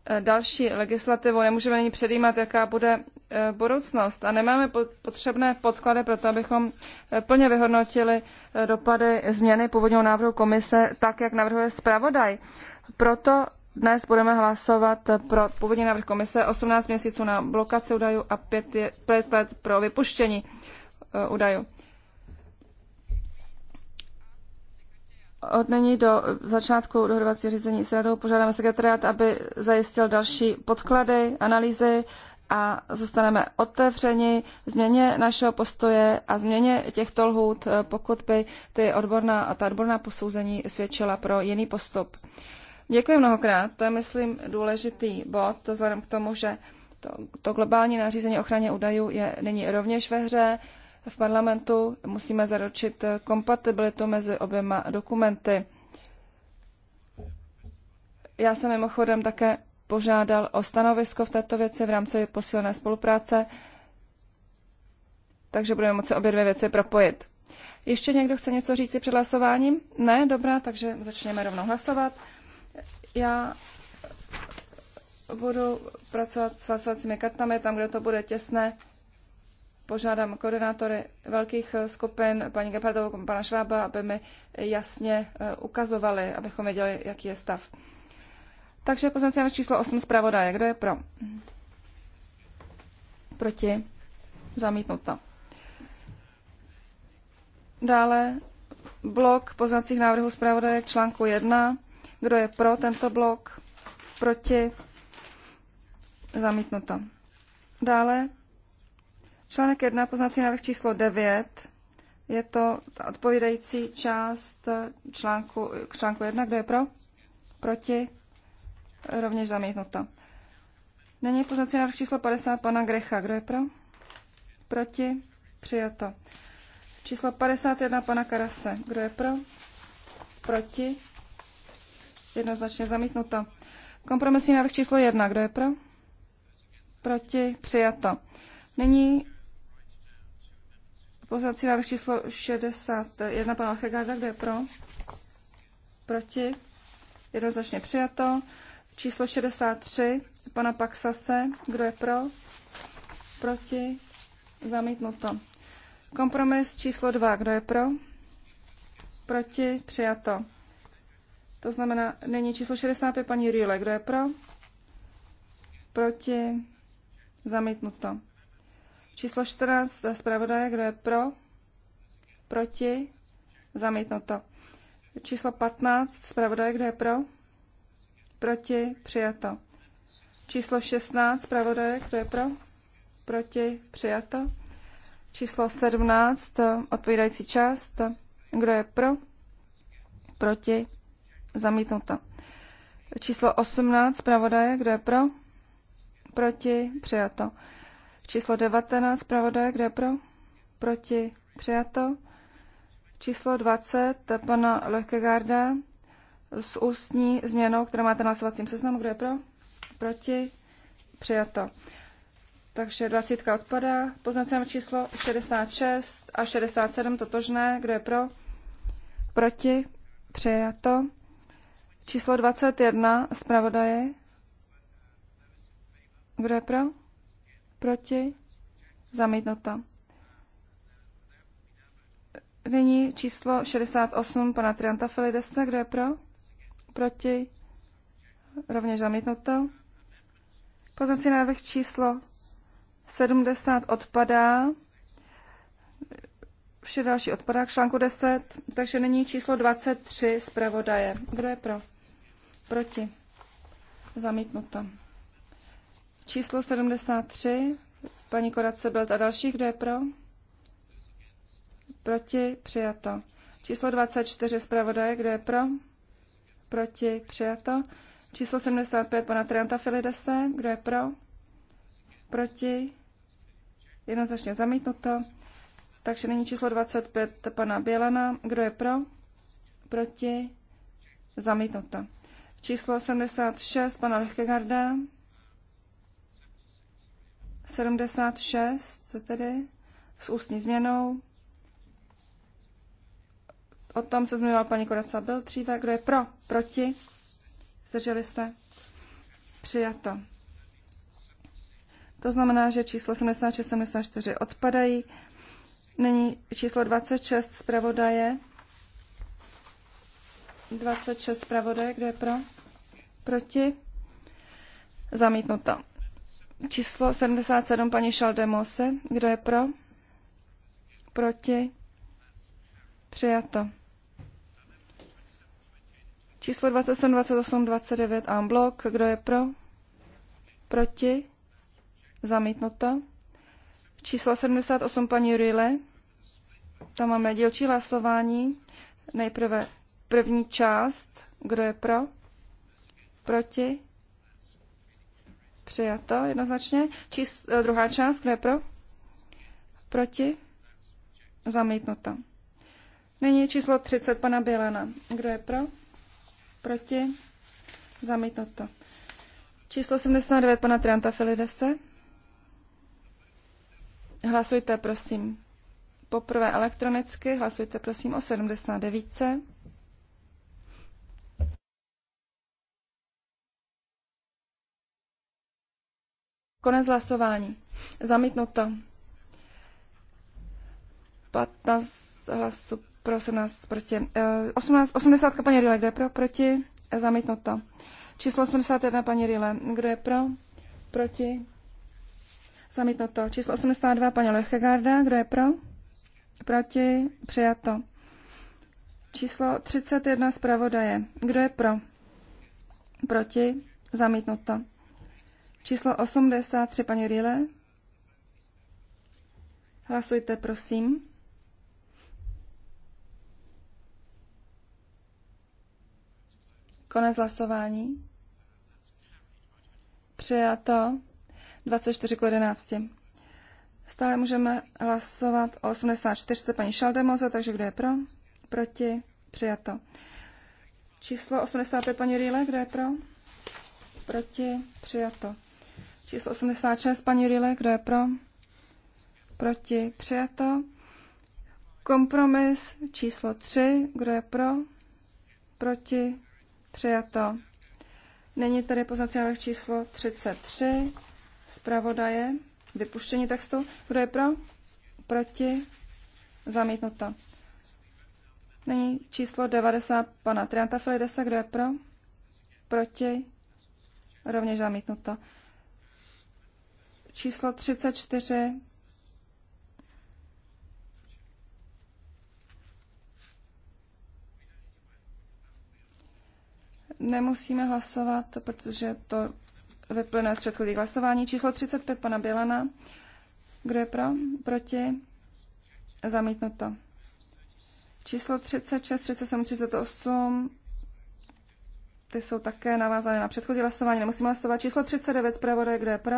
Eh, další legislativu, nemůžeme ani předjímat, jaká bude eh, budoucnost a nemáme potřebné podklady pro to, abychom eh, plně vyhodnotili dopady změny původního návrhu komise tak, jak navrhuje zpravodaj. Proto dnes budeme hlasovat pro původní návrh komise 18 měsíců na blokaci údajů a 5, let pro vypuštění údajů. od nyní do začátku dohodovacího řízení s radou požádáme sekretariát, aby zajistil další podklady, analýzy a zůstaneme otevřeni změně našeho postoje a změně těchto lhůt, eh, pokud by ty odborná a ta odborná posouzení svědčila pro jiný postup. Děkuji mnohokrát, to je, myslím, důležitý bod, vzhledem k tomu, že to, to globální nařízení ochraně údajů je nyní rovněž ve hře v parlamentu musíme zaručit kompatibilitu mezi oběma dokumenty. Já jsem mimochodem také požádal o stanovisko v této věci v rámci posílené spolupráce, takže budeme moci obě dvě věci propojit. Ještě někdo chce něco si před hlasováním? Ne, dobrá, takže začněme rovnou hlasovat. Já budu pracovat s hlasovacími kartami tam, kde to bude těsné požádám koordinátory velkých eh, skupin, paní Gepardovou, pana Švába, aby mi jasně eh, ukazovali, abychom věděli, jaký je stav. Takže poslanci číslo 8 zpravodaje. Kdo je pro? Proti? Zamítnuto. Dále blok poznacích návrhů zpravodaje k článku 1. Kdo je pro tento blok? Proti? Zamítnuto. Dále Článek 1, poznací návrh číslo 9, je to ta odpovídající část článku, k článku 1, kdo je pro, proti, rovněž zamítnuto. Není poznací návrh číslo 50 pana Grecha, kdo je pro, proti, přijato. Číslo 51 pana Karase, kdo je pro, proti, jednoznačně zamítnuto. Kompromisní návrh číslo 1, kdo je pro, proti, přijato. Nyní Pozvací návrh číslo 61 pana Hegarda, kde je pro? Proti? Jednoznačně přijato. Číslo 63 pana Paxase, kdo je pro? Proti? Zamítnuto. Kompromis číslo 2, kdo je pro? Proti? Přijato. To znamená, není číslo 65 paní Rýle, kdo je pro? Proti? Zamítnuto. Číslo 14 zpravodaje, kdo je pro, proti, zamítnuto. Číslo 15 zpravodaje, kdo je pro, proti, přijato. Číslo 16 zpravodaje, kdo je pro, proti, přijato. Číslo 17 odpovídající část, kdo je pro, proti, zamítnuto. Číslo 18 zpravodaje, kdo je pro, proti, přijato. Číslo 19 pravodaj, kde pro? Proti přijato. Číslo 20 pana Lechkegarda s ústní změnou, kterou máte na hlasovacím seznamu. kde je pro? Proti? Přijato. Takže 20 odpadá. Poznacené číslo 66 a 67 totožné. kde je pro? Proti? Přijato. Číslo 21 zpravodaje. Kdo je pro? Proti? Zamítnuto. Nyní číslo 68 pana Trianta Felidesa. Kdo je pro? Proti? Rovněž zamítnuto. Poznací návrh číslo 70 odpadá. Vše další odpadá k článku 10, takže nyní číslo 23 zpravodaje. Kdo je pro? Proti. Zamítnuto. Číslo 73, paní Koradce Belt a další, kdo je pro? Proti, přijato. Číslo 24, zpravodaje, kdo je pro? Proti, přijato. Číslo 75, pana Trianta Filidese, kdo je pro? Proti, jednoznačně zamítnuto. Takže nyní číslo 25 pana Bělana. Kdo je pro? Proti? Zamítnuto. Číslo 76 pana Lechkegarda. 76 tedy s ústní změnou. O tom se zmiňoval paní Koraca byl dříve. Kdo je pro? Proti? Zdrželi se? Přijato. To znamená, že číslo 76 74 odpadají. Nyní číslo 26 zpravodaje. 26 zpravodaje, kde je pro? Proti? Zamítnuto. Číslo 77 paní Šaldemose. Kdo je pro? Proti? Přijato. Číslo 27, 28, 29 a blok. Kdo je pro? Proti? Zamítnuto. Číslo 78 paní Rile. Tam máme dílčí hlasování. Nejprve první část. Kdo je pro? Proti? Přijato jednoznačně. Čís, eh, druhá část, kdo je pro? Proti? Zamítnuto. Nyní číslo 30 pana Bělena. Kdo je pro? Proti? Zamítnuto. Číslo 79 pana Trianta Filidese. Hlasujte, prosím. Poprvé elektronicky, hlasujte, prosím, o 79. Konec hlasování. Zamítnuto. 15 hlasů pro 18 proti. 18, eh, 80 eh, paní Rile, kdo je pro? Proti? Zamítnuto. Číslo 81 paní Rile, kdo je pro? Proti? Zamítnuto. Číslo 82 paní Lechegarda, kdo je pro? Proti? Přijato. Číslo 31 zpravodaje. Kdo je pro? Proti? Zamítnuto. Číslo 83, paní Rile. Hlasujte, prosím. Konec hlasování. Přijato 24 k 11. Stále můžeme hlasovat o 84. paní Šaldemoze, takže kdo je pro? Proti? Přijato. Číslo 85 paní Rýle, kdo je pro? Proti? Přijato. Číslo 86, paní Rile, kdo je pro? Proti, přijato. Kompromis číslo 3, kdo je pro? Proti, přijato. Není tady poznací návrh číslo 33, zpravodaje, vypuštění textu. Kdo je pro? Proti, zamítnuto. Není číslo 90 pana Trianta Filidesa, kdo je pro? Proti, rovněž zamítnuto číslo 34. Nemusíme hlasovat, protože to vyplyne z předchozích hlasování. Číslo 35 pana Bělana. Kdo je pro? Proti? Zamítnuto. Číslo 36, 37, 38, ty jsou také navázané na předchozí hlasování, nemusíme hlasovat. Číslo 39, zpravodaj, kdo je pro?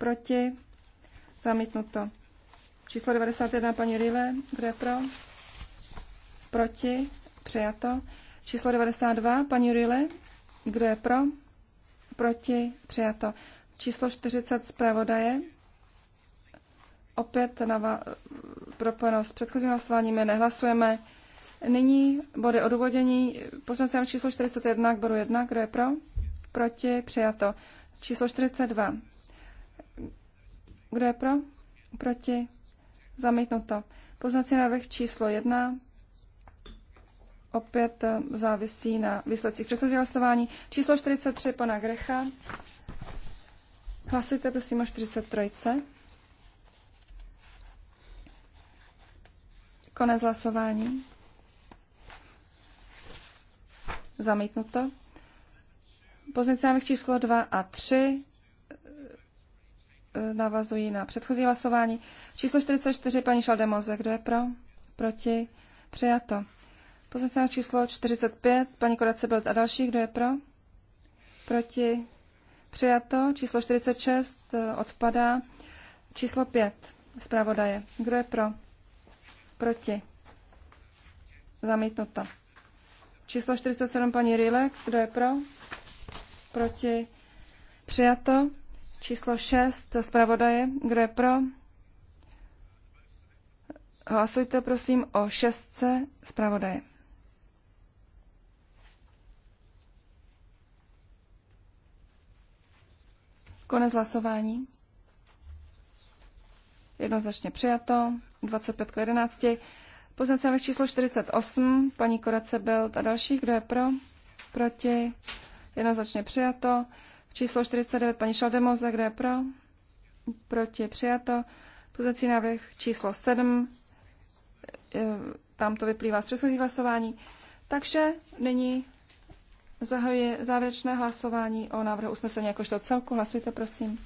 proti, zamítnuto. Číslo 91 paní Rile, kdo je pro, proti, přijato. Číslo 92 paní Rile, kdo je pro, proti, přijato. Číslo 40 zpravodaje, opět na propojenou s předchozím hlasováním, my nehlasujeme. Nyní body odůvodnění. Poslanec číslo 41 k bodu 1. Kdo je pro? Proti? Přijato. Číslo 42. Kdo je pro? Proti? Zamítnuto. Poznací návrh číslo 1 opět eh, závisí na výsledcích předchozí hlasování. Číslo 43 pana Grecha. Hlasujte prosím o 43. Konec hlasování. Zamítnuto. Pozice číslo 2 a 3 Eh, navazují na předchozí hlasování. Číslo 44, paní Šaldemoze, kdo je pro? Proti? Přijato. na číslo 45, paní Korace Belt a další, kdo je pro? Proti? Přijato. Číslo 46 eh, odpadá. Číslo 5, zpravodaje. Kdo je pro? Proti? Zamítnuto. Číslo 47, paní Rilek, kdo je pro? Proti? Přijato. Číslo 6 zpravodaje. Kdo je pro? Hlasujte prosím o šestce zpravodaje. Konec hlasování. Jednoznačně přijato. 25 k 11. Poznací návrh číslo 48, paní Korace Belt a dalších. Kdo je pro? Proti? Jednoznačně přijato. Číslo 49 paní Šaldemoza, kdo je pro? Proti přijato. Pozací návrh číslo 7, eh, tam to vyplývá z předchozích hlasování. Takže nyní zahajuji závěrečné hlasování o návrhu usnesení jakožto celku. Hlasujte, prosím.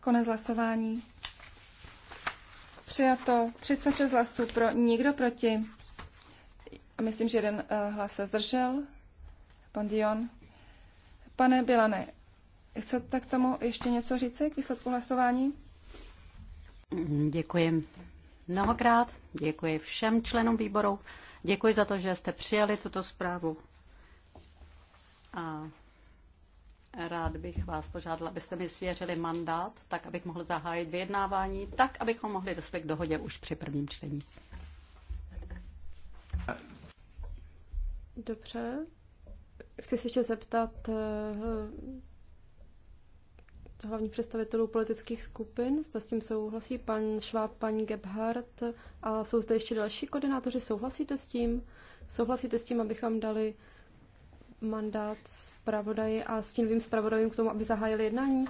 Konec hlasování. Přijato 36 hlasů pro, nikdo proti. A Myslím, že jeden eh, hlas se zdržel. Pan Dion. Pane Bilane, chcete k tomu ještě něco říct k výsledku hlasování? Děkuji mnohokrát. Děkuji všem členům výboru. Děkuji za to, že jste přijali tuto zprávu. A rád bych vás požádal, abyste mi svěřili mandát, tak abych mohl zahájit vyjednávání, tak abychom mohli dospět k dohodě už při prvním čtení. Dobře. Chci se ještě zeptat eh, eh, hlavních představitelů politických skupin. Zda s tím souhlasí pan Šváb, paní Gebhardt a jsou zde ještě další koordinátoři. Souhlasíte s tím? Souhlasíte s tím, abychom dali mandát zpravodaji a s tím stínovým zpravodajům k tomu, aby zahájili jednání?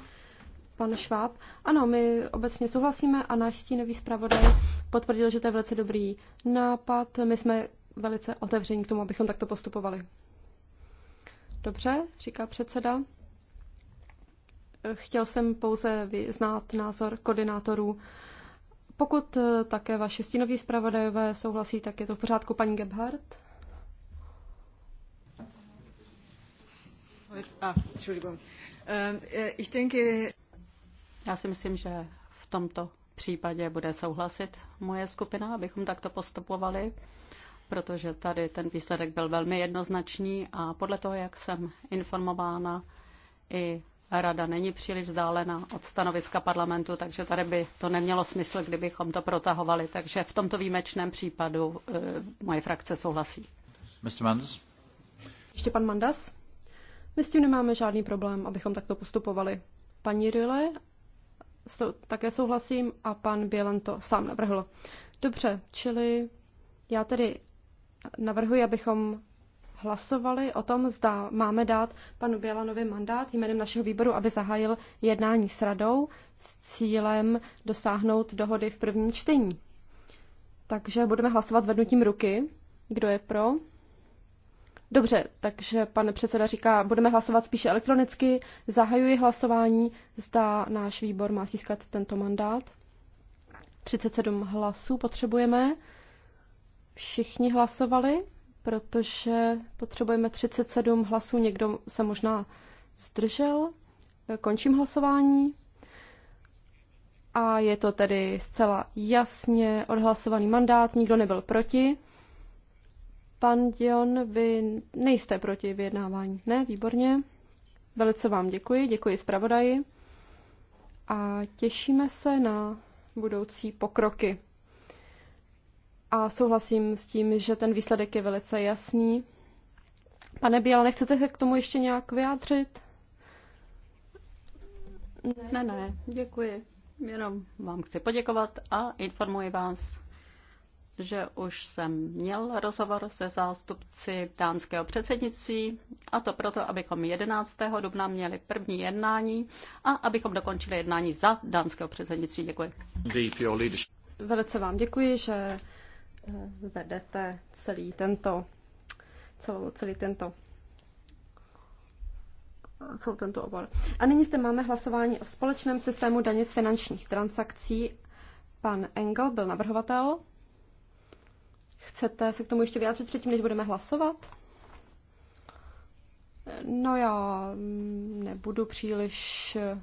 Pan Šváb. Ano, my obecně souhlasíme a náš stínový zpravodaj potvrdil, že to je velice dobrý nápad. My jsme velice otevření k tomu, abychom takto postupovali. Dobře, říká předseda. Chtěl jsem pouze znát názor koordinátorů. Pokud také vaši stínoví zpravodajové souhlasí, tak je to v pořádku paní Gebhardt. Ah, Entschuldigung. Ähm, äh, ich denke... Já si myslím, že v tomto případě bude souhlasit moje skupina, abychom takto postupovali protože tady ten výsledek byl velmi jednoznačný a podle toho, jak jsem informována, i rada není příliš vzdálená od stanoviska parlamentu, takže tady by to nemělo smysl, kdybychom to protahovali. Takže v tomto výjimečném případu uh, moje frakce souhlasí. Mr. Mandas? Ještě pan Mandas? My s tím nemáme žádný problém, abychom takto postupovali. Paní Rile, so, také souhlasím a pan Bělen to sám navrhl. Dobře, čili já tedy navrhuji, abychom hlasovali o tom, zda máme dát panu Bělanovi mandát jménem našeho výboru, aby zahájil jednání s radou s cílem dosáhnout dohody v prvním čtení. Takže budeme hlasovat zvednutím ruky. Kdo je pro? Dobře, takže pan předseda říká, budeme hlasovat spíše elektronicky. Zahajuji hlasování, zda náš výbor má získat tento mandát. 37 hlasů potřebujeme všichni hlasovali, protože potřebujeme 37 hlasů, někdo se možná zdržel. Končím hlasování. A je to tedy zcela jasně odhlasovaný mandát, nikdo nebyl proti. Pan Dion, vy nejste proti vyjednávání. Ne, výborně. Velice vám děkuji, děkuji zpravodaji a těšíme se na budoucí pokroky a souhlasím s tím, že ten výsledek je velice jasný. Pane Bíl, nechcete se k tomu ještě nějak vyjádřit? Ne, ne, děkuji. Jenom vám chci poděkovat a informuji vás, že už jsem měl rozhovor se zástupci dánského předsednictví a to proto, abychom 11. dubna měli první jednání a abychom dokončili jednání za dánského předsednictví. Děkuji. Velice vám děkuji, že Eh, vedete celý tento, celou, celý tento celou tento obor. A nyní zde máme hlasování o společném systému daně z finančních transakcí. Pan Engel byl navrhovatel. Chcete se k tomu ještě vyjádřit předtím, než budeme hlasovat? No já mm, nebudu příliš eh,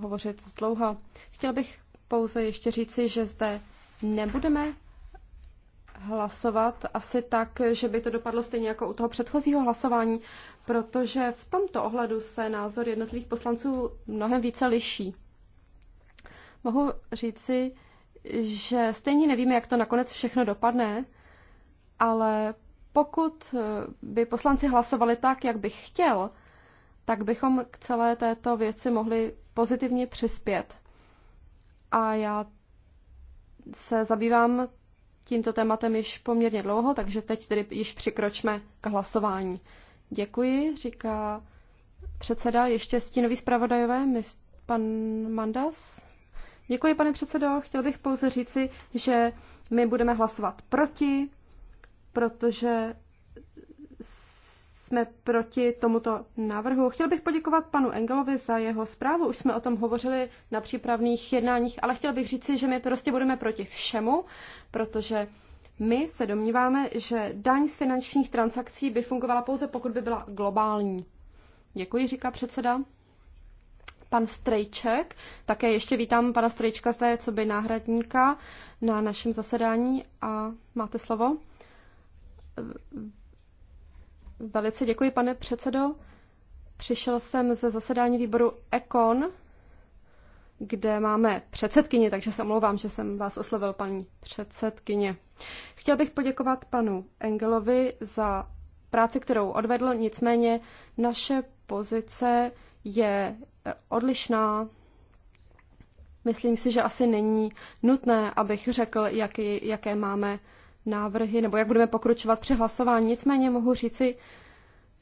hovořit zdlouho. Chtěl bych pouze ještě říci, že zde nebudeme hlasovat asi tak, že by to dopadlo stejně jako u toho předchozího hlasování, protože v tomto ohledu se názor jednotlivých poslanců mnohem více liší. Mohu říci, že stejně nevíme, jak to nakonec všechno dopadne, ale pokud by poslanci hlasovali tak, jak bych chtěl, tak bychom k celé této věci mohli pozitivně přispět. A já se zabývám tímto tématem již poměrně dlouho, takže teď tedy již přikročme k hlasování. Děkuji, říká předseda. Ještě stínový zpravodajové, pan Mandas. Děkuji, pane předsedo. Chtěl bych pouze říci, že my budeme hlasovat proti, protože jsme proti tomuto návrhu. Chtěl bych poděkovat panu Engelovi za jeho zprávu. Už jsme o tom hovořili na přípravných jednáních, ale chtěl bych říci, že my prostě budeme proti všemu, protože my se domníváme, že daň z finančních transakcí by fungovala pouze, pokud by byla globální. Děkuji, říká předseda. Pan Strejček, také ještě vítám pana Strejčka zde, co by náhradníka na našem zasedání a máte slovo Velice děkuji, pane předsedo. Přišel jsem ze zasedání výboru ekon, kde máme předsedkyně, takže se omlouvám, že jsem vás oslovil, paní předsedkyně. Chtěl bych poděkovat panu Engelovi za práci, kterou odvedl, nicméně naše pozice je odlišná. Myslím si, že asi není nutné, abych řekl, jaký, jaké máme návrhy, nebo jak budeme pokročovat při hlasování. Nicméně mohu říci,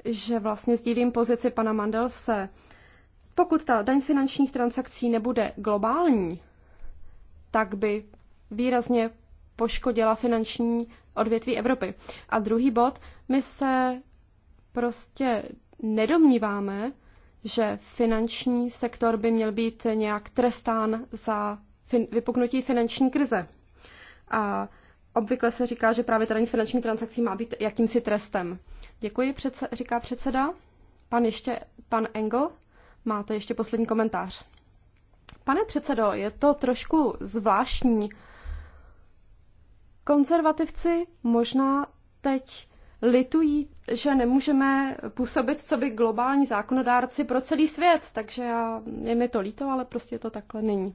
že vlastně sdílím pozici pana Mandelse. Pokud ta daň z finančních transakcí nebude globální, tak by výrazně poškodila finanční odvětví Evropy. A druhý bod, my se prostě nedomníváme, že finanční sektor by měl být nějak trestán za fin- vypuknutí finanční krize. A obvykle se říká, že právě daň z finančních transakcí má být jakýmsi trestem. Děkuji, předse, říká předseda. Pan ještě, pan Engel, máte ještě poslední komentář. Pane předsedo, je to trošku zvláštní. Konzervativci možná teď litují, že nemůžeme působit co by globální zákonodárci pro celý svět, takže já, je mi to líto, ale prostě to takhle není.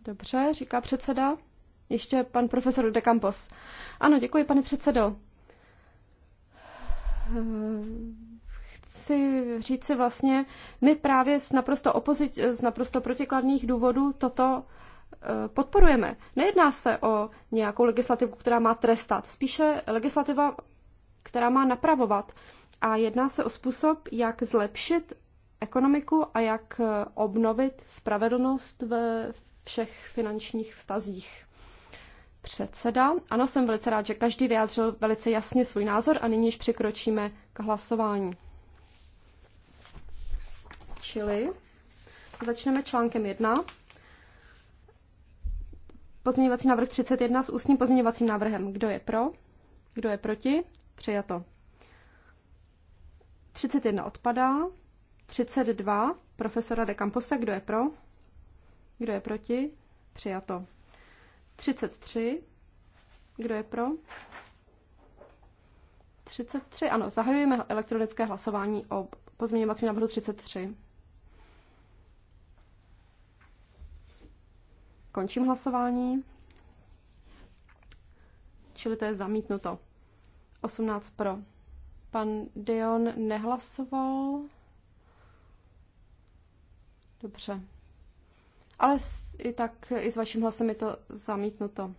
Dobře, říká předseda. Ještě pan profesor De Campos. Ano, děkuji, pane předsedo. Chci si vlastně, my právě z naprosto, opozit, z naprosto protikladných důvodů toto eh, podporujeme. Nejedná se o nějakou legislativu, která má trestat, spíše legislativa, která má napravovat. A jedná se o způsob, jak zlepšit ekonomiku a jak eh, obnovit spravedlnost ve všech finančních vztazích předseda. Ano, jsem velice rád, že každý vyjádřil velice jasně svůj názor a nyní již překročíme k hlasování. Čili začneme článkem 1. Pozměňovací návrh 31 s ústním pozměňovacím návrhem. Kdo je pro? Kdo je proti? Přijato. 31 odpadá. 32 profesora de Camposa. Kdo je pro? Kdo je proti? Přijato. 33. Kdo je pro? 33, ano, zahajujeme elektronické hlasování o pozměňovacím návrhu 33. Končím hlasování. Čili to je zamítnuto. 18 pro. Pan Dion nehlasoval. Dobře ale i tak i s vaším hlasem je to zamítnuto.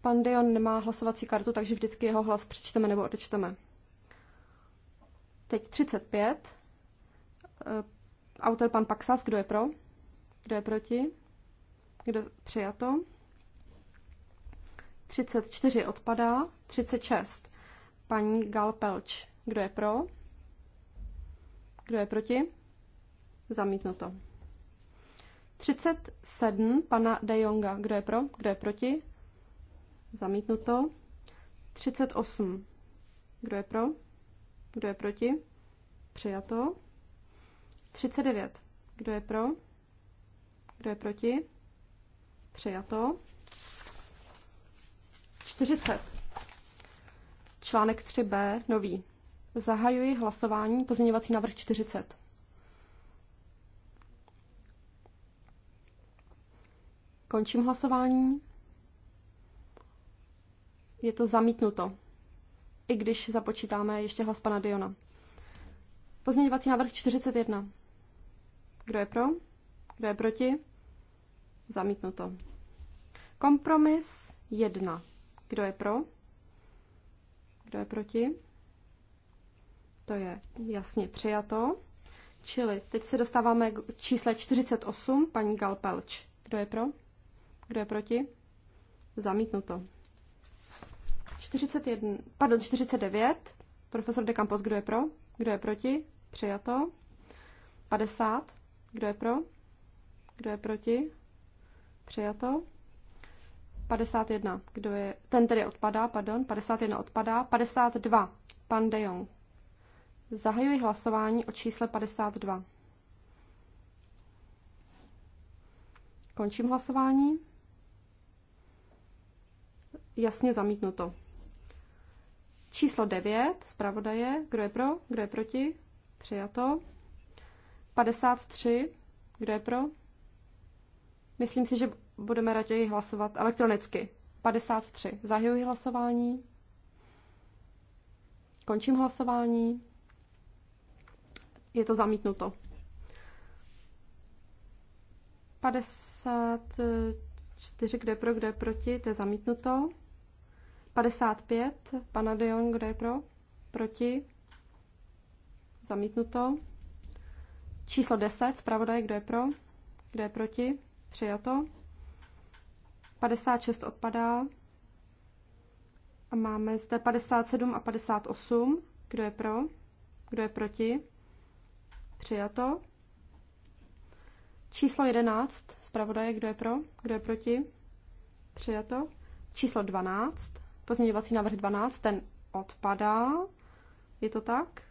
Pan Dion nemá hlasovací kartu, takže vždycky jeho hlas přečteme nebo odečteme. Teď 35. Eh, autor pan Paxas, kdo je pro? Kdo je proti? Kdo přijato? 34 odpadá. 36. Paní Galpelč, kdo je pro? Kdo je proti? Zamítnuto. 37 pana De Jonga. Kdo je pro? Kdo je proti? Zamítnuto. 38. Kdo je pro? Kdo je proti? Přijato. 39. Kdo je pro? Kdo je proti? Přijato. 40. Článek 3b, nový. Zahajuji hlasování pozměňovací návrh 40. Končím hlasování. Je to zamítnuto. I když započítáme ještě hlas pana Diona. Pozměňovací návrh 41. Kdo je pro? Kdo je proti? Zamítnuto. Kompromis 1. Kdo je pro? Kdo je proti? To je jasně přijato. Čili teď se dostáváme k čísle 48, paní Galpelč. Kdo je pro? Kdo je proti? Zamítnuto. 41, pardon, 49. Profesor de Campos, kdo je pro? Kdo je proti? Přijato. 50. Kdo je pro? Kdo je proti? Přijato. 51. Kdo je, ten tedy odpadá, pardon. 51 odpadá. 52. Pan De Jong. Zahajuji hlasování o čísle 52. Končím hlasování jasně zamítnuto. Číslo 9, zpravodaje, kdo je pro, kdo je proti, přijato. 53, kdo je pro? Myslím si, že budeme raději hlasovat elektronicky. 53, zahajuji hlasování. Končím hlasování. Je to zamítnuto. 54, kde pro, kde proti, to je zamítnuto. 55, pana De Jong, kdo je pro? Proti? Zamítnuto. Číslo 10, zpravodaj, kdo je pro? Kdo je proti? Přijato. 56 odpadá. A máme zde 57 a 58. Kdo je pro? Kdo je proti? Přijato. Číslo 11, zpravodaj, kdo je pro? Kdo je proti? Přijato. Číslo 12, Pozměňovací návrh 12, ten odpadá. Je to tak?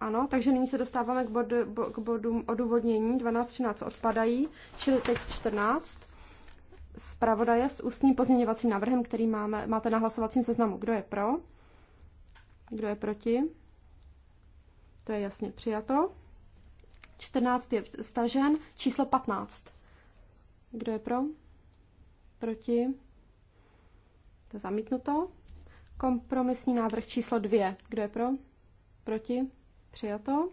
Ano, takže nyní se dostáváme k, bod, bo, k bodům odůvodnění. 12, 13 odpadají, čili teď 14. Zpravodaje s ústním pozměňovacím návrhem, který máme, máte na hlasovacím seznamu. Kdo je pro? Kdo je proti? To je jasně přijato. 14 je stažen. Číslo 15. Kdo je pro? Proti? To je zamítnuto. Kompromisní návrh číslo dvě. Kdo je pro? Proti? Přijato.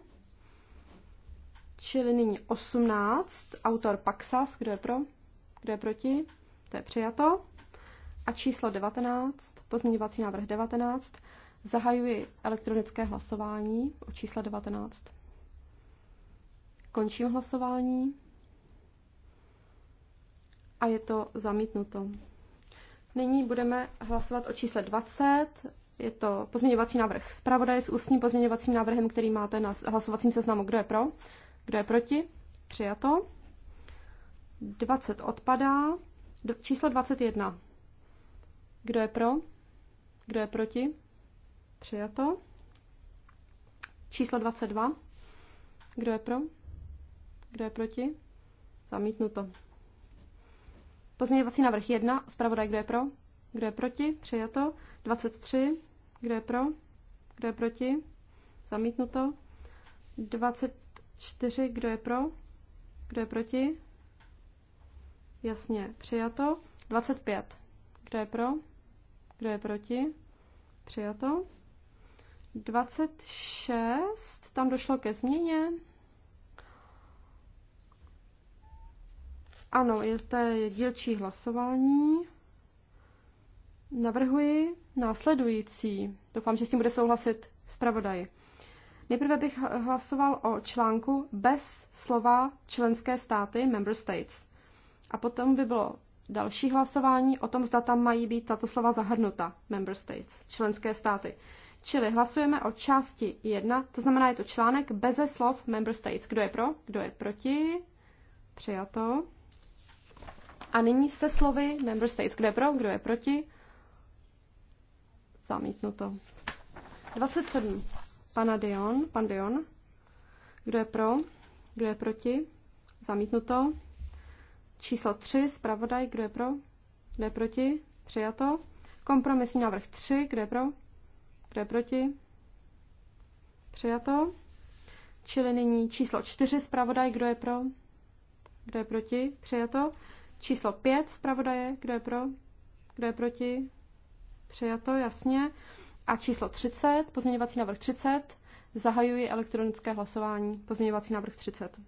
Čili nyní 18. Autor Paxas. Kdo je pro? Kdo je proti? To je přijato. A číslo 19. Pozměňovací návrh 19. Zahajuji elektronické hlasování o čísle 19. Končím hlasování. A je to zamítnuto. Nyní budeme hlasovat o čísle 20. Je to pozměňovací návrh zpravodaje s ústním pozměňovacím návrhem, který máte na hlasovacím seznamu. Kdo je pro? Kdo je proti? Přijato. 20 odpadá. Číslo 21. Kdo je pro? Kdo je proti? Přijato. Číslo 22. Kdo je pro? Kdo je proti? Zamítnuto. Pozměňovací návrh 1, zpravodaj, kdo je pro? Kdo je proti? Přijato. 23, kdo je pro? Kdo je proti? Zamítnuto. 24, kdo je pro? Kdo je proti? Jasně, přijato. 25, kdo je pro? Kdo je proti? Přijato. 26, tam došlo ke změně. Ano, je zde dílčí hlasování. Navrhuji následující. Doufám, že s tím bude souhlasit zpravodaj. Nejprve bych hlasoval o článku bez slova členské státy, member states. A potom by bylo další hlasování o tom, zda tam mají být tato slova zahrnuta, member states, členské státy. Čili hlasujeme o části 1, to znamená, je to článek beze slov member states. Kdo je pro, kdo je proti? Přijato. A nyní se slovy member states, kde je pro, kdo je proti. Zamítnuto. 27. Pana Dion, pan Dion. Kdo je pro, kdo je proti. Zamítnuto. Číslo 3, zpravodaj, kdo je pro, kdo je proti. Přijato. Kompromisní návrh 3, kdo je pro, kdo je proti. Přijato. Čili nyní číslo 4, zpravodaj, kdo je pro, kdo je proti. Přijato. Číslo 5 zpravodaje, kdo je pro, kdo je proti, přijato, jasně. A číslo 30, pozměňovací návrh 30, zahajuji elektronické hlasování, pozměňovací návrh 30.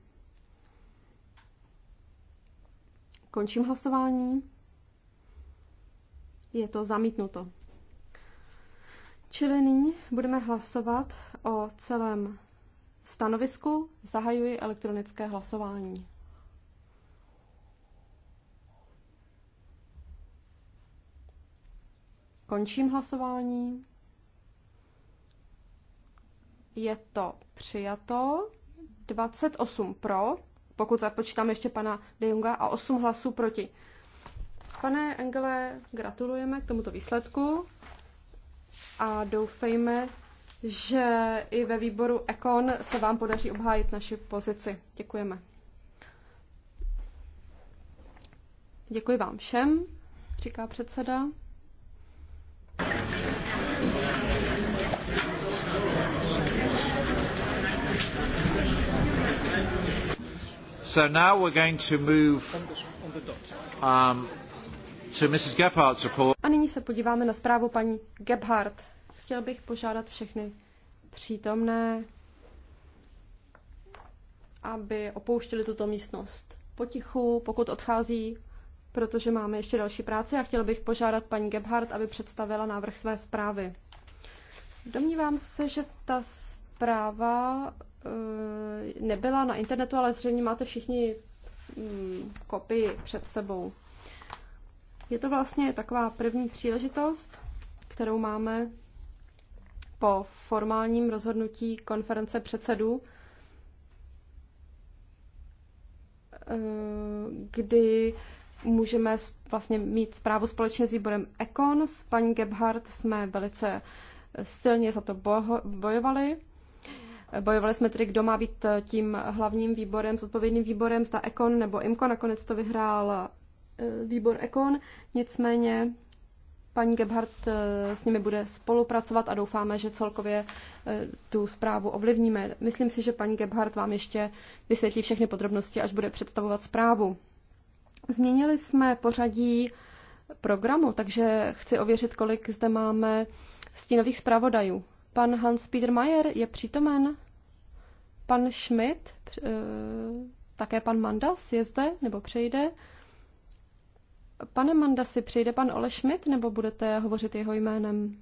Končím hlasování. Je to zamítnuto. Čili nyní budeme hlasovat o celém stanovisku. Zahajuji elektronické hlasování. Končím hlasování. Je to přijato. 28 pro, pokud započítám ještě pana De Junga, a 8 hlasů proti. Pane Engele, gratulujeme k tomuto výsledku a doufejme, že i ve výboru Econ se vám podaří obhájit naši pozici. Děkujeme. Děkuji vám všem, říká předseda. So now we're going to move um, to Mrs. Gephardt's report. A nyní se podíváme na zprávu paní Gebhardt. Chtěl bych požádat všechny přítomné, aby opouštěli tuto místnost potichu, pokud odchází, protože máme ještě další práci a chtěl bych požádat paní Gebhardt, aby představila návrh své zprávy. Domnívám se, že ta zpráva Eh, nebyla na internetu, ale zřejmě máte všichni mm, kopii před sebou. Je to vlastně taková první příležitost, kterou máme po formálním rozhodnutí konference předsedů, eh, kdy můžeme vlastně mít zprávu společně s výborem Econ. S paní Gebhardt jsme velice silně za to bojovali. Bojovali jsme tedy, kdo má být eh, tím hlavním výborem, s odpovědným výborem, zda Ekon nebo Imko, nakonec to vyhrál eh, výbor Ekon, nicméně paní Gebhardt eh, s nimi bude spolupracovat a doufáme, že celkově tu zprávu ovlivníme. Myslím si, že paní Gebhardt vám ještě vysvětlí všechny podrobnosti, až bude představovat zprávu. Změnili jsme pořadí programu, takže chci ověřit, kolik zde máme stínových zpravodajů. Pan Hans-Peter Mayer je přítomen? Pan Schmidt? Eh, také pan Mandas je zde nebo přejde? Pane Mandasi, přijde pan Ole Schmidt nebo budete hovořit jeho jménem?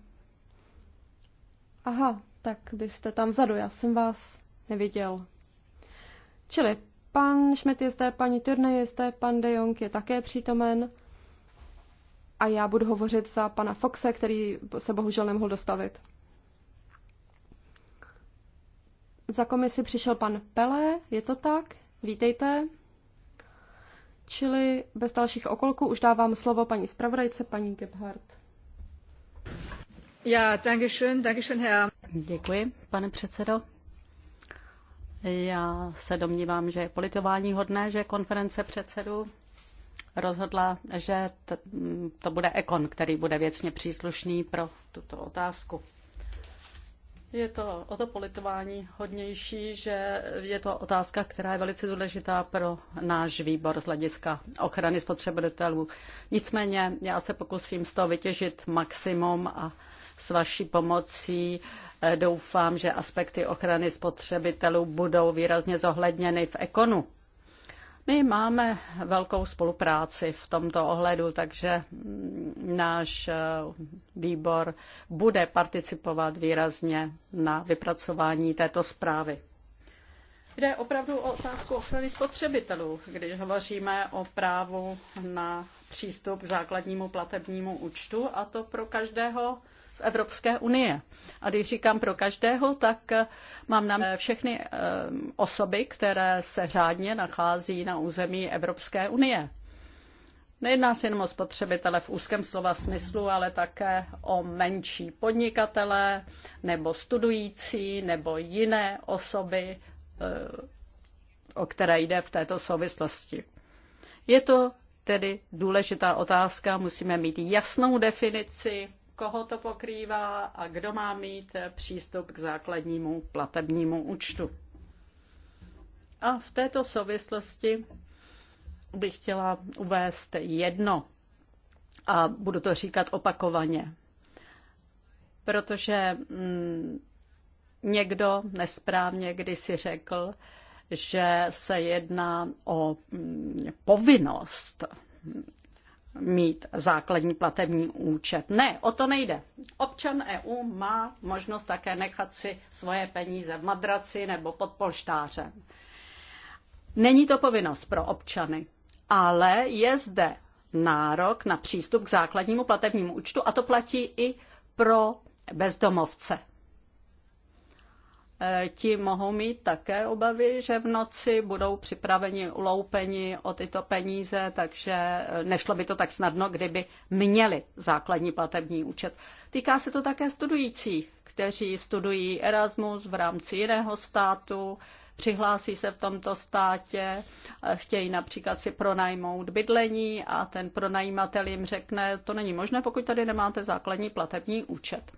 Aha, tak byste tam vzadu, já jsem vás neviděl. Čili pan Schmidt je zde, paní Turne je zde, pan De Jong je také přítomen a já budu hovořit za pana Foxe, který se bohužel nemohl dostavit. Za komisi přišel pan Pele, je to tak? Vítejte. Čili bez dalších okolků už dávám slovo paní zpravodajce, paní Gebhardt. Ja, danke schön, danke schön, Herr. Děkuji, pane předsedo. Já se domnívám, že je politování hodné, že konference předsedu rozhodla, že to bude Ekon, který bude věcně příslušný pro tuto otázku. Je to o to politování hodnější, že je to otázka, která je velice důležitá pro náš výbor z hlediska ochrany spotřebitelů. Nicméně já se pokusím z toho vytěžit maximum a s vaší pomocí eh, doufám, že aspekty ochrany spotřebitelů budou výrazně zohledněny v ekonu. My máme velkou spolupráci v tomto ohledu, takže náš eh, výbor bude participovat výrazně na vypracování této zprávy. Jde opravdu o otázku ochrany spotřebitelů, když hovoříme o právu na přístup k základnímu platebnímu účtu, a to pro každého v Evropské unie. A když říkám pro každého, tak eh, mám na všechny eh, osoby, které se řádně nachází na území Evropské unie. Nejedná se jenom o spotřebitele v úzkém slova smyslu, ale také o menší podnikatele nebo studující nebo jiné osoby, eh, o které jde v této souvislosti. Je to tedy důležitá otázka, musíme mít jasnou definici koho to pokrývá a kdo má mít přístup k základnímu platebnímu účtu. A v této souvislosti bych chtěla uvést jedno a budu to říkat opakovaně, protože mm, někdo nesprávně kdysi řekl, že se jedná o mm, povinnost mít základní platební účet. Ne, o to nejde. Občan EU má možnost také nechat si svoje peníze v madraci nebo pod polštářem. Není to povinnost pro občany, ale je zde nárok na přístup k základnímu platebnímu účtu a to platí i pro bezdomovce. Eh, ti mohou mít také obavy, že v noci budou připraveni, uloupeni o tyto peníze, takže eh, nešlo by to tak snadno, kdyby měli základní platební účet. Týká se to také studujících, kteří studují Erasmus v rámci jiného státu, přihlásí se v tomto státě, eh, chtějí například si pronajmout bydlení a ten pronajímatel jim řekne, to není možné, pokud tady nemáte základní platební účet.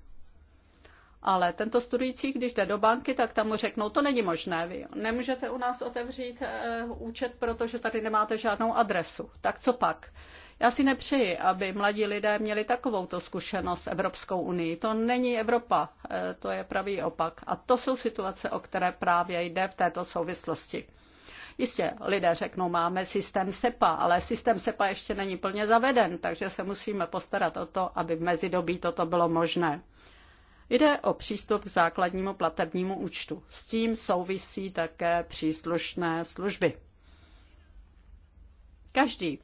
Ale tento studující, když jde do banky, tak tam mu řeknou, to není možné, vy nemůžete u nás otevřít e, účet, protože tady nemáte žádnou adresu. Tak co pak? Já si nepřeji, aby mladí lidé měli takovouto zkušenost s Evropskou unii. To není Evropa, e, to je pravý opak. A to jsou situace, o které právě jde v této souvislosti. Jistě, lidé řeknou, máme systém SEPA, ale systém SEPA ještě není plně zaveden, takže se musíme postarat o to, aby v mezidobí toto bylo možné. Jde o přístup k základnímu platebnímu účtu. S tím souvisí také příslušné služby. Každý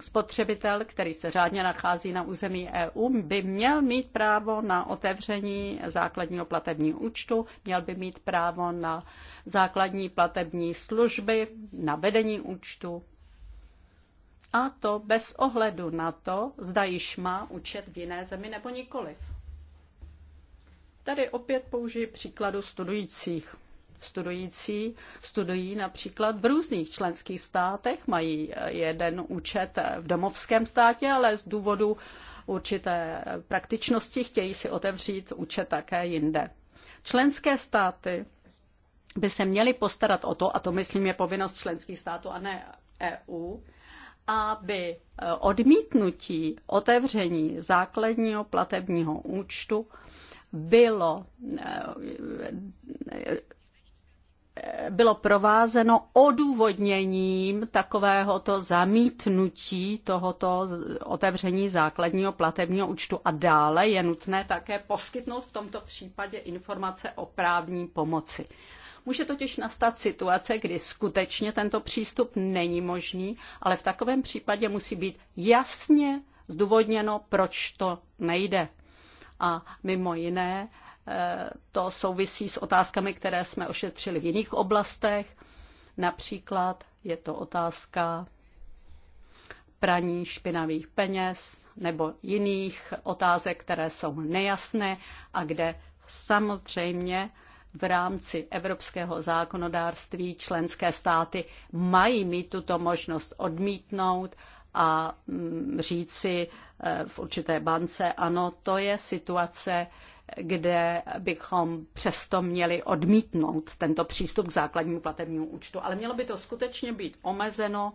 spotřebitel, který se řádně nachází na území EU, by měl mít právo na otevření základního platebního účtu, měl by mít právo na základní platební služby, na vedení účtu. A to bez ohledu na to, zda již má účet v jiné zemi nebo nikoliv. Tady opět použiji příkladu studujících. Studující studují například v různých členských státech, mají eh, jeden účet eh, v domovském státě, ale z důvodu určité praktičnosti chtějí si otevřít účet také jinde. Členské státy by se měly postarat o to, a to myslím je povinnost členských států a ne EU, aby eh, odmítnutí otevření základního platebního účtu bylo bylo provázeno odůvodněním takovéhoto zamítnutí tohoto otevření základního platebního účtu a dále je nutné také poskytnout v tomto případě informace o právní pomoci. Může totiž nastat situace, kdy skutečně tento přístup není možný, ale v takovém případě musí být jasně zdůvodněno, proč to nejde a mimo jiné eh, to souvisí s otázkami, které jsme ošetřili v jiných oblastech. Například je to otázka praní špinavých peněz nebo jiných otázek, které jsou nejasné a kde samozřejmě v rámci evropského zákonodárství členské státy mají mít tuto možnost odmítnout a mm, říci, Eh, v určité bance. Ano, to je situace, kde bychom přesto měli odmítnout tento přístup k základnímu platebnímu účtu. Ale mělo by to skutečně být omezeno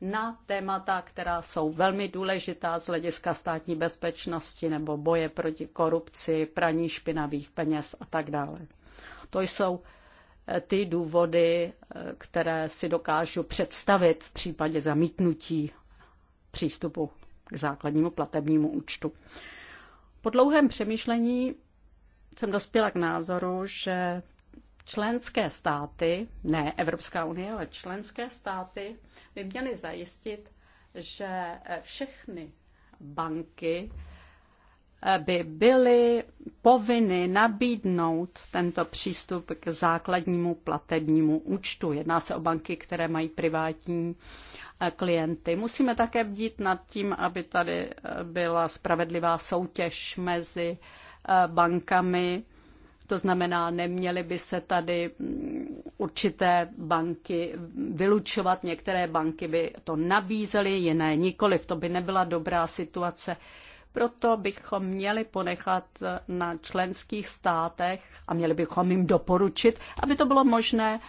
na témata, která jsou velmi důležitá z hlediska státní bezpečnosti nebo boje proti korupci, praní špinavých peněz a tak dále. To jsou eh, ty důvody, eh, které si dokážu představit v případě zamítnutí přístupu k základnímu platebnímu účtu. Po dlouhém přemýšlení jsem dospěla k názoru, že členské státy, ne Evropská unie, ale členské státy by měly zajistit, že všechny banky eh, by byly povinny nabídnout tento přístup k základnímu platebnímu účtu. Jedná se o banky, které mají privátní Eh, klienty. Musíme také bdít nad tím, aby tady eh, byla spravedlivá soutěž mezi eh, bankami. To znamená, neměly by se tady mm, určité banky vylučovat, některé banky by to nabízely, jiné nikoliv. To by nebyla dobrá situace. Proto bychom měli ponechat na členských státech a měli bychom jim doporučit, aby to bylo možné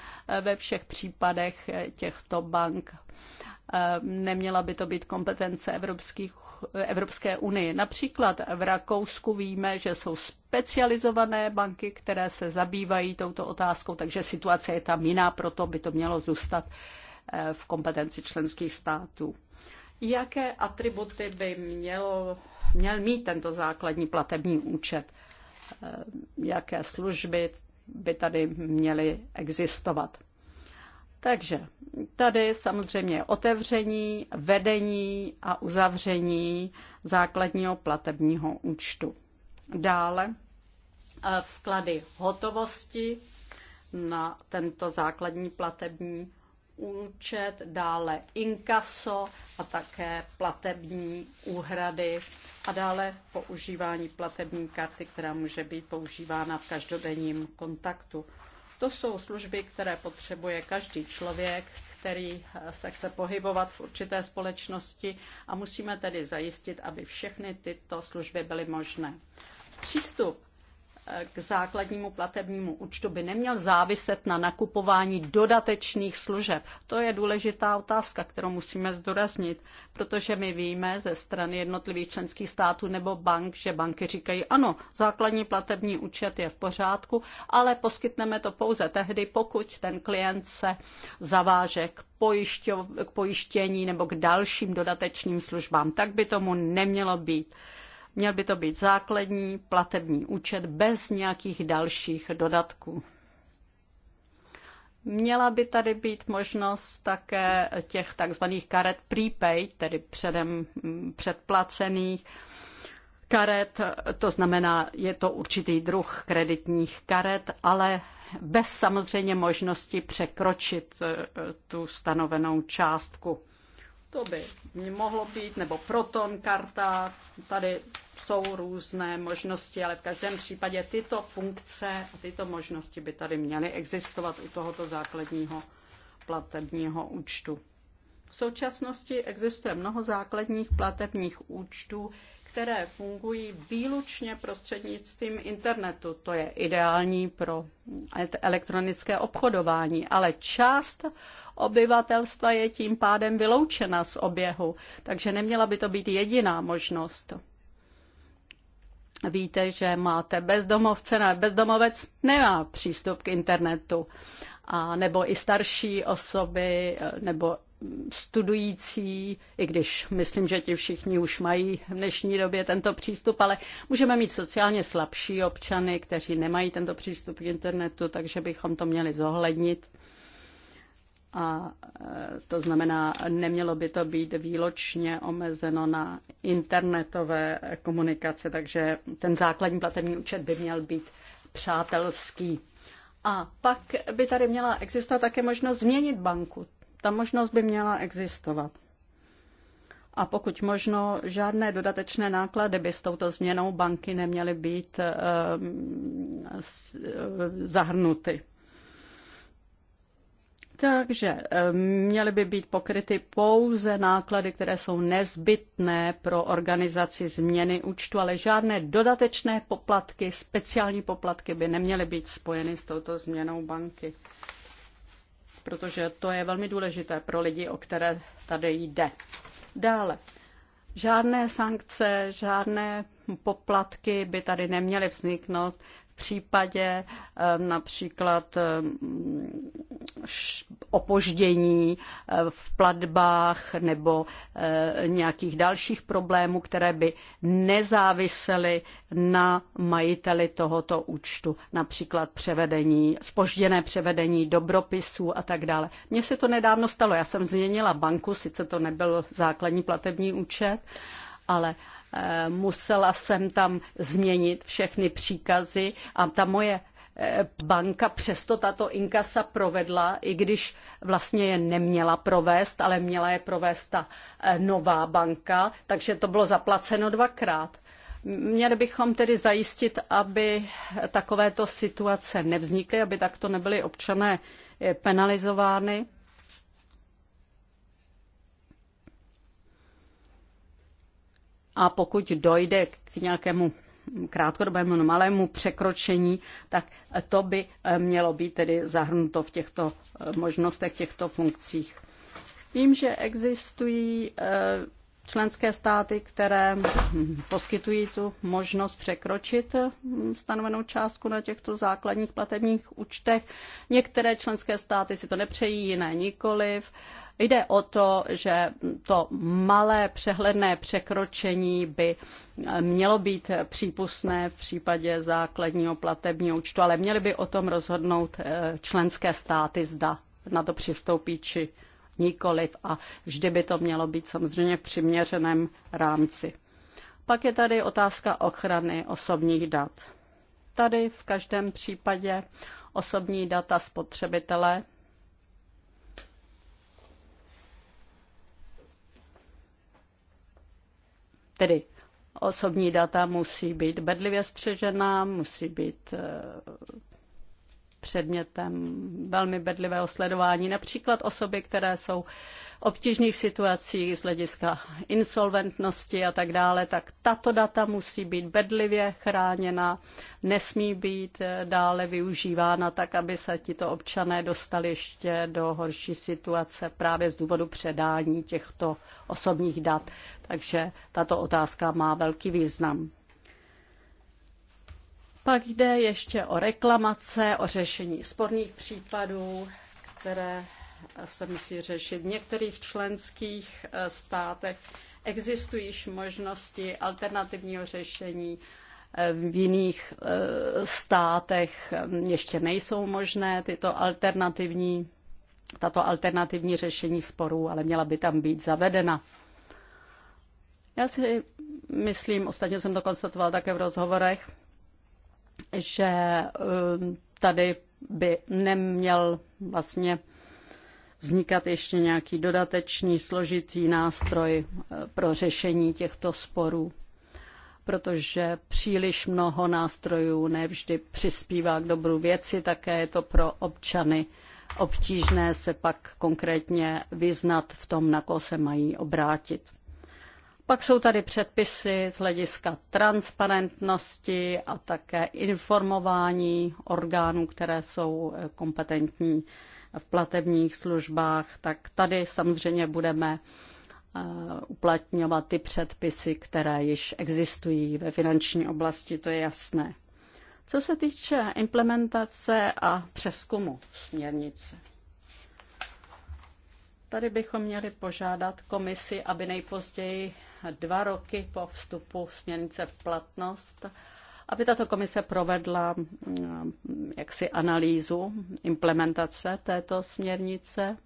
ve všech případech těchto bank Ehm, neměla by to být kompetence evropských, Evropské unie. Například v Rakousku víme, že jsou specializované banky, které se zabývají touto otázkou, takže situace je tam jiná, proto by to mělo zůstat eh, v kompetenci členských států. Jaké atributy by mělo, měl mít tento základní platební účet? Ehm, jaké služby by tady měly existovat? Takže tady samozřejmě otevření, vedení a uzavření základního platebního účtu. Dále e, vklady hotovosti na tento základní platební účet, dále inkaso a také platební úhrady a dále používání platební karty, která může být používána v každodenním kontaktu. To jsou služby, které potřebuje každý člověk, který eh, se chce pohybovat v určité společnosti a musíme tedy zajistit, aby všechny tyto služby byly možné. Přístup k základnímu platebnímu účtu by neměl záviset na nakupování dodatečných služeb. To je důležitá otázka, kterou musíme zdůraznit, protože my víme ze strany jednotlivých členských států nebo bank, že banky říkají, ano, základní platební účet je v pořádku, ale poskytneme to pouze tehdy, pokud ten klient se zaváže k, pojišťo, k pojištění nebo k dalším dodatečným službám. Tak by tomu nemělo být. Měl by to být základní platební účet bez nějakých dalších dodatků. Měla by tady být možnost také těch takzvaných karet prepaid, tedy předem mm, předplacených karet, to znamená, je to určitý druh kreditních karet, ale bez samozřejmě možnosti překročit e, tu stanovenou částku. To by mohlo být, nebo proton karta, tady jsou různé možnosti, ale v každém případě tyto funkce a tyto možnosti by tady měly existovat u tohoto základního platebního účtu. V současnosti existuje mnoho základních platebních účtů, které fungují výlučně prostřednictvím internetu. To je ideální pro elektronické obchodování, ale část obyvatelstva je tím pádem vyloučena z oběhu, takže neměla by to být jediná možnost. Víte, že máte bezdomovce, ne, bezdomovec nemá přístup k internetu. A nebo i starší osoby, eh, nebo studující, i když myslím, že ti všichni už mají v dnešní době tento přístup, ale můžeme mít sociálně slabší občany, kteří nemají tento přístup k internetu, takže bychom to měli zohlednit a e, to znamená, nemělo by to být výločně omezeno na internetové komunikace, takže ten základní platební účet by měl být přátelský. A pak by tady měla existovat také možnost změnit banku. Ta možnost by měla existovat. A pokud možno, žádné dodatečné náklady by s touto změnou banky neměly být e, e, zahrnuty. Takže eh, měly by být pokryty pouze náklady, které jsou nezbytné pro organizaci změny účtu, ale žádné dodatečné poplatky, speciální poplatky by neměly být spojeny s touto změnou banky. Protože to je velmi důležité pro lidi, o které tady jde. Dále, žádné sankce, žádné poplatky by tady neměly vzniknout případě eh, například eh, opoždění eh, v platbách nebo nějakých dalších problémů, které by nezávisely na majiteli tohoto účtu, například převedení, spožděné převedení dobropisů a tak dále. Mně se to nedávno stalo, já jsem změnila banku, sice to nebyl základní platební účet, ale Eh, musela jsem tam změnit všechny příkazy a ta moje eh, banka přesto tato inkasa provedla, i když vlastně je neměla provést, ale měla je provést ta eh, nová banka, takže to bylo zaplaceno dvakrát. Měli bychom tedy zajistit, aby takovéto situace nevznikly, aby takto nebyly občané penalizovány. a pokud dojde k nějakému krátkodobému malému překročení, tak to by eh, mělo být tedy zahrnuto v těchto eh, možnostech, těchto funkcích. Vím, že existují eh, členské státy, které poskytují tu možnost překročit hm, stanovenou částku na těchto základních platebních účtech. Některé členské státy si to nepřejí, jiné nikoliv. Jde o to, že to malé přehledné překročení by mělo být přípustné v případě základního platebního účtu, ale měly by o tom rozhodnout eh, členské státy, zda na to přistoupí či nikoliv a vždy by to mělo být samozřejmě v přiměřeném rámci. Pak je tady otázka ochrany osobních dat. Tady v každém případě osobní data spotřebitele Tedy osobní data musí být bedlivě střežená, musí být eh, předmětem velmi bedlivého sledování. Například osoby, které jsou v obtížných situacích z hlediska insolventnosti a tak dále, tak tato data musí být bedlivě chráněna, nesmí být eh, dále využívána tak, aby se tito občané dostali ještě do horší situace právě z důvodu předání těchto osobních dat. Takže tato otázka má velký význam. Pak jde ještě o reklamace, o řešení sporných případů, které se musí řešit. V některých členských eh, státech existují již možnosti alternativního řešení, eh, v jiných eh, státech mm, ještě nejsou možné tyto alternativní, tato alternativní řešení sporů, ale měla by tam být zavedena. Já si myslím, ostatně jsem to konstatoval také v rozhovorech, že um, tady by neměl vlastně vznikat ještě nějaký dodatečný složitý nástroj uh, pro řešení těchto sporů, protože příliš mnoho nástrojů nevždy přispívá k dobru věci, také je to pro občany obtížné se pak konkrétně vyznat v tom, na koho se mají obrátit. Pak jsou tady předpisy z hlediska transparentnosti a také informování orgánů, které jsou eh, kompetentní v platebních službách. Tak tady samozřejmě budeme eh, uplatňovat ty předpisy, které již existují ve finanční oblasti, to je jasné. Co se týče implementace a přeskumu směrnice, tady bychom měli požádat komisi, aby nejpozději dva roky po vstupu směrnice v platnost, aby tato komise provedla mm, jaksi analýzu implementace této směrnice,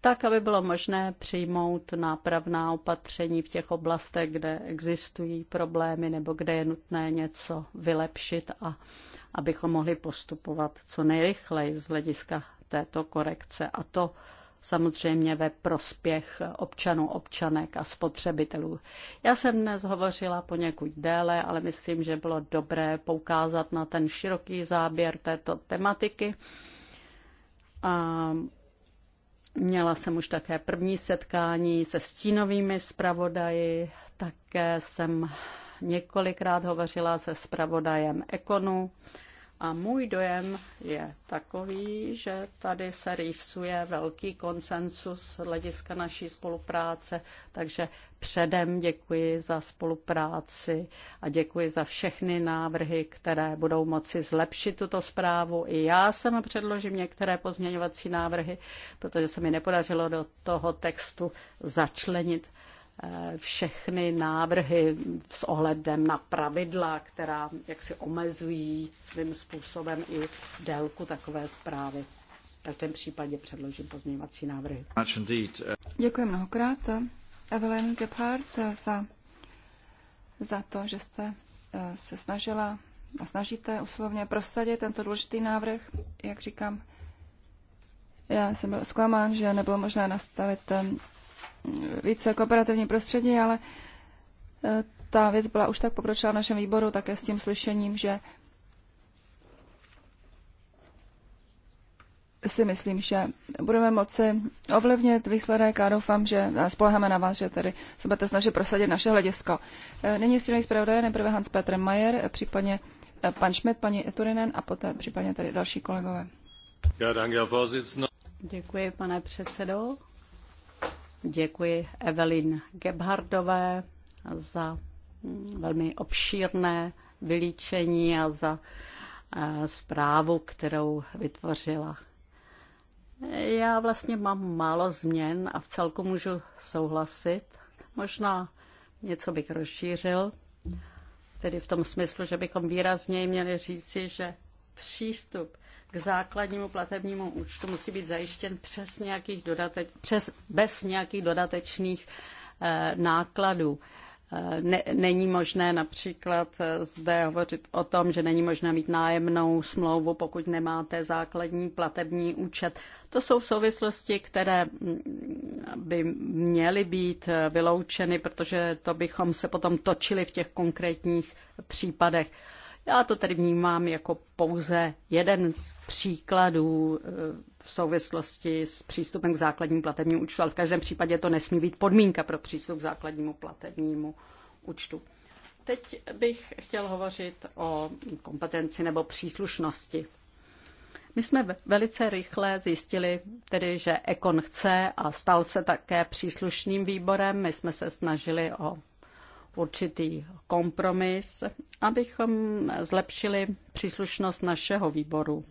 tak, aby bylo možné přijmout nápravná opatření v těch oblastech, kde existují problémy nebo kde je nutné něco vylepšit a abychom mohli postupovat co nejrychleji z hlediska této korekce. A to samozřejmě ve prospěch občanů, občanek a spotřebitelů. Já jsem dnes hovořila poněkud déle, ale myslím, že bylo dobré poukázat na ten široký záběr této tematiky. A Měla jsem už také první setkání se stínovými zpravodaji, také jsem několikrát hovořila se zpravodajem Ekonu a můj dojem je takový, že tady se rýsuje velký konsensus hlediska naší spolupráce, takže předem děkuji za spolupráci a děkuji za všechny návrhy, které budou moci zlepšit tuto zprávu. I já jsem předložím některé pozměňovací návrhy, protože se mi nepodařilo do toho textu začlenit Eh, všechny návrhy s ohledem na pravidla, která jaksi omezují svým způsobem i délku takové zprávy. Tak v tom případě předložím pozměňovací návrhy. Děkuji mnohokrát Evelyn Gebhardt za, za to, že jste eh, se snažila a snažíte uslovně prosadit tento důležitý návrh. Jak říkám, já jsem byl zklamán, že nebylo možné nastavit eh, více kooperativní prostředí, ale eh, ta věc byla už tak pokročila v našem výboru, také s tím slyšením, že si myslím, že budeme moci ovlivnit výsledek a doufám, že spoleháme na vás, že tedy se budete snažit prosadit naše hledisko. Eh, nyní stínový zpravodaj, nejprve Hans Petr Majer, případně eh, pan Schmidt, paní Turinen a poté případně tady další kolegové. Děkuji, pane předsedo. Děkuji Evelyn Gebhardové za velmi obšírné vylíčení a za eh, zprávu, kterou vytvořila. Já vlastně mám málo změn a v celku můžu souhlasit. Možná něco bych rozšířil, tedy v tom smyslu, že bychom výrazněji měli říci, že přístup k základnímu platebnímu účtu musí být zajištěn přes nějakých dodateč, přes, bez nějakých dodatečných eh, nákladů. Eh, ne, není možné například eh, zde hovořit o tom, že není možné mít nájemnou smlouvu, pokud nemáte základní platební účet. To jsou souvislosti, které mm, by měly být eh, vyloučeny, protože to bychom se potom točili v těch konkrétních případech. Já to tedy vnímám jako pouze jeden z příkladů eh, v souvislosti s přístupem k základnímu platebnímu účtu, ale v každém případě to nesmí být podmínka pro přístup k základnímu platebnímu účtu. Teď bych chtěl hovořit o kompetenci nebo příslušnosti. My jsme velice rychle zjistili, tedy, že Ekon chce a stal se také příslušným výborem. My jsme se snažili o určitý kompromis, abychom zlepšili příslušnost našeho výboru.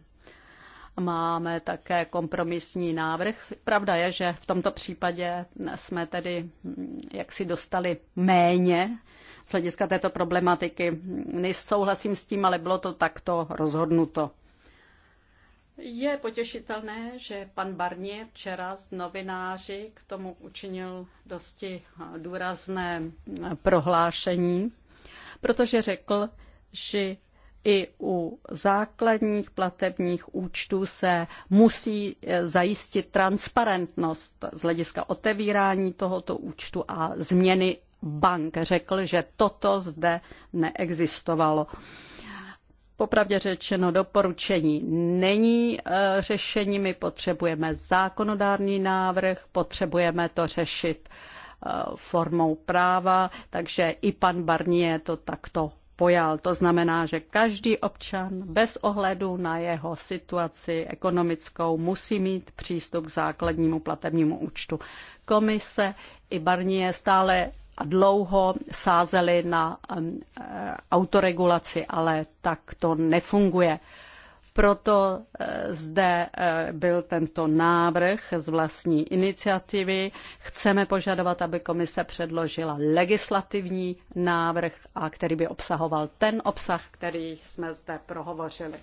Máme také kompromisní návrh. Pravda je, že v tomto případě jsme tedy hm, jaksi dostali méně z hlediska této problematiky. Nesouhlasím s tím, ale bylo to takto rozhodnuto. Je potěšitelné, že pan Barnier včera z novináři k tomu učinil dosti důrazné prohlášení, protože řekl, že i u základních platebních účtů se musí zajistit transparentnost z hlediska otevírání tohoto účtu a změny bank. Řekl, že toto zde neexistovalo. Popravdě řečeno, doporučení není e, řešení, my potřebujeme zákonodárný návrh, potřebujeme to řešit e, formou práva, takže i pan Barnier to takto pojal. To znamená, že každý občan bez ohledu na jeho situaci ekonomickou musí mít přístup k základnímu platebnímu účtu. Komise i Barnier stále a dlouho sázeli na eh, autoregulaci, ale tak to nefunguje. Proto eh, zde eh, byl tento návrh z vlastní iniciativy. Chceme požadovat, aby komise předložila legislativní návrh, a který by obsahoval ten obsah, který jsme zde prohovořili.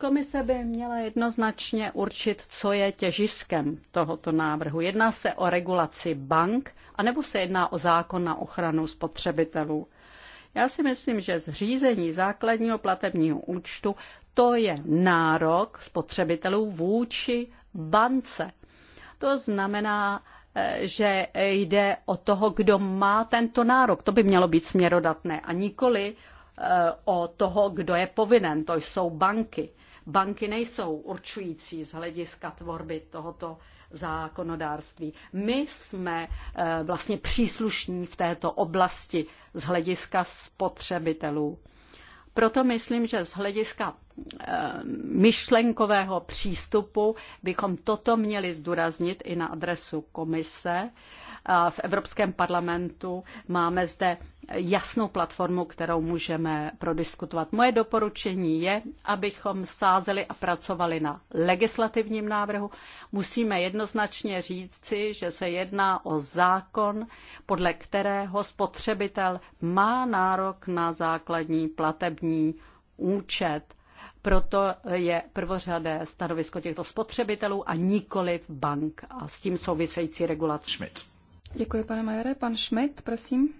Komise by měla jednoznačně určit, co je těžiskem tohoto návrhu. Jedná se o regulaci bank, anebo se jedná o zákon na ochranu spotřebitelů. Já si myslím, že zřízení základního platebního účtu to je nárok spotřebitelů vůči bance. To znamená, eh, že jde o toho, kdo má tento nárok. To by mělo být směrodatné a nikoli eh, o toho, kdo je povinen. To jsou banky. Banky nejsou určující z hlediska tvorby tohoto zákonodárství. My jsme eh, vlastně příslušní v této oblasti z hlediska spotřebitelů. Proto myslím, že z hlediska eh, myšlenkového přístupu bychom toto měli zdůraznit i na adresu komise v Evropském parlamentu máme zde jasnou platformu, kterou můžeme prodiskutovat. Moje doporučení je, abychom sázeli a pracovali na legislativním návrhu. Musíme jednoznačně si, že se jedná o zákon, podle kterého spotřebitel má nárok na základní platební účet. Proto je prvořadé stanovisko těchto spotřebitelů a nikoli bank a s tím související regulace. Schmidt. Děkuji, pane Majere. Pan Schmidt, prosím.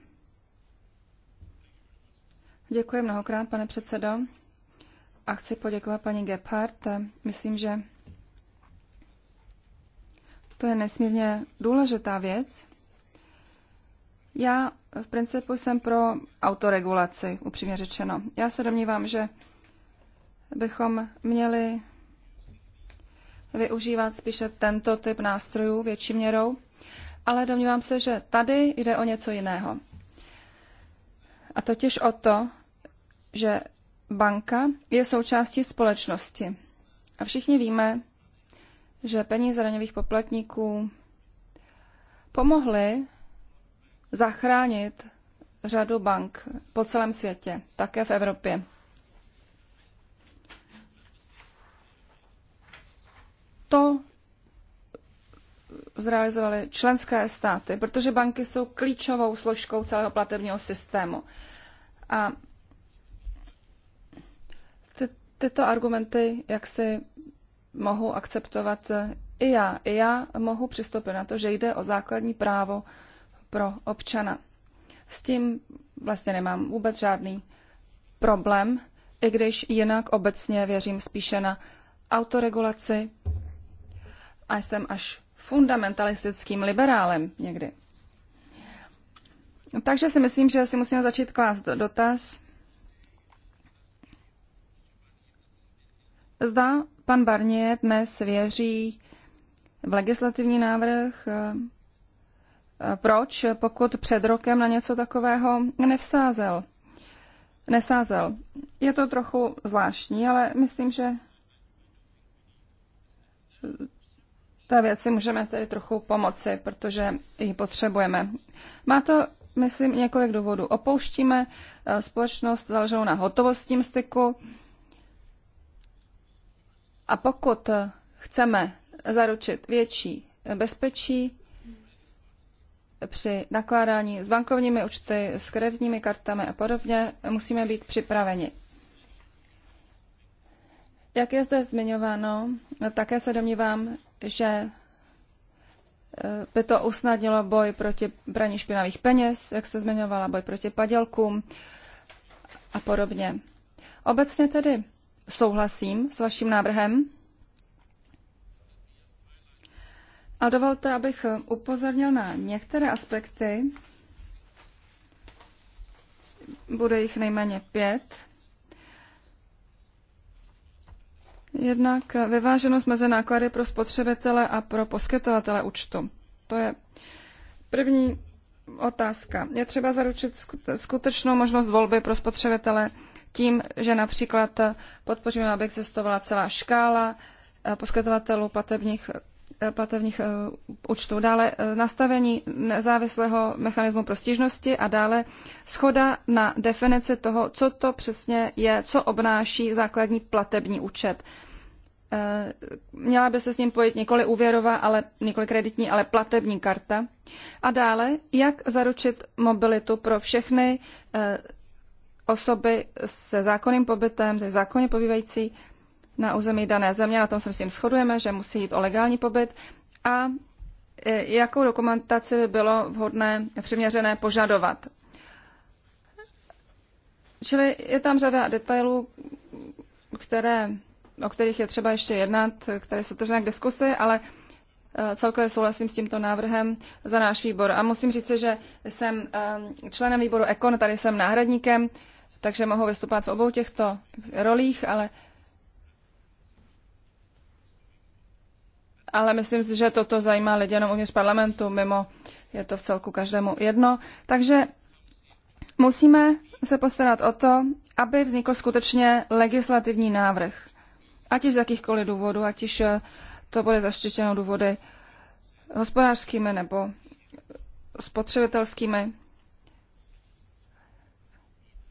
Děkuji mnohokrát, pane předsedo. A chci poděkovat paní Gebhardt. Myslím, že to je nesmírně důležitá věc. Já v principu jsem pro autoregulaci, upřímně řečeno. Já se domnívám, že bychom měli využívat spíše tento typ nástrojů větší měrou ale domnívám se, že tady jde o něco jiného. A totiž o to, že banka je součástí společnosti. A všichni víme, že peníze daňových poplatníků pomohly zachránit řadu bank po celém světě, také v Evropě. To zrealizovaly členské státy, protože banky jsou klíčovou složkou celého platebního systému. A ty, tyto argumenty, jak si mohu akceptovat i já. I já mohu přistoupit na to, že jde o základní právo pro občana. S tím vlastně nemám vůbec žádný problém, i když jinak obecně věřím spíše na autoregulaci a jsem až fundamentalistickým liberálem někdy. Takže si myslím, že si musíme začít klást dotaz, zda pan Barnier dnes věří v legislativní návrh, eh, eh, proč, pokud před rokem na něco takového nevsázel, nesázel. Je to trochu zvláštní, ale myslím, že té věci můžeme tedy trochu pomoci, protože ji potřebujeme. Má to, myslím, několik důvodů. Opouštíme eh, společnost založenou na hotovostním styku a pokud eh, chceme zaručit větší eh, bezpečí při nakládání s bankovními účty, s kreditními kartami a podobně, musíme být připraveni. Jak je zde zmiňováno, také se domnívám, že eh, by to usnadnilo boj proti braní špinavých peněz, jak se zmiňovala, boj proti padělkům a podobně. Obecně tedy souhlasím s vaším návrhem. A dovolte, abych upozornil na některé aspekty, bude jich nejméně pět, Jednak vyváženost mezi náklady pro spotřebitele a pro poskytovatele účtu. To je první otázka. Je třeba zaručit skutečnou možnost volby pro spotřebitele tím, že například podpoříme, aby existovala celá škála eh, poskytovatelů platebních Eh, platovních eh, účtů. Dále eh, nastavení nezávislého mechanismu pro stížnosti a dále schoda na definici toho, co to přesně je, co obnáší základní platební účet. Měla by se s ním pojít nikoli úvěrová, ale nikoli kreditní, ale platební karta. A dále, jak zaručit mobilitu pro všechny osoby se zákonným pobytem, zákonně pobývající na území dané země, na tom se s tím shodujeme, že musí jít o legální pobyt a e, jakou dokumentaci by bylo vhodné, přiměřené požadovat. Čili je tam řada detailů, které, o kterých je třeba ještě jednat, které jsou tržené k diskusi, ale e, celkově souhlasím s tímto návrhem za náš výbor. A musím říct, že jsem e, členem výboru EKON, tady jsem náhradníkem, takže mohu vystupovat v obou těchto rolích, ale ale myslím si, že toto zajímá lidi jenom uvnitř parlamentu, mimo je to v celku každému jedno. Takže musíme se postarat o to, aby vznikl skutečně legislativní návrh. Ať již z jakýchkoliv důvodů, ať již eh, to bude zaštěčeno důvody hospodářskými nebo spotřebitelskými.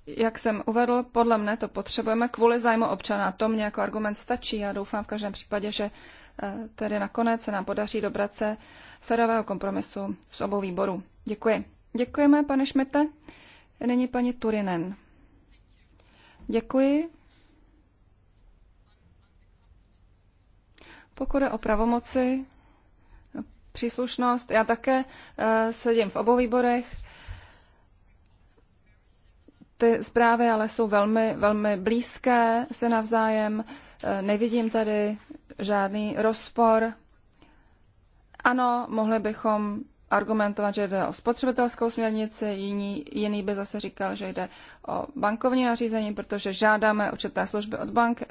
Jak jsem uvedl, podle mne to potřebujeme kvůli zájmu občana. To mě jako argument stačí. Já doufám v každém případě, že tedy nakonec se nám podaří dobrat se ferového kompromisu s obou výborů. Děkuji. Děkujeme, pane Šmete. Není paní Turinen. Děkuji. Pokud je o pravomoci, příslušnost, já také eh, sedím v obou výborech. Ty zprávy ale jsou velmi, velmi blízké se navzájem. Eh, nevidím tady žádný rozpor. Ano, mohli bychom argumentovat, že jde o spotřebitelskou směrnici, jiný, jiný by zase říkal, že jde o bankovní nařízení, protože žádáme určité služby od bank.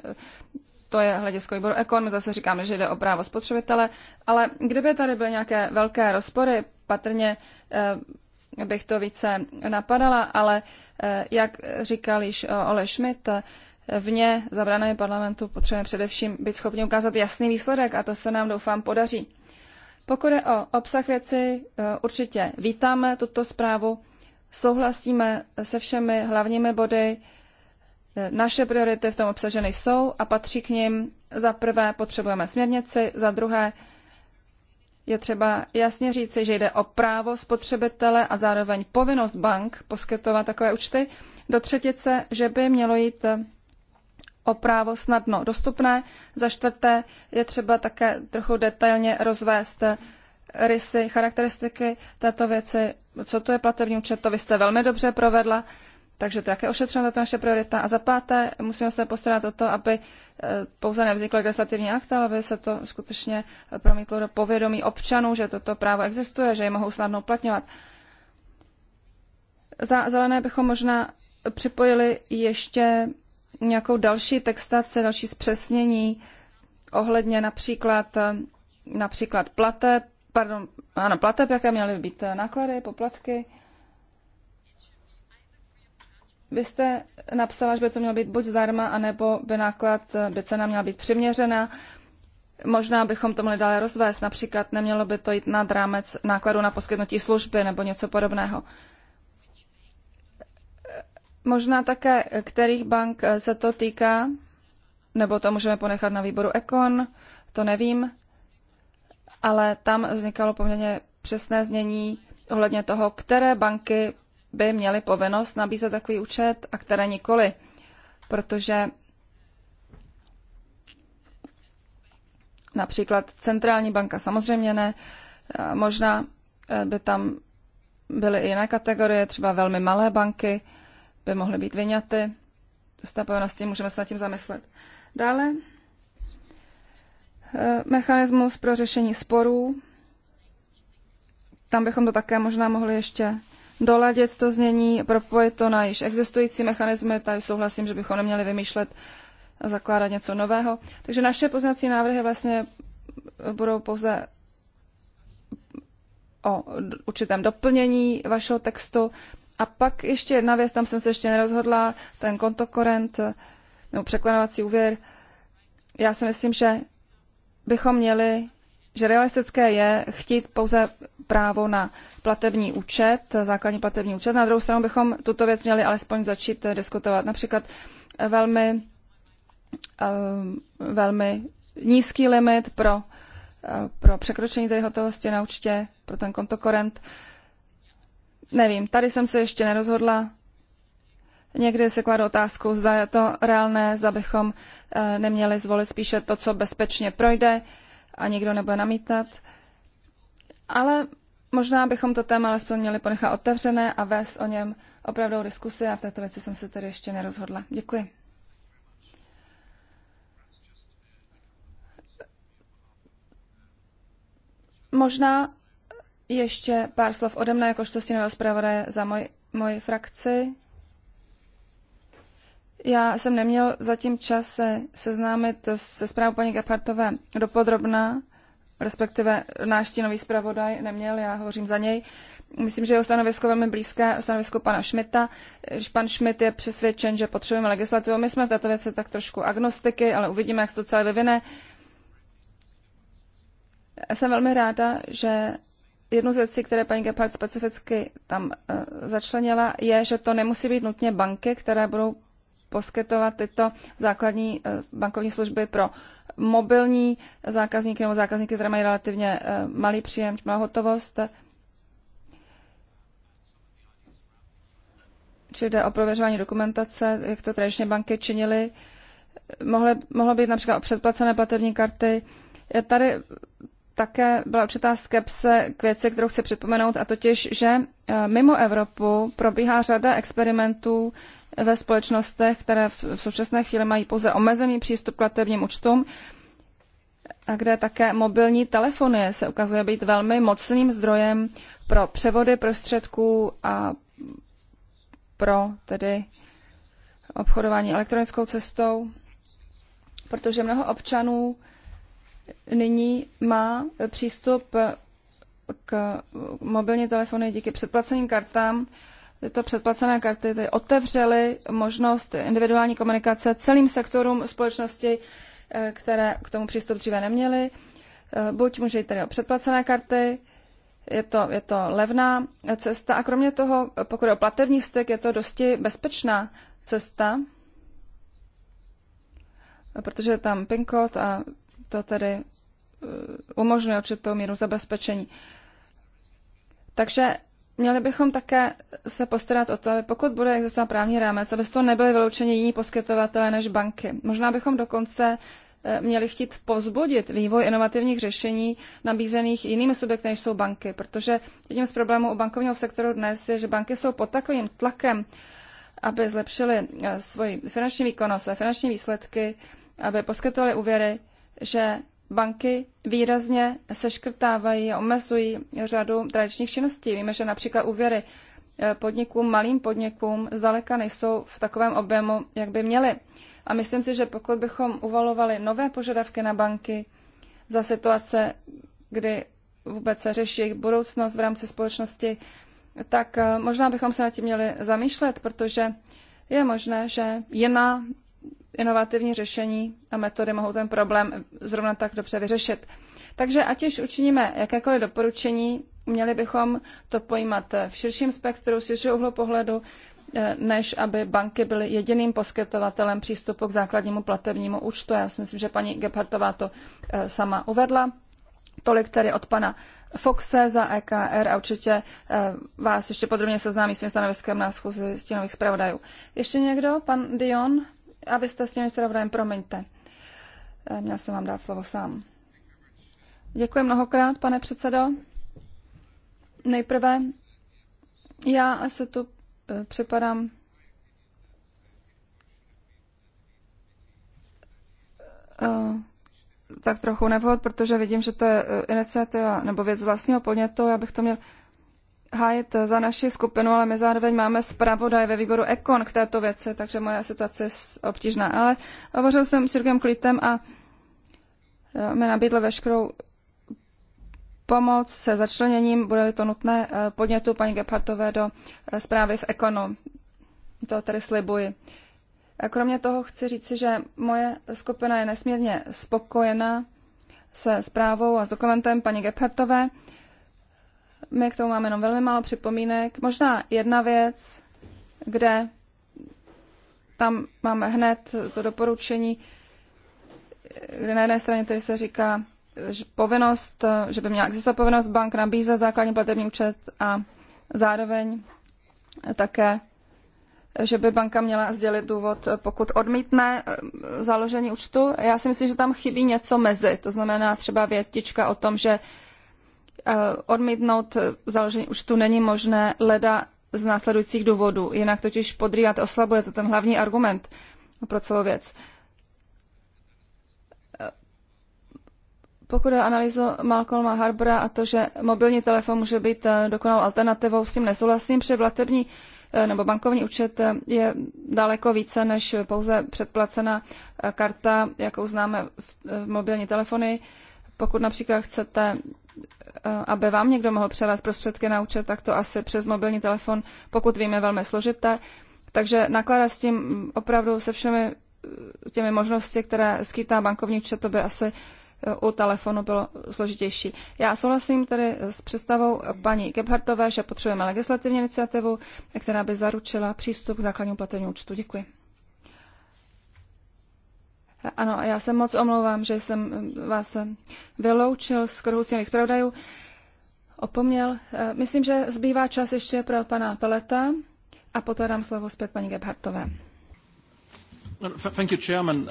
To je hledisko výboru Ekon, my zase říkáme, že jde o právo spotřebitele, ale kdyby tady byly nějaké velké rozpory, patrně eh, bych to více napadala, ale eh, jak říkal již eh, Ole Schmidt, eh, vně za branami parlamentu potřebujeme především být schopni ukázat jasný výsledek a to se nám doufám podaří. Pokud je o obsah věci, eh, určitě vítáme tuto zprávu, souhlasíme se všemi hlavními body, eh, naše priority v tom obsaženy jsou a patří k nim. Za prvé potřebujeme směrnici, za druhé je třeba jasně říci, že jde o právo spotřebitele a zároveň povinnost bank poskytovat takové účty. Do třetice, že by mělo jít o právo snadno dostupné. Za čtvrté je třeba také trochu detailně rozvést rysy, charakteristiky této věci, co to je platební účet, to vy jste velmi dobře provedla, takže to jaké ošetřeno, to je naše priorita. A za páté, musíme se postarat o to, aby eh, pouze nevznikl legislativní akt, ale aby se to skutečně promítlo do povědomí občanů, že toto právo existuje, že je mohou snadno uplatňovat. Za zelené bychom možná připojili ještě nějakou další textaci, další zpřesnění ohledně například, například plateb, pardon, ano, plateb, jaké měly být náklady, poplatky. Vy jste napsala, že by to mělo být buď zdarma, anebo by náklad, by cena měla být přiměřena. Možná bychom to mohli dále rozvést, například nemělo by to jít nad rámec nákladu na poskytnutí služby nebo něco podobného. Možná také, kterých bank eh, se to týká, nebo to můžeme ponechat na výboru Ekon, to nevím, ale tam vznikalo poměrně přesné znění ohledně toho, které banky by měly povinnost nabízet takový účet a které nikoli, protože například centrální banka samozřejmě ne, možná eh, by tam byly i jiné kategorie, třeba velmi malé banky, by mohly být vyňaty. Z té povinnosti můžeme se nad tím zamyslet. Dále eh, mechanismus pro řešení sporů. Tam bychom to také možná mohli ještě doladit to znění, propojit to na již existující mechanismy, tady souhlasím, že bychom neměli vymýšlet a zakládat něco nového. Takže naše poznací návrhy vlastně budou pouze o určitém doplnění vašeho textu. A pak ještě jedna věc, tam jsem se ještě nerozhodla, ten kontokorent nebo překlenovací úvěr. Já si myslím, že bychom měli, že realistické je chtít pouze právo na platební účet, základní platební účet. Na druhou stranu bychom tuto věc měli alespoň začít diskutovat. Například velmi, eh, velmi nízký limit pro, eh, pro překročení té hotovosti na účtě, pro ten kontokorent. korent Nevím, tady jsem se ještě nerozhodla. Někdy se kladu otázku, zda je to reálné, zda bychom eh, neměli zvolit spíše to, co bezpečně projde a nikdo nebude namítat. Ale možná bychom to téma alespoň měli ponechat otevřené a vést o něm opravdu diskusi a v této věci jsem se tedy ještě nerozhodla. Děkuji. Možná ještě pár slov ode mne, jakožto stínového zpravodaje za moj, moji frakci. Já jsem neměl zatím čas se seznámit se zprávou paní do dopodrobná, respektive náš stínový zpravodaj neměl, já hovořím za něj. Myslím, že jeho stanovisko velmi blízké stanovisko pana Šmita. Pan Šmit je přesvědčen, že potřebujeme legislativu. My jsme v této věci tak trošku agnostiky, ale uvidíme, jak se to celé vyvine. Jsem velmi ráda, že jednu z věcí, které paní Gephardt specificky tam eh, začlenila, je, že to nemusí být nutně banky, které budou poskytovat tyto základní eh, bankovní služby pro mobilní zákazníky nebo zákazníky, které mají relativně eh, malý příjem, malou hotovost. Či jde o prověřování dokumentace, jak to tradičně banky činily. Mohly, mohlo být například předplacené platební karty. Tady také byla určitá skepse k věci, kterou chci připomenout, a totiž, že eh, mimo Evropu probíhá řada experimentů ve společnostech, které v současné chvíli mají pouze omezený přístup k platebním účtům, a kde také mobilní telefony se ukazuje být velmi mocným zdrojem pro převody prostředků a pro tedy obchodování elektronickou cestou, protože mnoho občanů nyní má přístup k mobilní telefony díky předplaceným kartám. Tyto předplacené karty ty otevřely možnost individuální komunikace celým sektorům společnosti, eh, které k tomu přístup dříve neměly. Eh, buď může jít tedy o předplacené karty, je to, je to levná cesta a kromě toho, pokud je o platební styk, je to dosti bezpečná cesta, protože je tam PIN kód a to tedy eh, umožňuje určitou míru zabezpečení. Takže měli bychom také se postarat o to, aby pokud bude existovat právní rámec, aby z toho nebyly vyloučeni jiní poskytovatelé než banky. Možná bychom dokonce eh, měli chtít povzbudit vývoj inovativních řešení nabízených jinými subjekty, než jsou banky, protože jedním z problémů u bankovního sektoru dnes je, že banky jsou pod takovým tlakem, aby zlepšili eh, svoji finanční výkonnost, své finanční výsledky, aby poskytovali úvěry, že banky výrazně seškrtávají, omezují řadu tradičních činností. Víme, že například úvěry eh, podnikům, malým podnikům zdaleka nejsou v takovém objemu, jak by měly. A myslím si, že pokud bychom uvalovali nové požadavky na banky za situace, kdy vůbec se řeší jejich budoucnost v rámci společnosti, tak eh, možná bychom se nad tím měli zamýšlet, protože je možné, že jiná inovativní řešení a metody mohou ten problém zrovna tak dobře vyřešit. Takže ať už učiníme jakékoliv doporučení, měli bychom to pojímat v širším spektru, širšího úhlu pohledu, eh, než aby banky byly jediným poskytovatelem přístupu k základnímu platebnímu účtu. Já si myslím, že paní Gebhartová to eh, sama uvedla. Tolik tedy od pana Foxe za EKR a určitě eh, vás ještě podrobně seznámí svým stanoviskem na schůzi stínových zpravodajů. Ještě někdo? Pan Dion? abyste s tím zpravodajem, promiňte. Eh, měl jsem vám dát slovo sám. Děkuji mnohokrát, pane předsedo. Nejprve já se tu eh, připadám eh, tak trochu nevhod, protože vidím, že to je iniciativa nebo věc vlastního podnětu, já bych to měl hájit za naši skupinu, ale my zároveň máme zpravodaj ve výboru Ekon k této věci, takže moje situace je obtížná. Ale hovořil jsem s Jurgem Klítem a e, mi nabídl veškerou pomoc se začleněním, bude to nutné, e, podnětu paní Gebhardtové do e, zprávy v Ekonu. To tady slibuji. A kromě toho chci říci, že moje skupina je nesmírně spokojena se zprávou a s dokumentem paní Gebhardtové. My k tomu máme jenom velmi málo připomínek. Možná jedna věc, kde tam máme hned to doporučení, kde na jedné straně tady se říká, že povinnost, že by měla existovat povinnost bank nabízet základní platební účet a zároveň také, že by banka měla sdělit důvod, pokud odmítne eh, založení účtu. Já si myslím, že tam chybí něco mezi. To znamená třeba větička o tom, že Eh, odmítnout eh, založení účtu není možné leda z následujících důvodů. Jinak totiž podrýváte, oslabujete ten hlavní argument pro celou věc. Eh, pokud je analýzu Malcolma Harbora a to, že mobilní telefon může být dokonalou alternativou, s tím nesouhlasím, protože platební nebo bankovní účet je daleko více než pouze předplacená karta, jakou známe v mobilní telefony. Pokud například chcete Eh, aby vám někdo mohl převést prostředky na účet, tak to asi přes mobilní telefon, pokud je velmi složité. Takže nakládat s tím opravdu se všemi eh, těmi možnosti, které skýtá bankovní účet, to by asi eh, u telefonu bylo složitější. Já souhlasím tedy s představou paní Gebhartové, že potřebujeme legislativní iniciativu, která by zaručila přístup k základnímu platebnímu účtu. Děkuji. Ano, já se moc omlouvám, že jsem vás vyloučil z kruhu silných zpravodajů. Opomněl. Eh, myslím, že zbývá čas ještě pro pana Peleta a poté dám slovo zpět paní Gebhardtové. No, eh,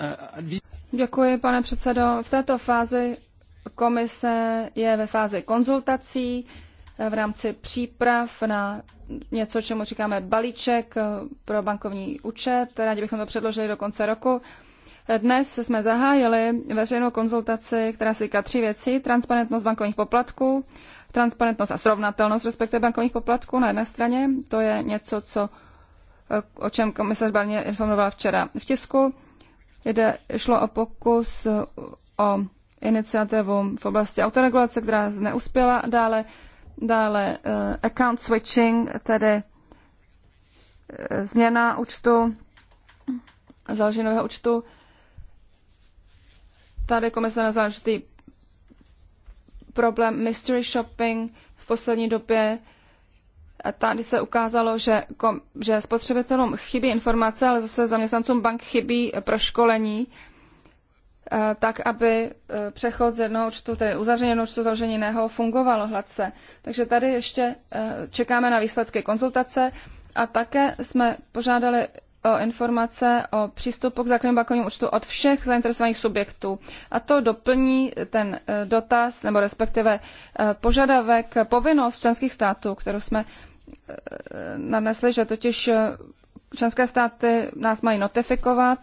eh, Děkuji, pane předsedo. V této fázi komise je ve fázi konzultací v rámci příprav na něco, čemu říkáme balíček pro bankovní účet. Rádi bychom to předložili do konce roku. Dnes jsme zahájili veřejnou konzultaci, která se týká tří věcí. Transparentnost bankovních poplatků, transparentnost a srovnatelnost respektive bankovních poplatků na jedné straně. To je něco, co, o čem komisař Barně informovala včera v tisku. Jde, šlo o pokus o iniciativu v oblasti autoregulace, která neuspěla. Dále, dále eh, account switching, tedy eh, změna účtu, založeného účtu, Tady komise na záležitý problém mystery shopping v poslední době. A tady se ukázalo, že, kom, že spotřebitelům chybí informace, ale zase zaměstnancům bank chybí proškolení, eh, tak aby eh, přechod z jednoho účtu, tedy uzavření jednoho účtu, založení jiného fungovalo hladce. Takže tady ještě eh, čekáme na výsledky konzultace a také jsme požádali o informace o přístupu k základnímu bankovnímu účtu od všech zainteresovaných subjektů. A to doplní ten eh, dotaz, nebo respektive eh, požadavek, povinnost členských států, kterou jsme eh, nanesli, že totiž členské státy nás mají notifikovat.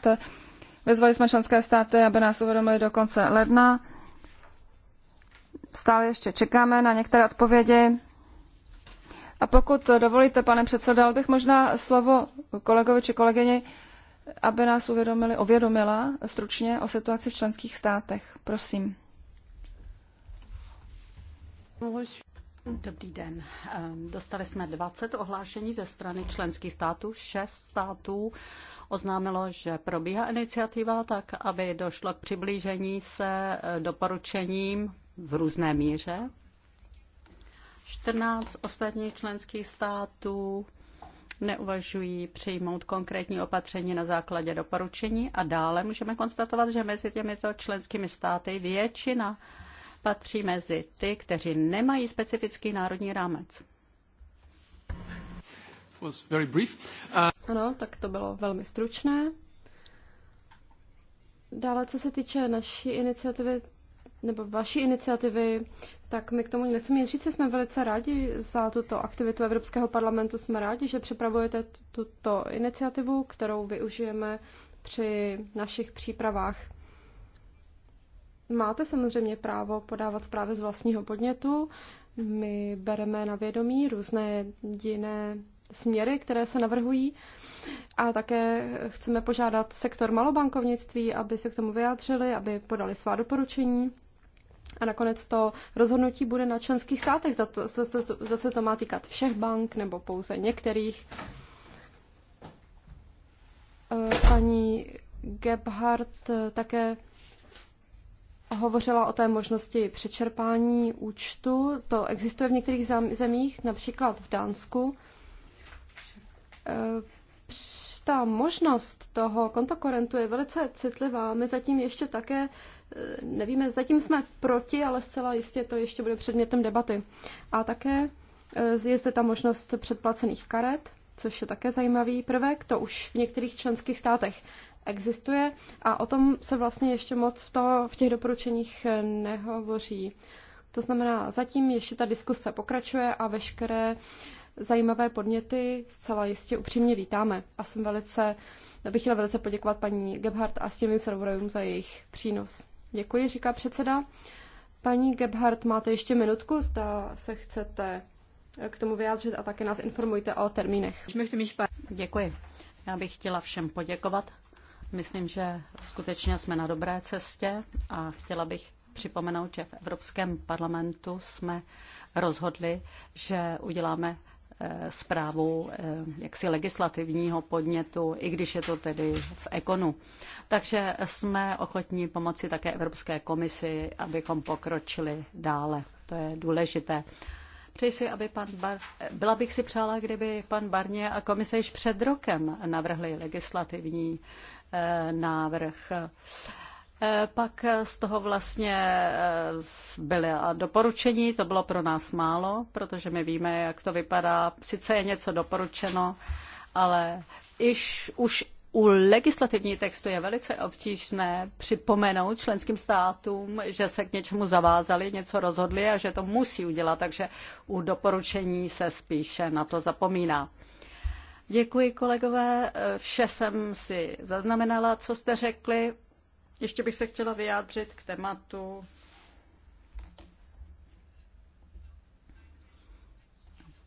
Vyzvali jsme členské státy, aby nás uvědomili do konce ledna. Stále ještě čekáme na některé odpovědi. A pokud dovolíte, pane předsedo, dal bych možná slovo kolegovi či kolegyni, aby nás uvědomili, ovědomila stručně o situaci v členských státech. Prosím. Dobrý den. Ehm, dostali jsme 20 ohlášení ze strany členských států. Šest států oznámilo, že probíhá iniciativa tak, aby došlo k přiblížení se eh, doporučením v různé míře 14 ostatních členských států neuvažují přijmout konkrétní opatření na základě doporučení a dále můžeme konstatovat, že mezi těmito členskými státy většina patří mezi ty, kteří nemají specifický národní rámec. Uh, ano, tak to bylo velmi stručné. Dále, co se týče naší iniciativy, nebo vaší iniciativy, tak my k tomu nechci nic říct, jsme velice rádi za tuto aktivitu Evropského parlamentu, jsme rádi, že připravujete tuto iniciativu, kterou využijeme při našich přípravách. Máte samozřejmě právo podávat zprávy z vlastního podnětu. My bereme na vědomí různé jiné směry, které se navrhují. A také chceme požádat sektor malobankovnictví, aby se k tomu vyjádřili, aby podali svá doporučení. A nakonec to rozhodnutí bude na členských státech. Zase to, to má týkat všech bank nebo pouze některých. E, paní Gebhardt také hovořila o té možnosti přečerpání účtu. To existuje v některých zemích, například v Dánsku. E, ta možnost toho kontokorentu je velice citlivá. My zatím ještě také Eh, nevíme, zatím jsme proti, ale zcela jistě to ještě bude předmětem debaty. A také eh, je zde ta možnost předplacených karet, což je také zajímavý prvek, to už v některých členských státech existuje a o tom se vlastně ještě moc v, to, v těch doporučeních eh, nehovoří. To znamená, zatím ještě ta diskuse pokračuje a veškeré zajímavé podněty zcela jistě upřímně vítáme. A jsem velice, bych chtěla velice poděkovat paní Gebhardt a s těmi serverům za jejich přínos. Děkuji, říká předseda. Paní Gebhardt, máte ještě minutku, zda se chcete eh, k tomu vyjádřit a také nás informujte o termínech. Děkuji. Já bych chtěla všem poděkovat. Myslím, že skutečně jsme na dobré cestě a chtěla bych připomenout, že v Evropském parlamentu jsme rozhodli, že uděláme Eh, zprávu eh, jaksi legislativního podnětu, i když je to tedy v ekonu. Takže jsme ochotní pomoci také Evropské komisi, abychom pokročili dále. To je důležité. Přeji si, aby pan Bar... Byla bych si přála, kdyby pan Barně a komise již před rokem navrhli legislativní eh, návrh. Eh, pak eh, z toho vlastně eh, byly a doporučení, to bylo pro nás málo, protože my víme, jak to vypadá. Sice je něco doporučeno, ale iž, už u legislativní textu je velice obtížné připomenout členským státům, že se k něčemu zavázali, něco rozhodli a že to musí udělat, takže u doporučení se spíše na to zapomíná. Děkuji, kolegové. Vše jsem si zaznamenala, co jste řekli. Ještě bych se chtěla vyjádřit k tématu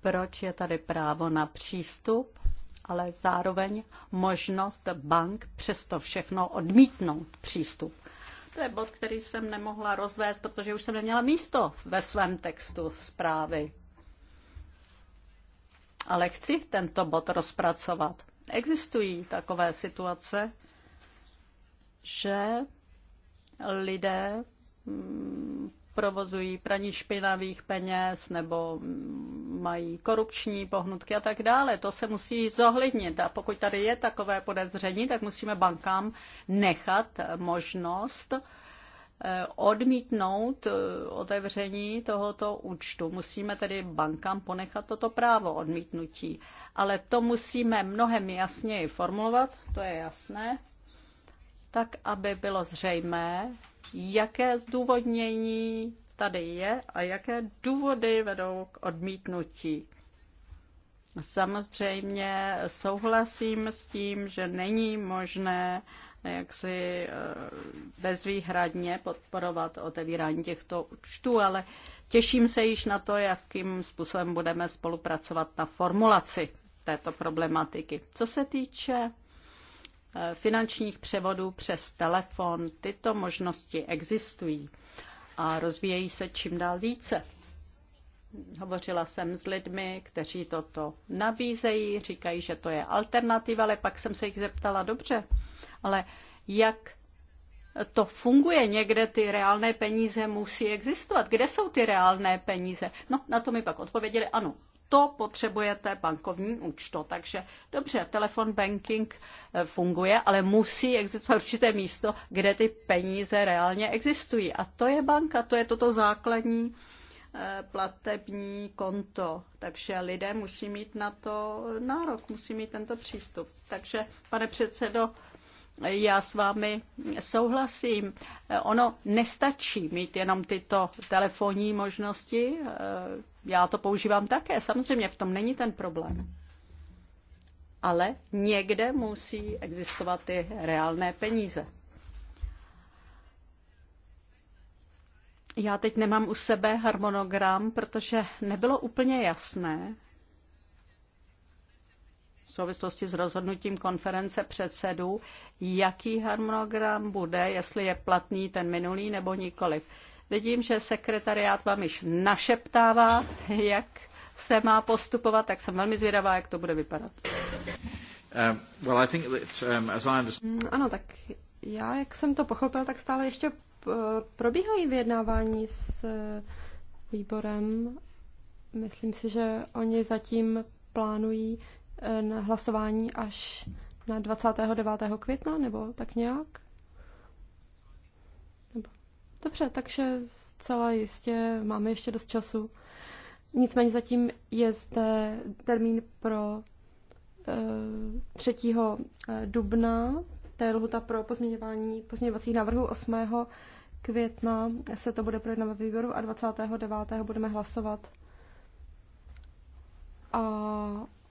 proč je tady právo na přístup, ale zároveň možnost bank přesto všechno odmítnout přístup. To je bod, který jsem nemohla rozvést, protože už jsem neměla místo ve svém textu zprávy. Ale chci tento bod rozpracovat. Existují takové situace, že lidé mm, provozují praní špinavých peněz nebo mm, mají korupční pohnutky a tak dále. To se musí zohlednit. A pokud tady je takové podezření, tak musíme bankám nechat možnost eh, odmítnout eh, otevření tohoto účtu. Musíme tedy bankám ponechat toto právo odmítnutí. Ale to musíme mnohem jasněji formulovat, to je jasné, tak aby bylo zřejmé, jaké zdůvodnění tady je a jaké důvody vedou k odmítnutí. Samozřejmě souhlasím s tím, že není možné jak si eh, bezvýhradně podporovat otevírání těchto účtů, ale těším se již na to, jakým způsobem budeme spolupracovat na formulaci této problematiky. Co se týče Eh, finančních převodů přes telefon. Tyto možnosti existují a rozvíjejí se čím dál více. Hovořila jsem s lidmi, kteří toto nabízejí, říkají, že to je alternativa, ale pak jsem se jich zeptala, dobře, ale jak to funguje někde, ty reálné peníze musí existovat. Kde jsou ty reálné peníze? No, na to mi pak odpověděli, ano, to potřebujete bankovní účto. Takže dobře, telefon banking eh, funguje, ale musí existovat určité místo, kde ty peníze reálně existují. A to je banka, to je toto základní eh, platební konto. Takže lidé musí mít na to nárok, musí mít tento přístup. Takže, pane předsedo, já s vámi souhlasím. Eh, ono nestačí mít jenom tyto telefonní možnosti, já to používám také, samozřejmě v tom není ten problém. Ale někde musí existovat ty reálné peníze. Já teď nemám u sebe harmonogram, protože nebylo úplně jasné v souvislosti s rozhodnutím konference předsedů, jaký harmonogram bude, jestli je platný ten minulý nebo nikoliv. Vidím, že sekretariát vám již našeptává, jak se má postupovat, tak jsem velmi zvědavá, jak to bude vypadat. Um, well, I think that, um, as I understand... Mm, ano, tak já, jak jsem to pochopil, tak stále ještě probíhají vyjednávání s eh, výborem. Myslím si, že oni zatím plánují eh, na hlasování až na 29. května, nebo tak nějak. Dobře, takže zcela jistě máme ještě dost času. Nicméně zatím je zde termín pro 3. Eh, eh, dubna, to je lhuta pro pozměňování pozměňovacích návrhů 8. května se to bude projednávat výboru a 29. budeme hlasovat. A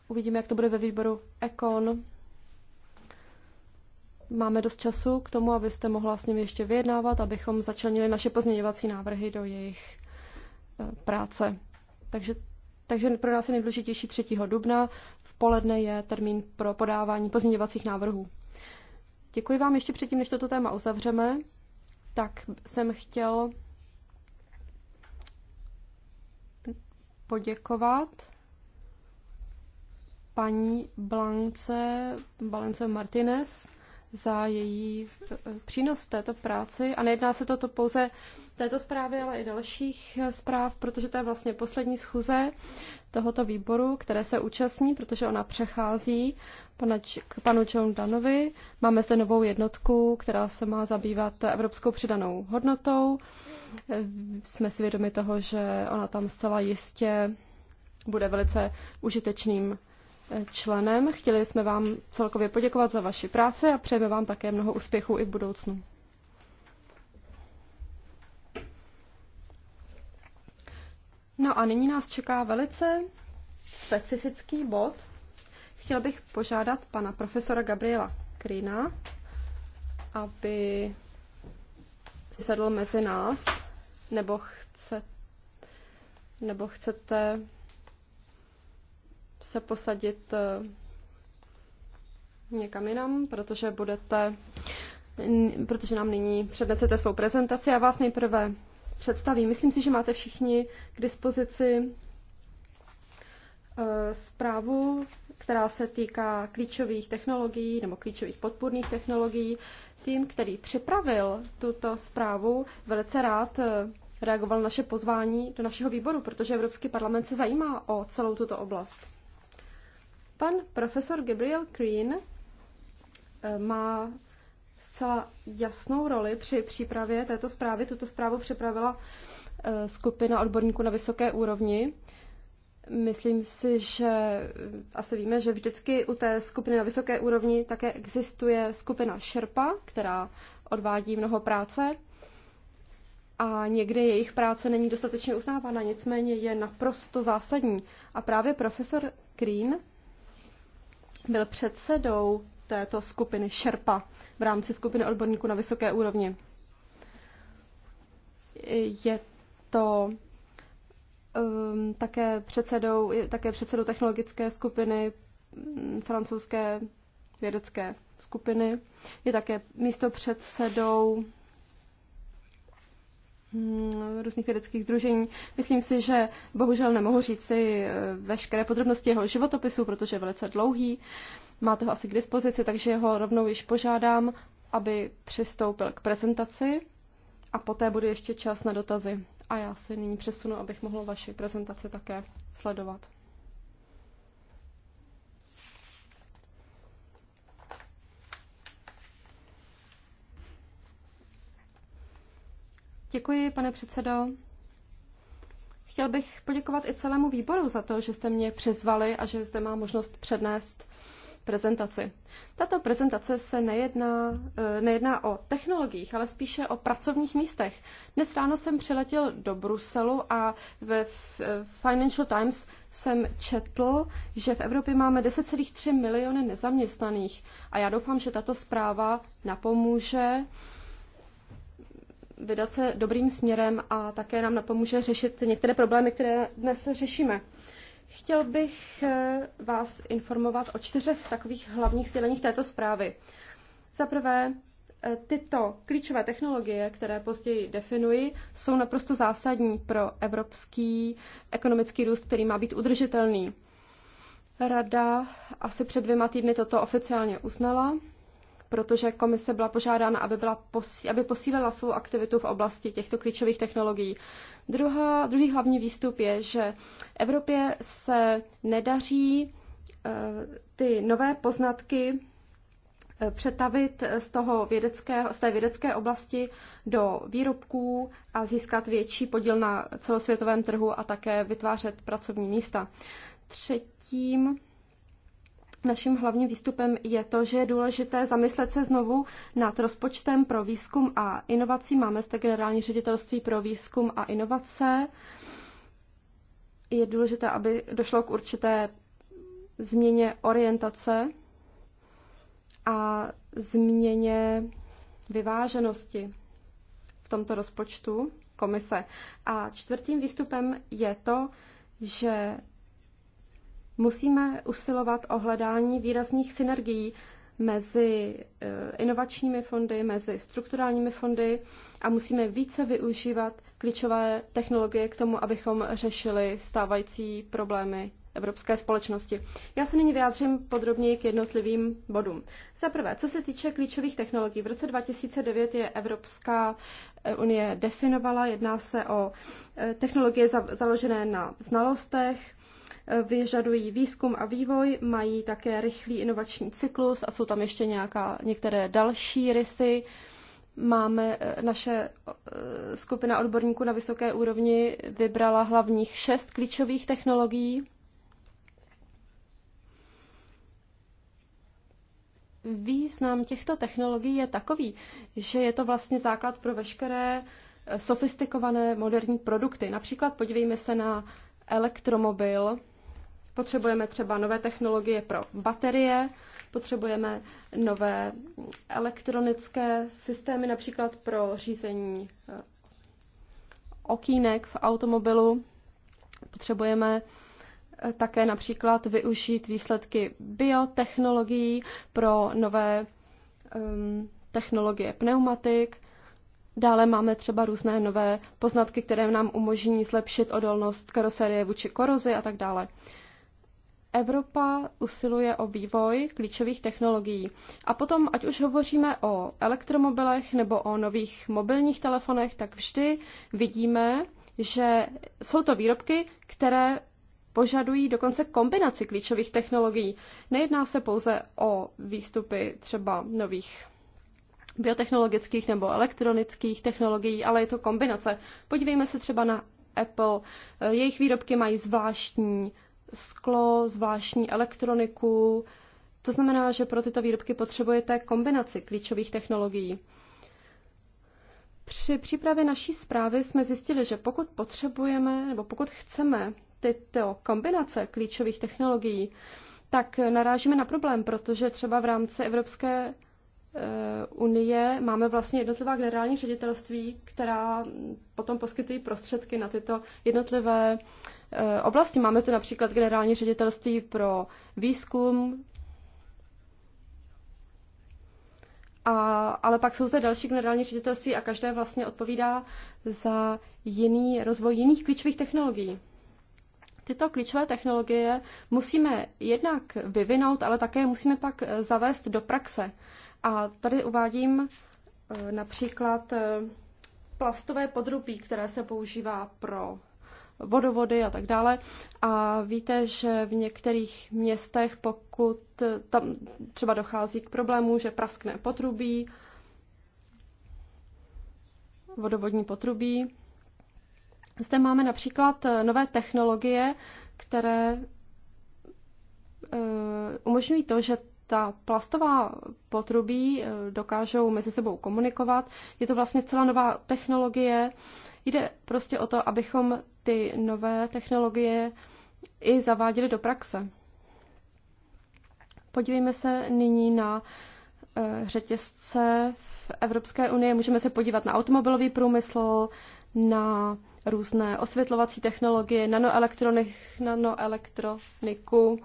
uvidíme, jak to bude ve výboru Ekon máme dost času k tomu, abyste mohla s nimi ještě vyjednávat, abychom začlenili naše pozměňovací návrhy do jejich eh, práce. Takže, takže pro nás je nejdůležitější 3. dubna. V poledne je termín pro podávání pozměňovacích návrhů. Děkuji vám ještě předtím, než toto téma uzavřeme. Tak jsem chtěl poděkovat paní Blance Balence Martinez za její přínos v této práci. A nejedná se toto pouze této zprávy, ale i dalších zpráv, protože to je vlastně poslední schůze tohoto výboru, které se účastní, protože ona přechází k panu John Danovi. Máme zde novou jednotku, která se má zabývat evropskou přidanou hodnotou. Jsme si vědomi toho, že ona tam zcela jistě bude velice užitečným členem. Chtěli jsme vám celkově poděkovat za vaši práci a přejeme vám také mnoho úspěchů i v budoucnu. No a nyní nás čeká velice specifický bod. Chtěl bych požádat pana profesora Gabriela Krýna, aby sedl mezi nás, nebo chcete, nebo chcete se posadit eh, někam jinam, protože budete, protože nám nyní přednesete svou prezentaci a vás nejprve představím. Myslím si, že máte všichni k dispozici eh, zprávu, která se týká klíčových technologií nebo klíčových podpůrných technologií. Tým, který připravil tuto zprávu, velice rád eh, reagoval naše pozvání do našeho výboru, protože Evropský parlament se zajímá o celou tuto oblast. Pan profesor Gabriel Green eh, má zcela jasnou roli při přípravě této zprávy. Tuto zprávu připravila eh, skupina odborníků na vysoké úrovni. Myslím si, že eh, asi víme, že vždycky u té skupiny na vysoké úrovni také existuje skupina Šerpa, která odvádí mnoho práce a někde jejich práce není dostatečně uznávána, nicméně je naprosto zásadní. A právě profesor Green byl předsedou této skupiny Šerpa v rámci skupiny odborníků na vysoké úrovni. Je to um, také, předsedou, je také předsedou technologické skupiny mm, francouzské vědecké skupiny. Je také místo předsedou Mm, různých vědeckých združení. Myslím si, že bohužel nemohu říct si eh, veškeré podrobnosti jeho životopisu, protože je velice dlouhý. Máte ho asi k dispozici, takže ho rovnou již požádám, aby přistoupil k prezentaci a poté bude ještě čas na dotazy. A já se nyní přesunu, abych mohl vaši prezentaci také sledovat. Děkuji, pane předsedo. Chtěl bych poděkovat i celému výboru za to, že jste mě přizvali a že zde má možnost přednést prezentaci. Tato prezentace se nejedná, eh, nejedná o technologiích, ale spíše o pracovních místech. Dnes ráno jsem přiletěl do Bruselu a ve eh, Financial Times jsem četl, že v Evropě máme 10,3 miliony nezaměstnaných a já doufám, že tato zpráva napomůže vydat se dobrým směrem a také nám napomůže řešit některé problémy, které dnes řešíme. Chtěl bych eh, vás informovat o čtyřech takových hlavních sděleních této zprávy. Za prvé, eh, tyto klíčové technologie, které později definuji, jsou naprosto zásadní pro evropský ekonomický růst, který má být udržitelný. Rada asi před dvěma týdny toto oficiálně uznala protože komise byla požádána, aby, byla posí, aby posílila svou aktivitu v oblasti těchto klíčových technologií. Druhá, druhý hlavní výstup je, že Evropě se nedaří eh, ty nové poznatky eh, přetavit z, toho vědeckého, z té vědecké oblasti do výrobků a získat větší podíl na celosvětovém trhu a také vytvářet pracovní místa. Třetím Naším hlavním výstupem je to, že je důležité zamyslet se znovu nad rozpočtem pro výzkum a inovací. Máme zde generální ředitelství pro výzkum a inovace. Je důležité, aby došlo k určité změně orientace a změně vyváženosti v tomto rozpočtu komise. A čtvrtým výstupem je to, že Musíme usilovat o hledání výrazných synergií mezi eh, inovačními fondy, mezi strukturálními fondy a musíme více využívat klíčové technologie k tomu, abychom řešili stávající problémy evropské společnosti. Já se nyní vyjádřím podrobněji k jednotlivým bodům. Za prvé, co se týče klíčových technologií, v roce 2009 je Evropská eh, unie definovala, jedná se o eh, technologie založené na znalostech, vyžadují výzkum a vývoj, mají také rychlý inovační cyklus a jsou tam ještě nějaká, některé další rysy. Máme eh, naše eh, skupina odborníků na vysoké úrovni vybrala hlavních šest klíčových technologií. Význam těchto technologií je takový, že je to vlastně základ pro veškeré eh, sofistikované moderní produkty. Například podívejme se na elektromobil, Potřebujeme třeba nové technologie pro baterie, potřebujeme nové elektronické systémy, například pro řízení eh, okýnek v automobilu. Potřebujeme eh, také například využít výsledky biotechnologií pro nové um, technologie pneumatik. Dále máme třeba různé nové poznatky, které nám umožní zlepšit odolnost karoserie vůči korozi a tak dále. Evropa usiluje o vývoj klíčových technologií. A potom, ať už hovoříme o elektromobilech nebo o nových mobilních telefonech, tak vždy vidíme, že jsou to výrobky, které požadují dokonce kombinaci klíčových technologií. Nejedná se pouze o výstupy třeba nových biotechnologických nebo elektronických technologií, ale je to kombinace. Podívejme se třeba na Apple. Jejich výrobky mají zvláštní sklo, zvláštní elektroniku. To znamená, že pro tyto výrobky potřebujete kombinaci klíčových technologií. Při přípravě naší zprávy jsme zjistili, že pokud potřebujeme nebo pokud chceme tyto kombinace klíčových technologií, tak narážíme na problém, protože třeba v rámci Evropské eh, unie máme vlastně jednotlivá generální ředitelství, která potom poskytují prostředky na tyto jednotlivé Eh, oblasti. Máme zde například generální ředitelství pro výzkum, a, ale pak jsou zde další generální ředitelství a každé vlastně odpovídá za jiný rozvoj jiných klíčových technologií. Tyto klíčové technologie musíme jednak vyvinout, ale také musíme pak eh, zavést do praxe. A tady uvádím eh, například plastové podrubí, které se používá pro vodovody a tak dále. A víte, že v některých městech, pokud tam třeba dochází k problému, že praskne potrubí, vodovodní potrubí. Zde máme například eh, nové technologie, které eh, umožňují to, že ta plastová potrubí eh, dokážou mezi sebou komunikovat. Je to vlastně celá nová technologie. Jde prostě o to, abychom ty nové technologie i zaváděly do praxe. Podívejme se nyní na eh, řetězce v Evropské unii. Můžeme se podívat na automobilový průmysl, na různé osvětlovací technologie, nanoelektroniku.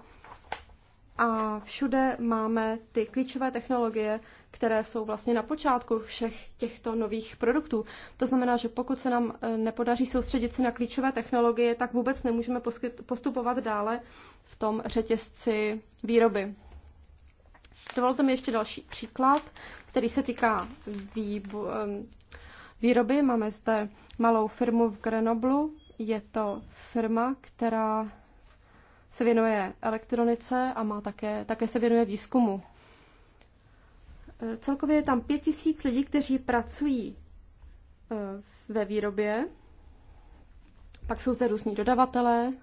A všude máme ty klíčové technologie, které jsou vlastně na počátku všech těchto nových produktů. To znamená, že pokud se nám eh, nepodaří soustředit se na klíčové technologie, tak vůbec nemůžeme postupovat dále v tom řetězci výroby. Dovolte mi ještě další příklad, který se týká eh, výroby. Máme zde malou firmu v Grenoblu. Je to firma, která se věnuje elektronice a má také, také se věnuje výzkumu. Celkově je tam pět tisíc lidí, kteří pracují eh, ve výrobě. Pak jsou zde různí dodavatelé.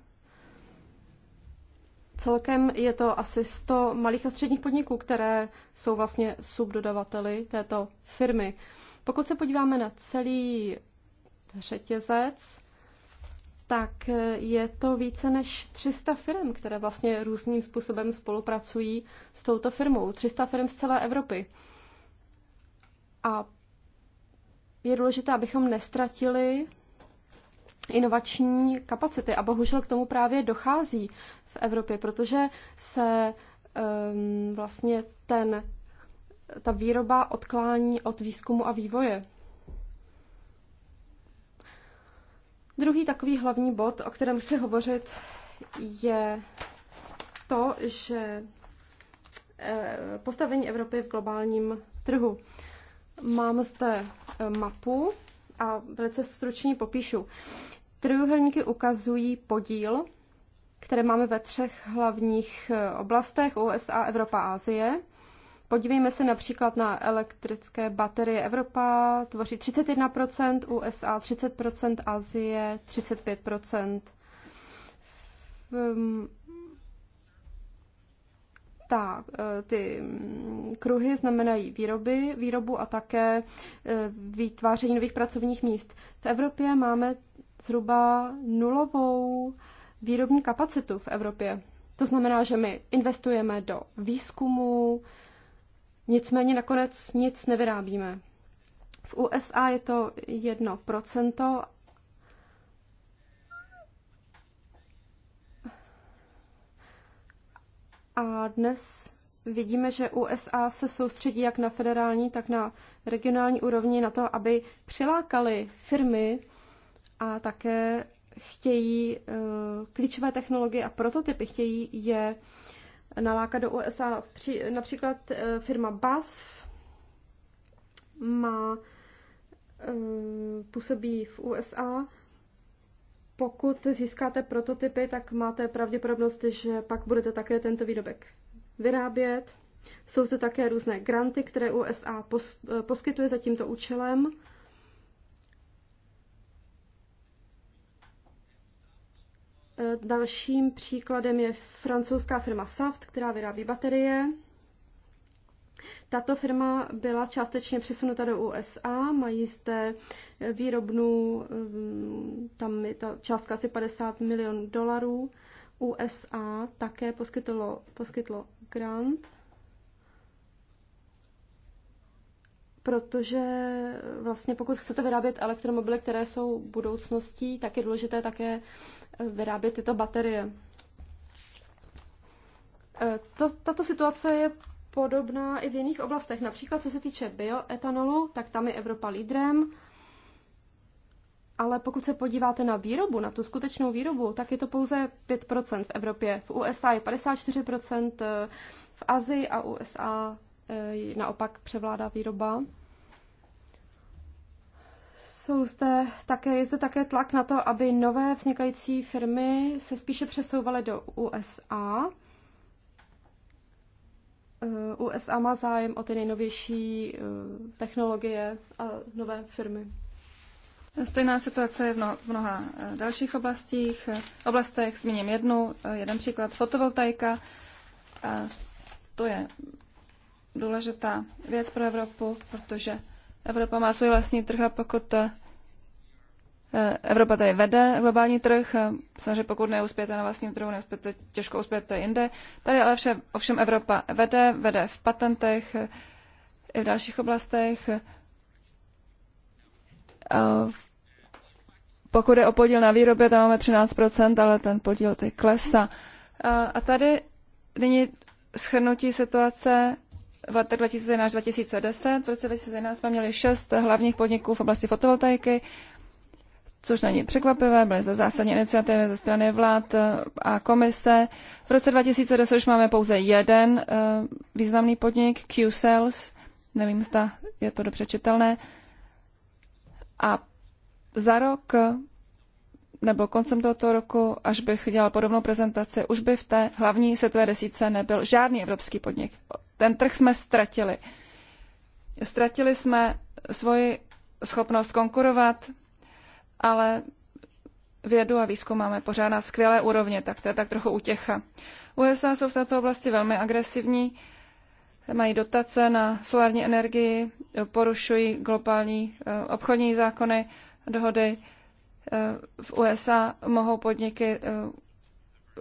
Celkem je to asi 100 malých a středních podniků, které jsou vlastně subdodavateli této firmy. Pokud se podíváme na celý řetězec, tak eh, je to více než 300 firm, které vlastně různým způsobem spolupracují s touto firmou. 300 firm z celé Evropy. A je důležité, abychom nestratili inovační kapacity. A bohužel k tomu právě dochází v Evropě, protože se um, vlastně ten, ta výroba odklání od výzkumu a vývoje. Druhý takový hlavní bod, o kterém chci hovořit, je to, že eh, postavení Evropy v globálním trhu. Mám zde eh, mapu a velice stručně popíšu. Trojuhelníky ukazují podíl, které máme ve třech hlavních eh, oblastech USA, Evropa, Asie. Podívejme se například na elektrické baterie. Evropa tvoří 31%, USA 30%, Asie 35% ta, e, ty mm, kruhy znamenají výroby, výrobu a také e, vytváření nových pracovních míst. V Evropě máme zhruba nulovou výrobní kapacitu v Evropě. To znamená, že my investujeme do výzkumu, nicméně nakonec nic nevyrábíme. V USA je to 1% A dnes vidíme, že USA se soustředí jak na federální, tak na regionální úrovni na to, aby přilákali firmy a také chtějí eh, klíčové technologie a prototypy, chtějí je nalákat do USA. Například eh, firma BASF má eh, působí v USA pokud získáte prototypy, tak máte pravděpodobnost, že pak budete také tento výrobek vyrábět. Jsou zde také různé granty, které USA pos, eh, poskytuje za tímto účelem. Eh, dalším příkladem je francouzská firma Saft, která vyrábí baterie. Tato firma byla částečně přesunuta do USA, mají zde výrobnu, mm, tam je ta částka asi 50 milionů dolarů. USA také poskytlo, poskytlo grant, protože vlastně pokud chcete vyrábět elektromobily, které jsou budoucností, tak je důležité také eh, vyrábět tyto baterie. Eh, to, tato situace je podobná i v jiných oblastech. Například co se týče bioetanolu, tak tam je Evropa lídrem. Ale pokud se podíváte na výrobu, na tu skutečnou výrobu, tak je to pouze 5% v Evropě. V USA je 54%, v Azii a USA eh, naopak převládá výroba. Jsou zde také, je zde také tlak na to, aby nové vznikající firmy se spíše přesouvaly do USA Eh, USA má zájem o ty nejnovější eh, technologie a nové firmy. Stejná situace je v mnoha eh, dalších oblastích. oblastech. Zmíním jednu, jeden příklad fotovoltaika. To je důležitá věc pro Evropu, protože Evropa má svůj vlastní trh a pokud Eh, Evropa tady vede globální trh, eh, samozřejmě pokud neuspějete na vlastním trhu, neuspějete, těžko uspějete jinde. Tady ale vše, ovšem Evropa vede, vede v patentech, eh, i v dalších oblastech. Pokud je o podíl na výrobě, tam máme 13%, ale ten podíl ty klesá. A tady nyní schrnutí situace v letech 2011-2010. V roce 2011 jsme měli šest hlavních podniků v oblasti fotovoltaiky, což není překvapivé, byly za zásadní iniciativy ze strany vlád eh, a komise. V roce 2010 už máme pouze jeden eh, významný podnik, Q-Sales, nevím, zda je to dobře čitelné. A za rok eh, nebo koncem tohoto roku, až bych dělal podobnou prezentaci, už by v té hlavní světové desíce nebyl žádný evropský podnik. Ten trh jsme ztratili. Ztratili jsme svoji schopnost konkurovat ale vědu a výzkum máme pořád na skvělé úrovně, tak to je tak trochu utěcha. USA jsou v této oblasti velmi agresivní, mají dotace na solární energii, porušují globální eh, obchodní zákony, dohody. Eh, v USA mohou podniky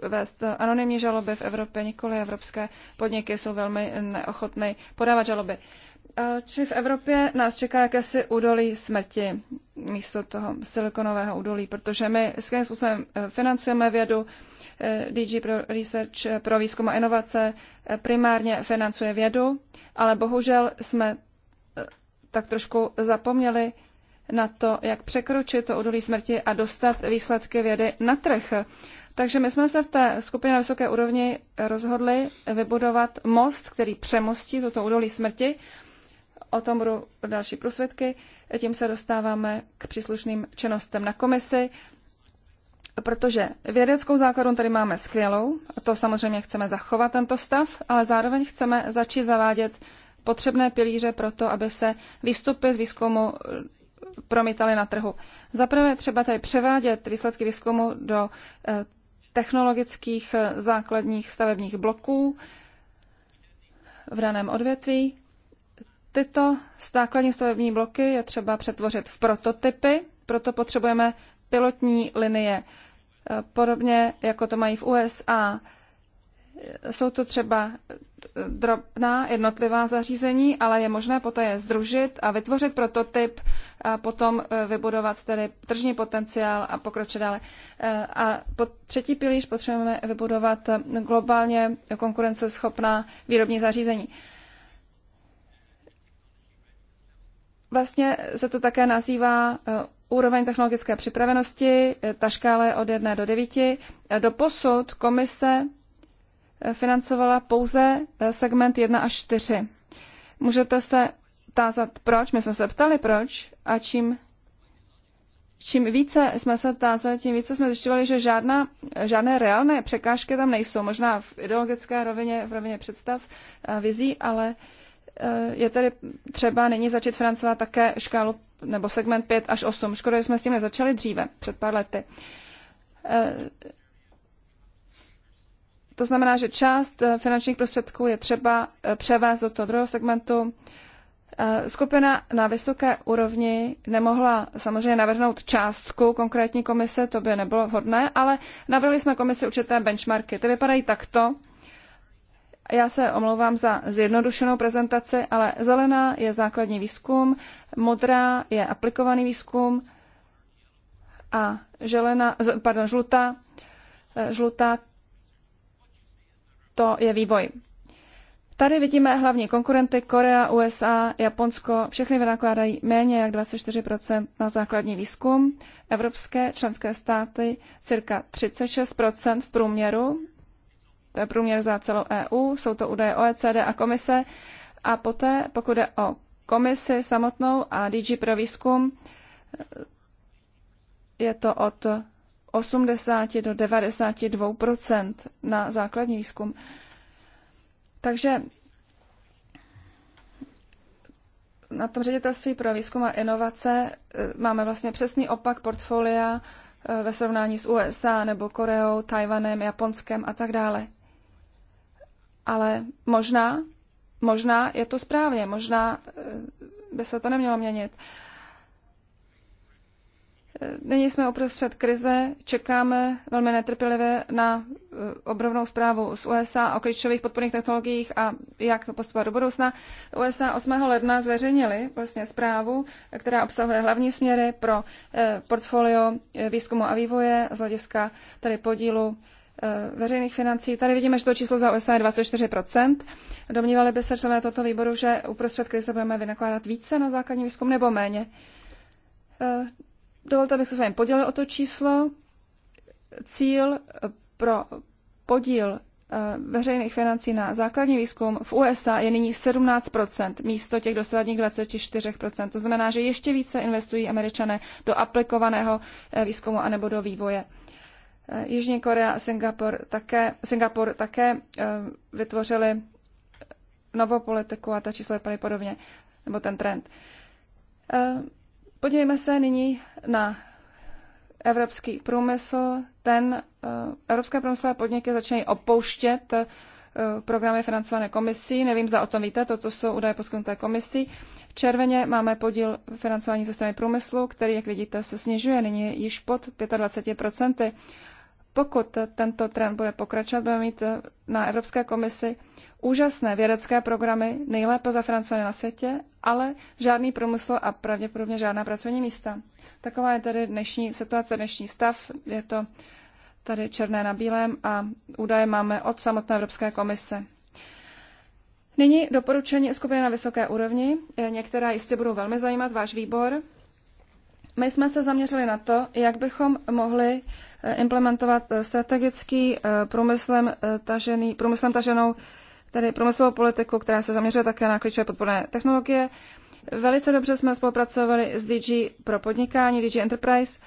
eh, vést anonymní žaloby v Evropě, nikoli evropské podniky jsou velmi neochotné podávat žaloby. Či v Evropě nás čeká jakési údolí smrti místo toho silikonového údolí, protože my svým způsobem eh, financujeme vědu, eh, DG pro Research eh, pro výzkum a inovace primárně financuje vědu, ale bohužel jsme tak trošku zapomněli na to, jak překročit to údolí smrti a dostat výsledky vědy na trh. Takže my jsme se v té skupině na vysoké úrovni rozhodli vybudovat most, který přemostí toto údolí smrti o tom budou další prosvědky. Tím se dostáváme k příslušným činnostem na komisi, protože vědeckou základu tady máme skvělou, to samozřejmě chceme zachovat tento stav, ale zároveň chceme začít zavádět potřebné pilíře pro to, aby se výstupy z výzkumu promítaly na trhu. Zaprvé třeba tady převádět výsledky výzkumu do eh, technologických eh, základních stavebních bloků v daném odvětví. Tyto základní stavební bloky je třeba přetvořit v prototypy, proto potřebujeme pilotní linie, e, podobně jako to mají v USA. Jsou to třeba drobná jednotlivá zařízení, ale je možné poté je združit a vytvořit prototyp a potom e, vybudovat tedy tržní potenciál a pokročit dále. E, a po třetí pilíř potřebujeme vybudovat globálně konkurenceschopná výrobní zařízení. Vlastně se to také nazývá eh, úroveň technologické připravenosti, eh, ta škála je od 1 do 9. Eh, do posud komise financovala pouze segment 1 až 4. Můžete se tázat, proč? My jsme se ptali, proč. A čím, čím více jsme se tázali, tím více jsme zjišťovali, že žádná, žádné reálné překážky tam nejsou. Možná v ideologické rovině, v rovině představ a vizí, ale uh, Eh, je tedy třeba nyní začít financovat také škálu nebo segment 5 až 8. Škoda, že jsme s tím nezačali dříve, před pár lety. Eh, to znamená, že část eh, finančních prostředků je třeba převést do toho druhého segmentu. Skupina na vysoké úrovni nemohla samozřejmě navrhnout částku konkrétní komise, to by nebylo vhodné, ale navrhli jsme komisi určité benchmarky. Ty vypadají takto. Já se omlouvám za zjednodušenou prezentaci, ale zelená je základní výzkum, modrá je aplikovaný výzkum a želena, pardon, žlutá, e, žlutá to je vývoj. Tady vidíme hlavní konkurenty Korea, USA, Japonsko. Všechny vynakládají méně jak 24 na základní výzkum. Evropské členské státy cirka 36 v průměru to je průměr za celou EU, jsou to údaje OECD a komise. A poté, pokud jde o komisi samotnou a DG pro výzkum, je to od 80 do 92 na základní výzkum. Takže na tom ředitelství pro výzkum a inovace eh, máme vlastně přesný opak portfolia eh, ve srovnání s USA nebo Koreou, Tajvanem, Japonskem a tak dále ale možná, možná je to správně, možná eh, by se to nemělo měnit. Eh, nyní jsme uprostřed krize, čekáme velmi netrpělivě na eh, obrovnou zprávu z USA o klíčových podporných technologiích a jak postupovat do budoucna. USA 8. ledna zveřejnili vlastně zprávu, která obsahuje hlavní směry pro portfolio výzkumu a vývoje z hlediska tady podílu Eh, veřejných financí. Tady vidíme, že to číslo za OSN je 24%. Domnívali by se členové toto výboru, že uprostřed krize budeme vynakládat více na základní výzkum nebo méně. Eh, dovolte, abych se s vámi podělil o to číslo. Cíl eh, pro podíl veřejných financí na základní výzkum v USA je nyní 17% místo těch dosavadních 24%. To znamená, že ještě více investují američané do aplikovaného výzkumu anebo do vývoje. Eh, Jižní Korea a Singapur také, Singapur také eh, vytvořili novou politiku a ta čísla vypadají podobně, nebo ten trend. Eh, podívejme se nyní na evropský průmysl. Ten, evropské průmyslové podniky začínají opouštět programy financované komisí. Nevím, zda o tom víte, toto jsou údaje poskytnuté komisí. V červeně máme podíl financování ze strany průmyslu, který, jak vidíte, se snižuje nyní již pod 25%. Pokud tento trend bude pokračovat, budeme mít na Evropské komisi úžasné vědecké programy, nejlépe zafinancované na světě, ale žádný průmysl a pravděpodobně žádná pracovní místa. Taková je tedy dnešní situace, dnešní stav. Je to tady černé na bílém a údaje máme od samotné Evropské komise. Nyní doporučení skupiny na vysoké úrovni. Eh, Některá jistě budou velmi zajímat váš výbor. My jsme se zaměřili na to, jak bychom mohli Eh, implementovat eh, strategický eh, průmyslem, tažený, průmyslem taženou, tedy průmyslovou politiku, která se zaměřuje také na klíčové podporné technologie. Velice dobře jsme spolupracovali s DG pro podnikání, DG Enterprise.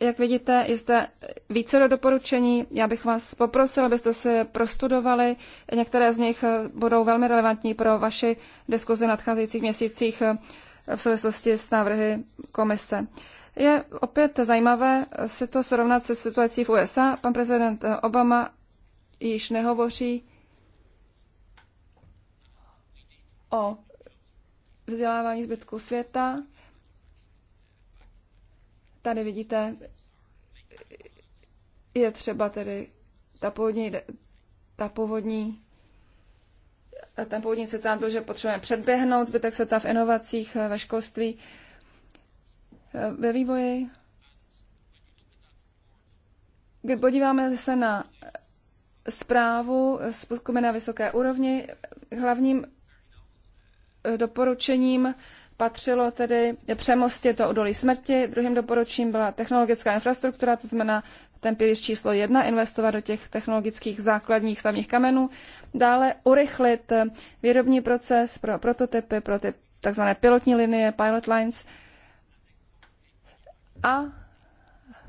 Jak vidíte, je zde více do doporučení. Já bych vás poprosil, abyste si prostudovali. Některé z nich budou velmi relevantní pro vaši diskuzi v nadcházejících měsících v souvislosti s návrhy komise. Je opět zajímavé si to srovnat se situací v USA. Pan prezident eh, Obama již nehovoří o vzdělávání zbytku světa. Tady vidíte, je třeba tedy ta původní, ta původní eh, ten původní citát byl, že potřebujeme předběhnout zbytek světa v inovacích eh, ve školství. Eh, ve vývoji. Když podíváme se na zprávu z na vysoké úrovni, hlavním eh, doporučením patřilo tedy přemostě to odolí smrti. Druhým doporučením byla technologická infrastruktura, to znamená ten pilíř číslo jedna, investovat do těch technologických základních stavních kamenů. Dále urychlit eh, výrobní proces pro prototypy, pro ty takzvané pilotní linie, pilot lines – a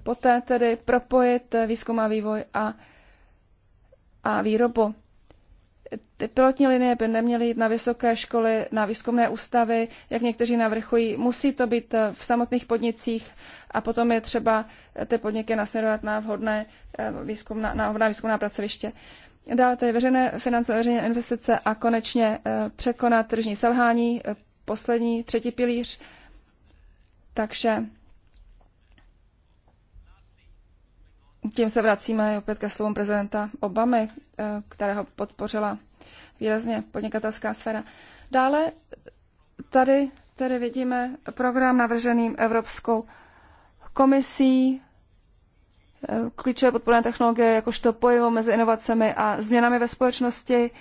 poté tedy propojit výzkum a vývoj a, a výrobu. Ty pilotní linie by neměly jít na vysoké školy, na výzkumné ústavy, jak někteří navrchují. Musí to být v samotných podnicích a potom je třeba ty podniky nasměrovat na vhodné eh, výzkumná, na vhodná výzkumná pracoviště. Dále tedy veřejné finance, veřejné investice a konečně eh, překonat tržní selhání, eh, poslední, třetí pilíř. Takže Tím se vracíme opět ke slovům prezidenta Obamy, eh, kterého podpořila výrazně podnikatelská sféra. Dále tady, tady vidíme program navrženým Evropskou komisí, eh, klíčové podporné technologie jakožto pojivo mezi inovacemi a změnami ve společnosti.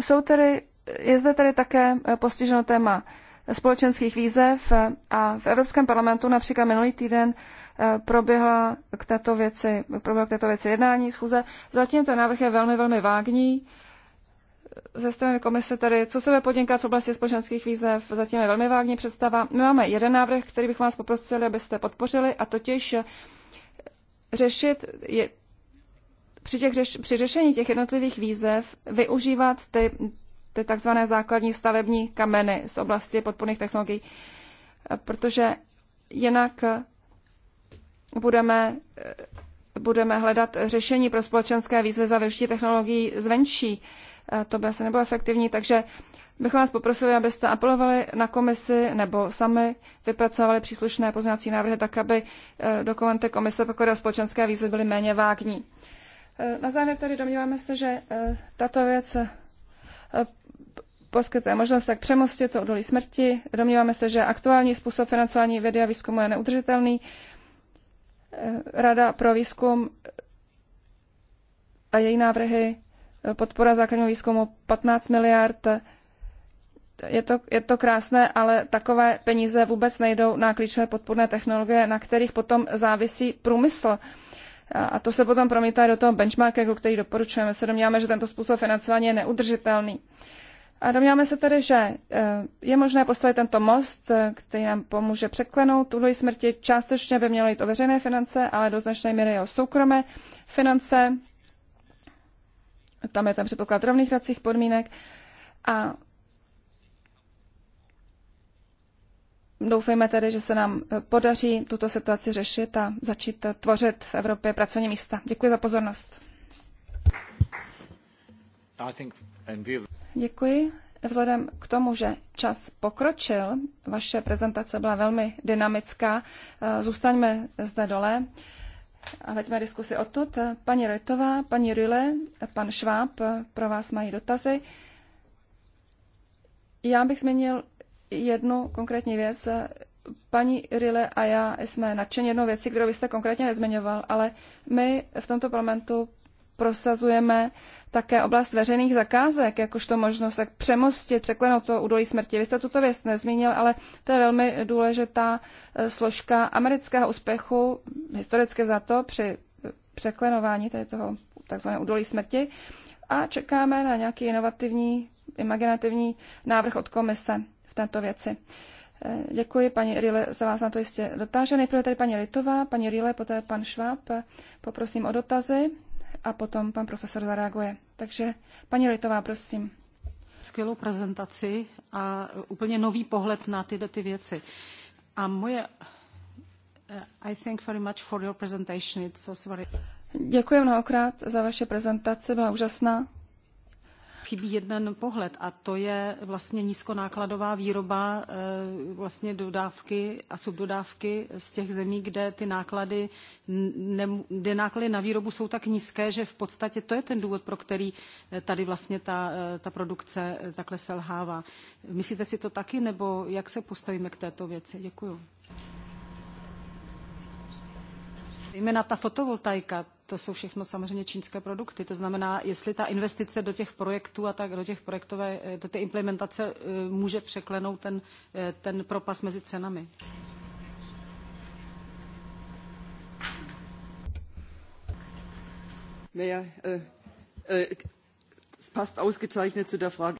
Jsou tedy, je zde tedy také eh, postiženo téma společenských výzev a v Evropském parlamentu například minulý týden eh, proběhla k této věci, proběhla k této věci jednání, schůze. Zatím ten návrh je velmi, velmi vágní. Ze strany komise tady, co se bude podnikat v oblasti společenských výzev, zatím je velmi vágní představa. My máme jeden návrh, který bych vás poprosili, abyste podpořili, a totiž eh, řešit je, při, těch, při řešení těch jednotlivých výzev využívat ty ty takzvané základní stavební kameny z oblasti podporných technologií, protože jinak budeme, budeme hledat řešení pro společenské výzvy za využití technologií zvenčí. To by asi nebylo efektivní, takže bych vás poprosili, abyste apelovali na komisi nebo sami vypracovali příslušné poznávací návrhy tak, aby eh, dokumenty komise pokud o společenské výzvy byly méně vágní. Eh, na závěr tady domníváme se, že eh, tato věc poskytuje možnost, tak přemostit to odolí smrti. Domníváme se, že aktuální způsob financování vědy a výzkumu je neudržitelný. Eh, Rada pro výzkum a její návrhy eh, podpora základního výzkumu 15 miliard. Je to, je to krásné, ale takové peníze vůbec nejdou na klíčové podpůrné technologie, na kterých potom závisí průmysl. A to se potom promítá do toho benchmarku, který doporučujeme. Se domníváme, že tento způsob financování je neudržitelný. A domníváme se tedy, že eh, je možné postavit tento most, eh, který nám pomůže překlenout tuhle smrti. Částečně by mělo jít o veřejné finance, ale do značné míry o soukromé finance. Tam je ten předpoklad rovných racích podmínek. A doufejme tedy, že se nám eh, podaří tuto situaci řešit a začít tvořit v Evropě pracovní místa. Děkuji za pozornost. Děkuji. Vzhledem k tomu, že čas pokročil, vaše prezentace byla velmi dynamická, eh, zůstaňme zde dole a veďme diskusi o Paní Rojtová, paní Rüle, pan Šváb pro vás mají dotazy. Já bych zmínil jednu konkrétní věc. Paní Rile a já jsme nadšeni jednou věcí, kterou vy jste konkrétně nezmiňoval, ale my v tomto parlamentu prosazujeme také oblast veřejných zakázek, jakožto možnost jak přemostit, překlenout to údolí smrti. Vy jste tuto věc nezmínil, ale to je velmi důležitá eh, složka amerického úspěchu, historicky za to, při eh, překlenování tady toho takzvaného údolí smrti. A čekáme na nějaký inovativní, imaginativní návrh od komise v této věci. Eh, děkuji, paní Rile, za vás na to jistě dotáže. Nejprve tady paní Litová, paní Rile, poté pan Šváb. Poprosím o dotazy a potom pan profesor zareaguje. Takže paní Litová, prosím. Skvělou prezentaci a úplně nový pohled na tyhle ty věci. A moje... Eh, I thank very much for your presentation. It's very... Děkuji mnohokrát za vaše prezentaci, byla úžasná chybí jeden pohled a to je vlastně nízkonákladová výroba eh, vlastně dodávky a subdodávky z těch zemí, kde ty náklady, kde náklady na výrobu jsou tak nízké, že v podstatě to je ten důvod, pro který eh, tady vlastně ta, eh, ta produkce takhle selhává. Myslíte si to taky, nebo jak se postavíme k této věci? Děkuju. Jména ta fotovoltaika, to jsou všechno samozřejmě čínské produkty. To znamená, jestli ta investice do těch projektů a tak do těch projektové, eh, do té implementace eh, může překlenout ten, eh, ten propas mezi cenami. Naja, äh, äh, es passt ausgezeichnet zu der Frage.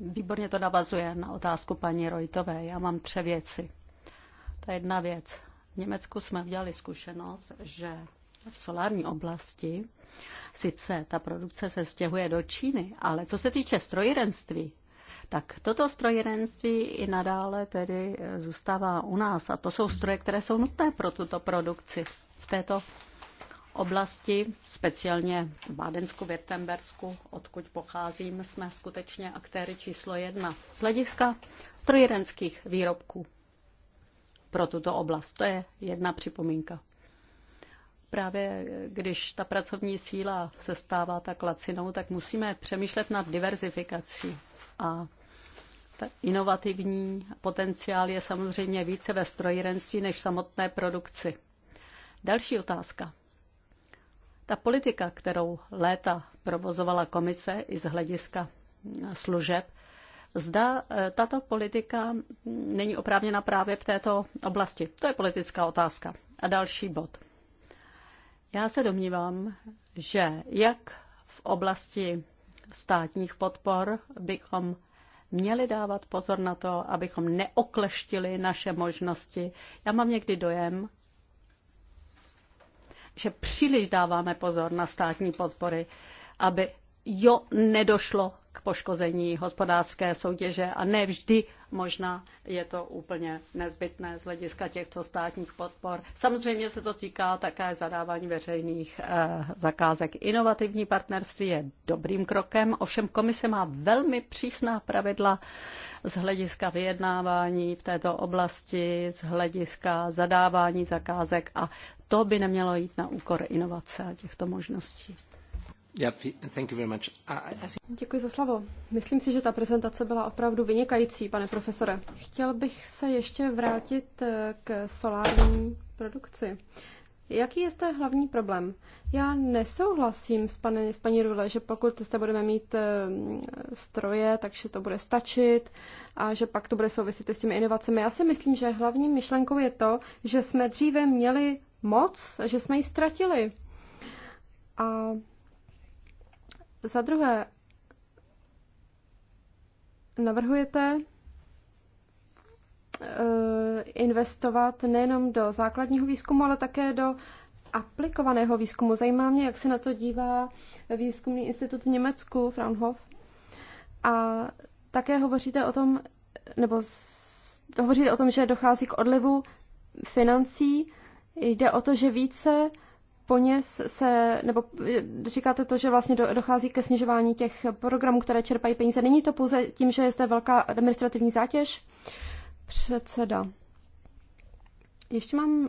Výborně to navazuje na otázku paní Rojtové. Já mám tři věci. Ta jedna věc. V Německu jsme udělali zkušenost, že v solární oblasti, sice ta produkce se stěhuje do Číny, ale co se týče strojírenství, tak toto strojírenství i nadále tedy eh, zůstává u nás. A to jsou stroje, které jsou nutné pro tuto produkci v této oblasti, speciálně v Bádensku, Wirtembersku, odkud pocházím, jsme skutečně aktéry číslo jedna z hlediska strojírenských výrobků pro tuto oblast. To je jedna připomínka právě když ta pracovní síla se stává tak lacinou, tak musíme přemýšlet nad diverzifikací. A ta inovativní potenciál je samozřejmě více ve strojírenství než v samotné produkci. Další otázka. Ta politika, kterou léta provozovala komise i z hlediska služeb, zda eh, tato politika není oprávněna právě v této oblasti. To je politická otázka. A další bod. Já se domnívám, že jak v oblasti státních podpor bychom měli dávat pozor na to, abychom neokleštili naše možnosti. Já mám někdy dojem, že příliš dáváme pozor na státní podpory, aby jo nedošlo k poškození hospodářské soutěže a ne vždy Možná je to úplně nezbytné z hlediska těchto státních podpor. Samozřejmě se to týká také zadávání veřejných eh, zakázek. Inovativní partnerství je dobrým krokem, ovšem komise má velmi přísná pravidla z hlediska vyjednávání v této oblasti, z hlediska zadávání zakázek a to by nemělo jít na úkor inovace a těchto možností. Děkuji za slovo. Myslím si, že ta prezentace byla opravdu vynikající, pane profesore. Chtěl bych se ještě vrátit eh, k solární produkci. Jaký je zde hlavní problém? Já nesouhlasím s, pane, s paní Rule, že pokud zde budeme mít eh, stroje, takže to bude stačit a že pak to bude souviset s těmi inovacemi. Já si myslím, že hlavní myšlenkou je to, že jsme dříve měli moc, že jsme ji ztratili. A za druhé, navrhujete eh, investovat nejenom do základního výzkumu, ale také do aplikovaného výzkumu. Zajímá mě, jak se na to dívá výzkumný institut v Německu, Fraunhof. A také hovoříte o tom, nebo hovoříte o tom, že dochází k odlivu financí. Jde o to, že více poněz se, nebo eh, říkáte to, že vlastně dochází ke snižování těch programů, které čerpají peníze. Není to pouze tím, že je zde velká administrativní zátěž? Předseda. Ještě mám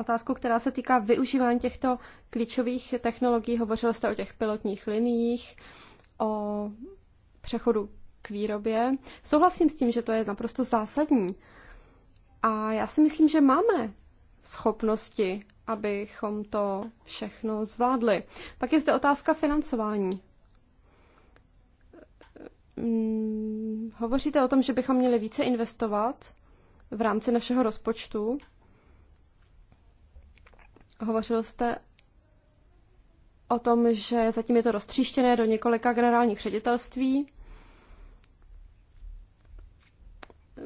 otázku, která se týká využívání těchto klíčových technologií. Hovořil jste o těch pilotních liniích, o přechodu k výrobě. Souhlasím s tím, že to je naprosto zásadní. A já si myslím, že máme schopnosti, abychom to všechno zvládli. Pak je zde otázka financování. Mm, hovoříte o tom, že bychom měli více investovat v rámci našeho rozpočtu. Hovořil jste o tom, že zatím je to roztříštěné do několika generálních ředitelství.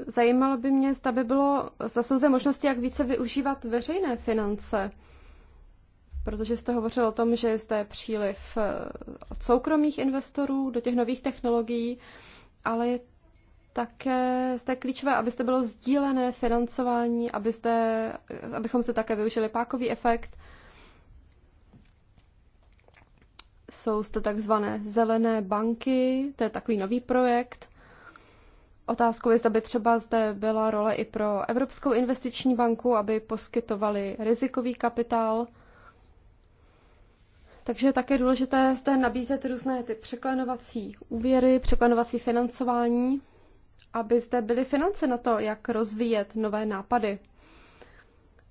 zajímalo by mě, zda by bylo zasouze možnosti, jak více využívat veřejné finance. Protože jste hovořil o tom, že je zde příliv od eh, soukromých investorů do těch nových technologií, ale je také zde klíčové, abyste bylo sdílené financování, abyste, eh, abychom se také využili pákový efekt. Jsou zde takzvané zelené banky, to je takový nový projekt, otázkou jestli by třeba zde byla role i pro Evropskou investiční banku, aby poskytovali rizikový kapitál. Takže je také důležité zde nabízet různé ty překlenovací úvěry, překlenovací financování, aby zde byly finance na to, jak rozvíjet nové nápady.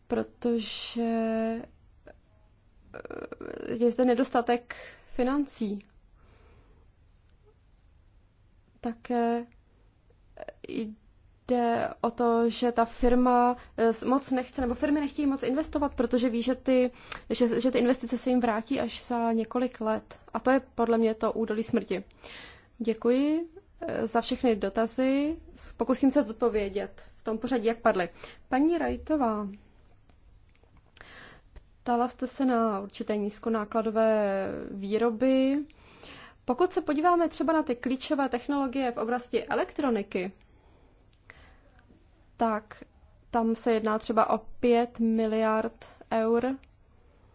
Protože eh, je zde nedostatek financí. Také jde o to, že ta firma eh, moc nechce, nebo firmy nechtějí moc investovat, protože ví, že ty, že, že ty investice se jim vrátí až za několik let. A to je podle mě to údolí smrti. Děkuji eh, za všechny dotazy. Pokusím se zodpovědět v tom pořadí, jak padly. Paní Rajtová, ptala jste se na určité nízkonákladové výroby pokud se podíváme třeba na ty klíčové technologie v oblasti elektroniky, tak tam se jedná třeba o 5 miliard eur.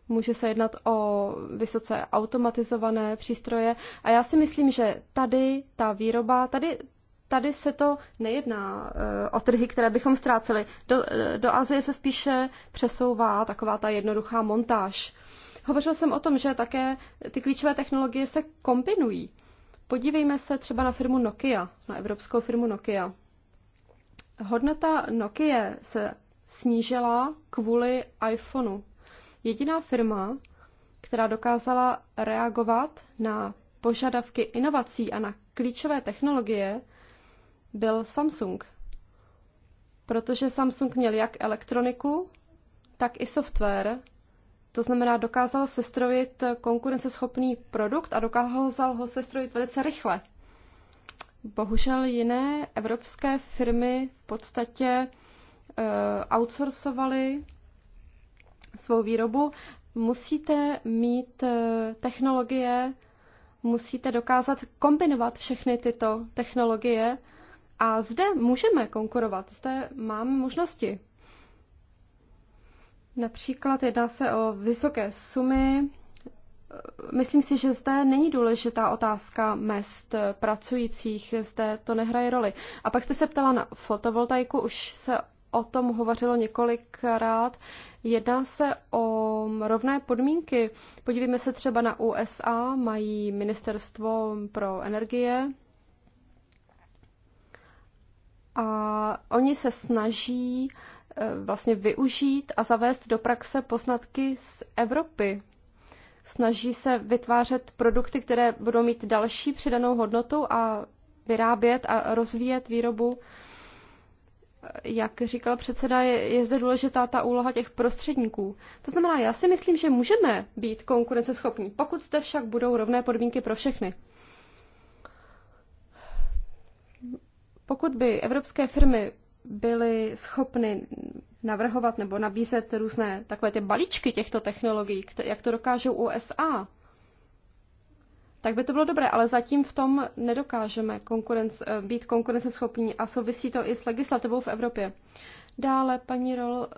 Může se jednat o vysoce automatizované přístroje. A já si myslím, že tady ta výroba, tady, tady se to nejedná eh, o trhy, které bychom ztráceli. Do, eh, do Azie se spíše přesouvá taková ta jednoduchá montáž. Hovořil jsem o tom, že také ty klíčové technologie se kombinují. Podívejme se třeba na firmu Nokia, na evropskou firmu Nokia. Hodnota Nokia se snížila kvůli iPhoneu. Jediná firma, která dokázala reagovat na požadavky inovací a na klíčové technologie, byl Samsung. Protože Samsung měl jak elektroniku, tak i software, to znamená, dokázal sestrojit konkurenceschopný produkt a dokázal ho sestrojit velice rychle. Bohužel jiné evropské firmy v podstatě eh, outsourcovaly svou výrobu. Musíte mít eh, technologie, musíte dokázat kombinovat všechny tyto technologie a zde můžeme konkurovat, zde máme možnosti. Například jedná se o vysoké sumy. Myslím si, že zde není důležitá otázka mest pracujících, zde to nehraje roli. A pak jste se ptala na fotovoltaiku, už se o tom hovořilo několikrát. Jedná se o rovné podmínky. Podívejme se třeba na USA, mají ministerstvo pro energie. A oni se snaží uh, Eh, vlastně využít a zavést do praxe poznatky z Evropy. Snaží se vytvářet produkty, které budou mít další přidanou hodnotu a vyrábět a rozvíjet výrobu. Eh, jak říkal předseda, je, je zde důležitá ta úloha těch prostředníků. To znamená, já si myslím, že můžeme být konkurenceschopní, pokud zde však budou rovné podmínky pro všechny. Pokud by evropské firmy byly schopny navrhovat nebo nabízet různé takové ty balíčky těchto technologií, jak to dokážou USA, tak by to bylo dobré, ale zatím v tom nedokážeme konkurence eh, být konkurenceschopní a souvisí to i s legislativou v Evropě. Dále paní Rol eh,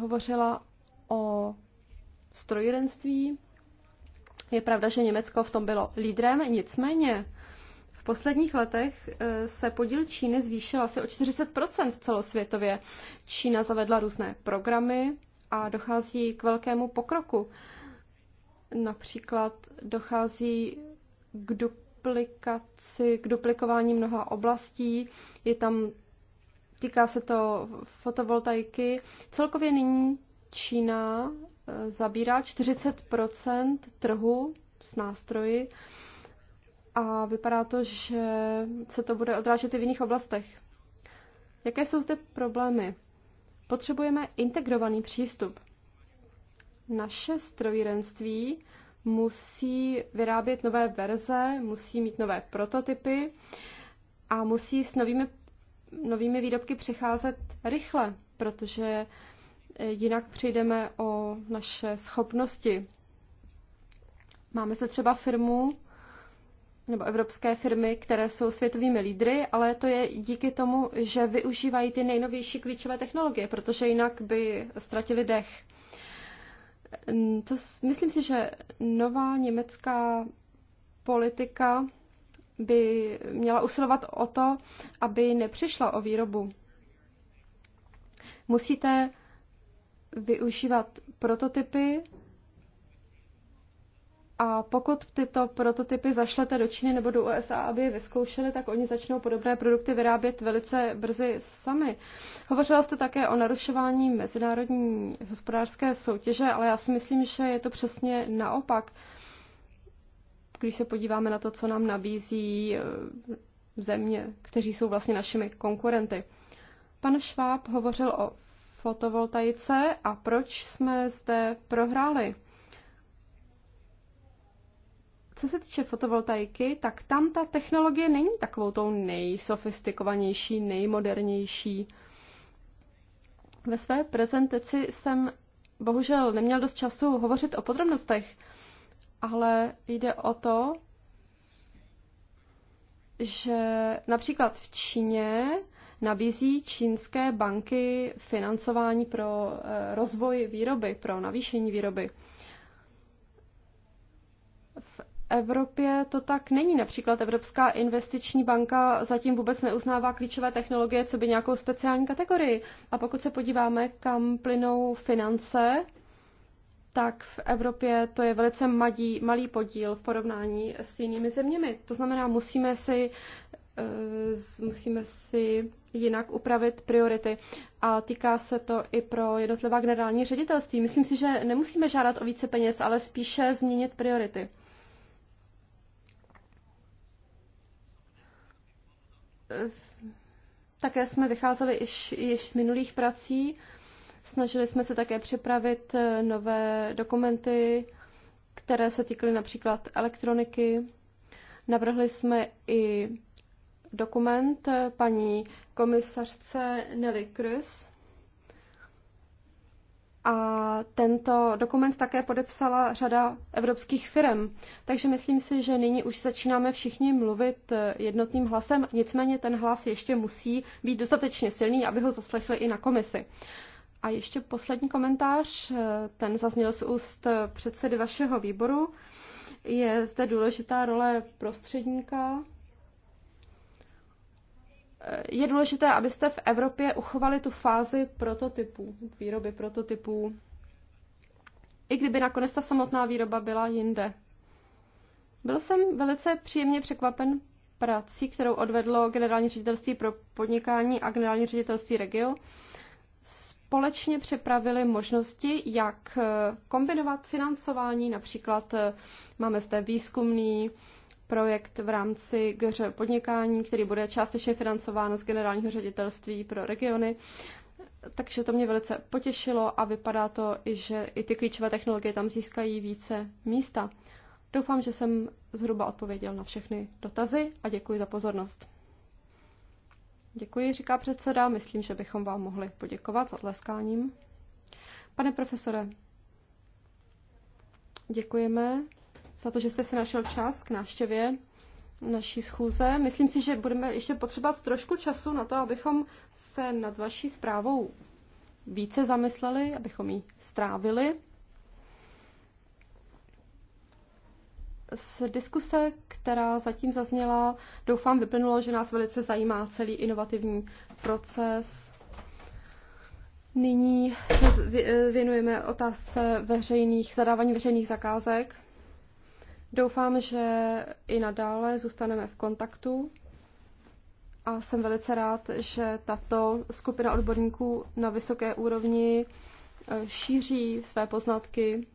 hovořila o strojírenství. Je pravda, že Německo v tom bylo lídrem, nicméně v posledních letech eh, se podíl Číny zvýšil asi o 40 celosvětově. Čína zavedla různé programy a dochází k velkému pokroku. Například dochází k duplikaci, k duplikování mnoha oblastí. Je tam, týká se to fotovoltaiky. Celkově nyní Čína eh, zabírá 40 trhu s nástroji a vypadá to, že se to bude odrážet i v jiných oblastech. Jaké jsou zde problémy? Potřebujeme integrovaný přístup. Naše strojírenství musí vyrábět nové verze, musí mít nové prototypy a musí s novými, novými výrobky přicházet rychle, protože jinak přijdeme o naše schopnosti. Máme se třeba firmu, nebo evropské firmy, které jsou světovými lídry, ale to je díky tomu, že využívají ty nejnovější klíčové technologie, protože jinak by ztratili dech. To, myslím si, že nová německá politika by měla usilovat o to, aby nepřišla o výrobu. Musíte využívat prototypy a pokud tyto prototypy zašlete do Číny nebo do USA, aby je vyzkoušeli, tak oni začnou podobné produkty vyrábět velice brzy sami. Hovořila jste také o narušování mezinárodní hospodářské soutěže, ale já si myslím, že je to přesně naopak. Když se podíváme na to, co nám nabízí eh, země, kteří jsou vlastně našimi konkurenty. Pan Šváb hovořil o fotovoltaice a proč jsme zde prohráli. Co se týče fotovoltaiky, tak tam ta technologie není takovou tou nejsofistikovanější, nejmodernější. Ve své prezentaci jsem bohužel neměl dost času hovořit o podrobnostech, ale jde o to, že například v Číně nabízí čínské banky financování pro eh, rozvoj výroby, pro navýšení výroby. Evropě to tak není. Například Evropská investiční banka zatím vůbec neuznává klíčové technologie, co by nějakou speciální kategorii. A pokud se podíváme, kam plynou finance, tak v Evropě to je velice madí, malý podíl v porovnání s jinými zeměmi. To znamená, musíme si, eh, musíme si jinak upravit priority. A týká se to i pro jednotlivá generální ředitelství. Myslím si, že nemusíme žádat o více peněz, ale spíše změnit priority. Také jsme vycházeli již, z minulých prací. Snažili jsme se také připravit eh, nové dokumenty, které se týkaly například elektroniky. Navrhli jsme i dokument eh, paní komisařce Nelly Krys, a tento dokument také podepsala řada evropských firm. Takže myslím si, že nyní už začínáme všichni mluvit eh, jednotným hlasem, nicméně ten hlas ještě musí být dostatečně silný, aby ho zaslechli i na komisi. A ještě poslední komentář, eh, ten zazněl z úst eh, předsedy vašeho výboru. Je zde důležitá role prostředníka je důležité, abyste v Evropě uchovali tu fázi prototypů, výroby prototypů, i kdyby nakonec ta samotná výroba byla jinde. Byl jsem velice příjemně překvapen prací, kterou odvedlo Generální ředitelství pro podnikání a Generální ředitelství Regio. Společně připravili možnosti, jak kombinovat financování, například eh, máme zde výzkumný projekt v rámci GŘ podnikání, který bude částečně financován z generálního ředitelství pro regiony. Takže to mě velice potěšilo a vypadá to, že i ty klíčové technologie tam získají více místa. Doufám, že jsem zhruba odpověděl na všechny dotazy a děkuji za pozornost. Děkuji, říká předseda. Myslím, že bychom vám mohli poděkovat za tleskáním. Pane profesore, děkujeme za to, že jste si našel čas k návštěvě naší schůze. Myslím si, že budeme ještě potřebovat trošku času na to, abychom se nad vaší zprávou více zamysleli, abychom ji strávili. Z diskuse, která zatím zazněla, doufám vyplynulo, že nás velice zajímá celý inovativní proces. Nyní se věnujeme otázce veřejných, zadávání veřejných zakázek. Doufám, že i nadále zůstaneme v kontaktu a jsem velice rád, že tato skupina odborníků na vysoké úrovni eh, šíří své poznatky.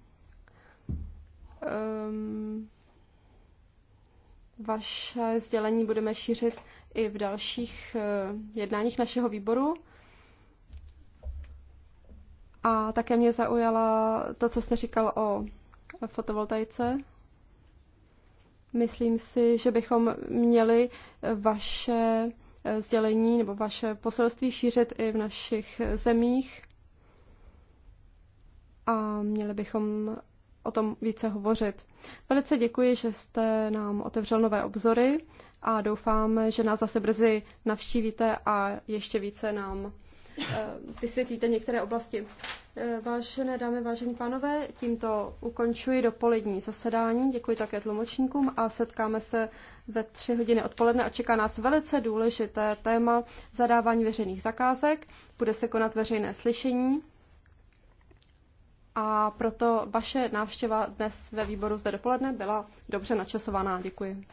Um, vaše sdělení budeme šířit i v dalších eh, jednáních našeho výboru. A také mě zaujala to, co jste říkal o fotovoltaice. Myslím si, že bychom měli vaše eh, sdělení nebo vaše poselství šířit i v našich zemích a měli bychom o tom více hovořit. Velice děkuji, že jste nám otevřel nové obzory a doufám, že nás zase brzy navštívíte a ještě více nám eh, vysvětlíte některé oblasti. Vážené dámy, vážení pánové, tímto ukončuji dopolední zasedání. Děkuji také tlumočníkům a setkáme se ve tři hodiny odpoledne a čeká nás velice důležité téma zadávání veřejných zakázek. Bude se konat veřejné slyšení a proto vaše návštěva dnes ve výboru zde dopoledne byla dobře načasovaná. Děkuji.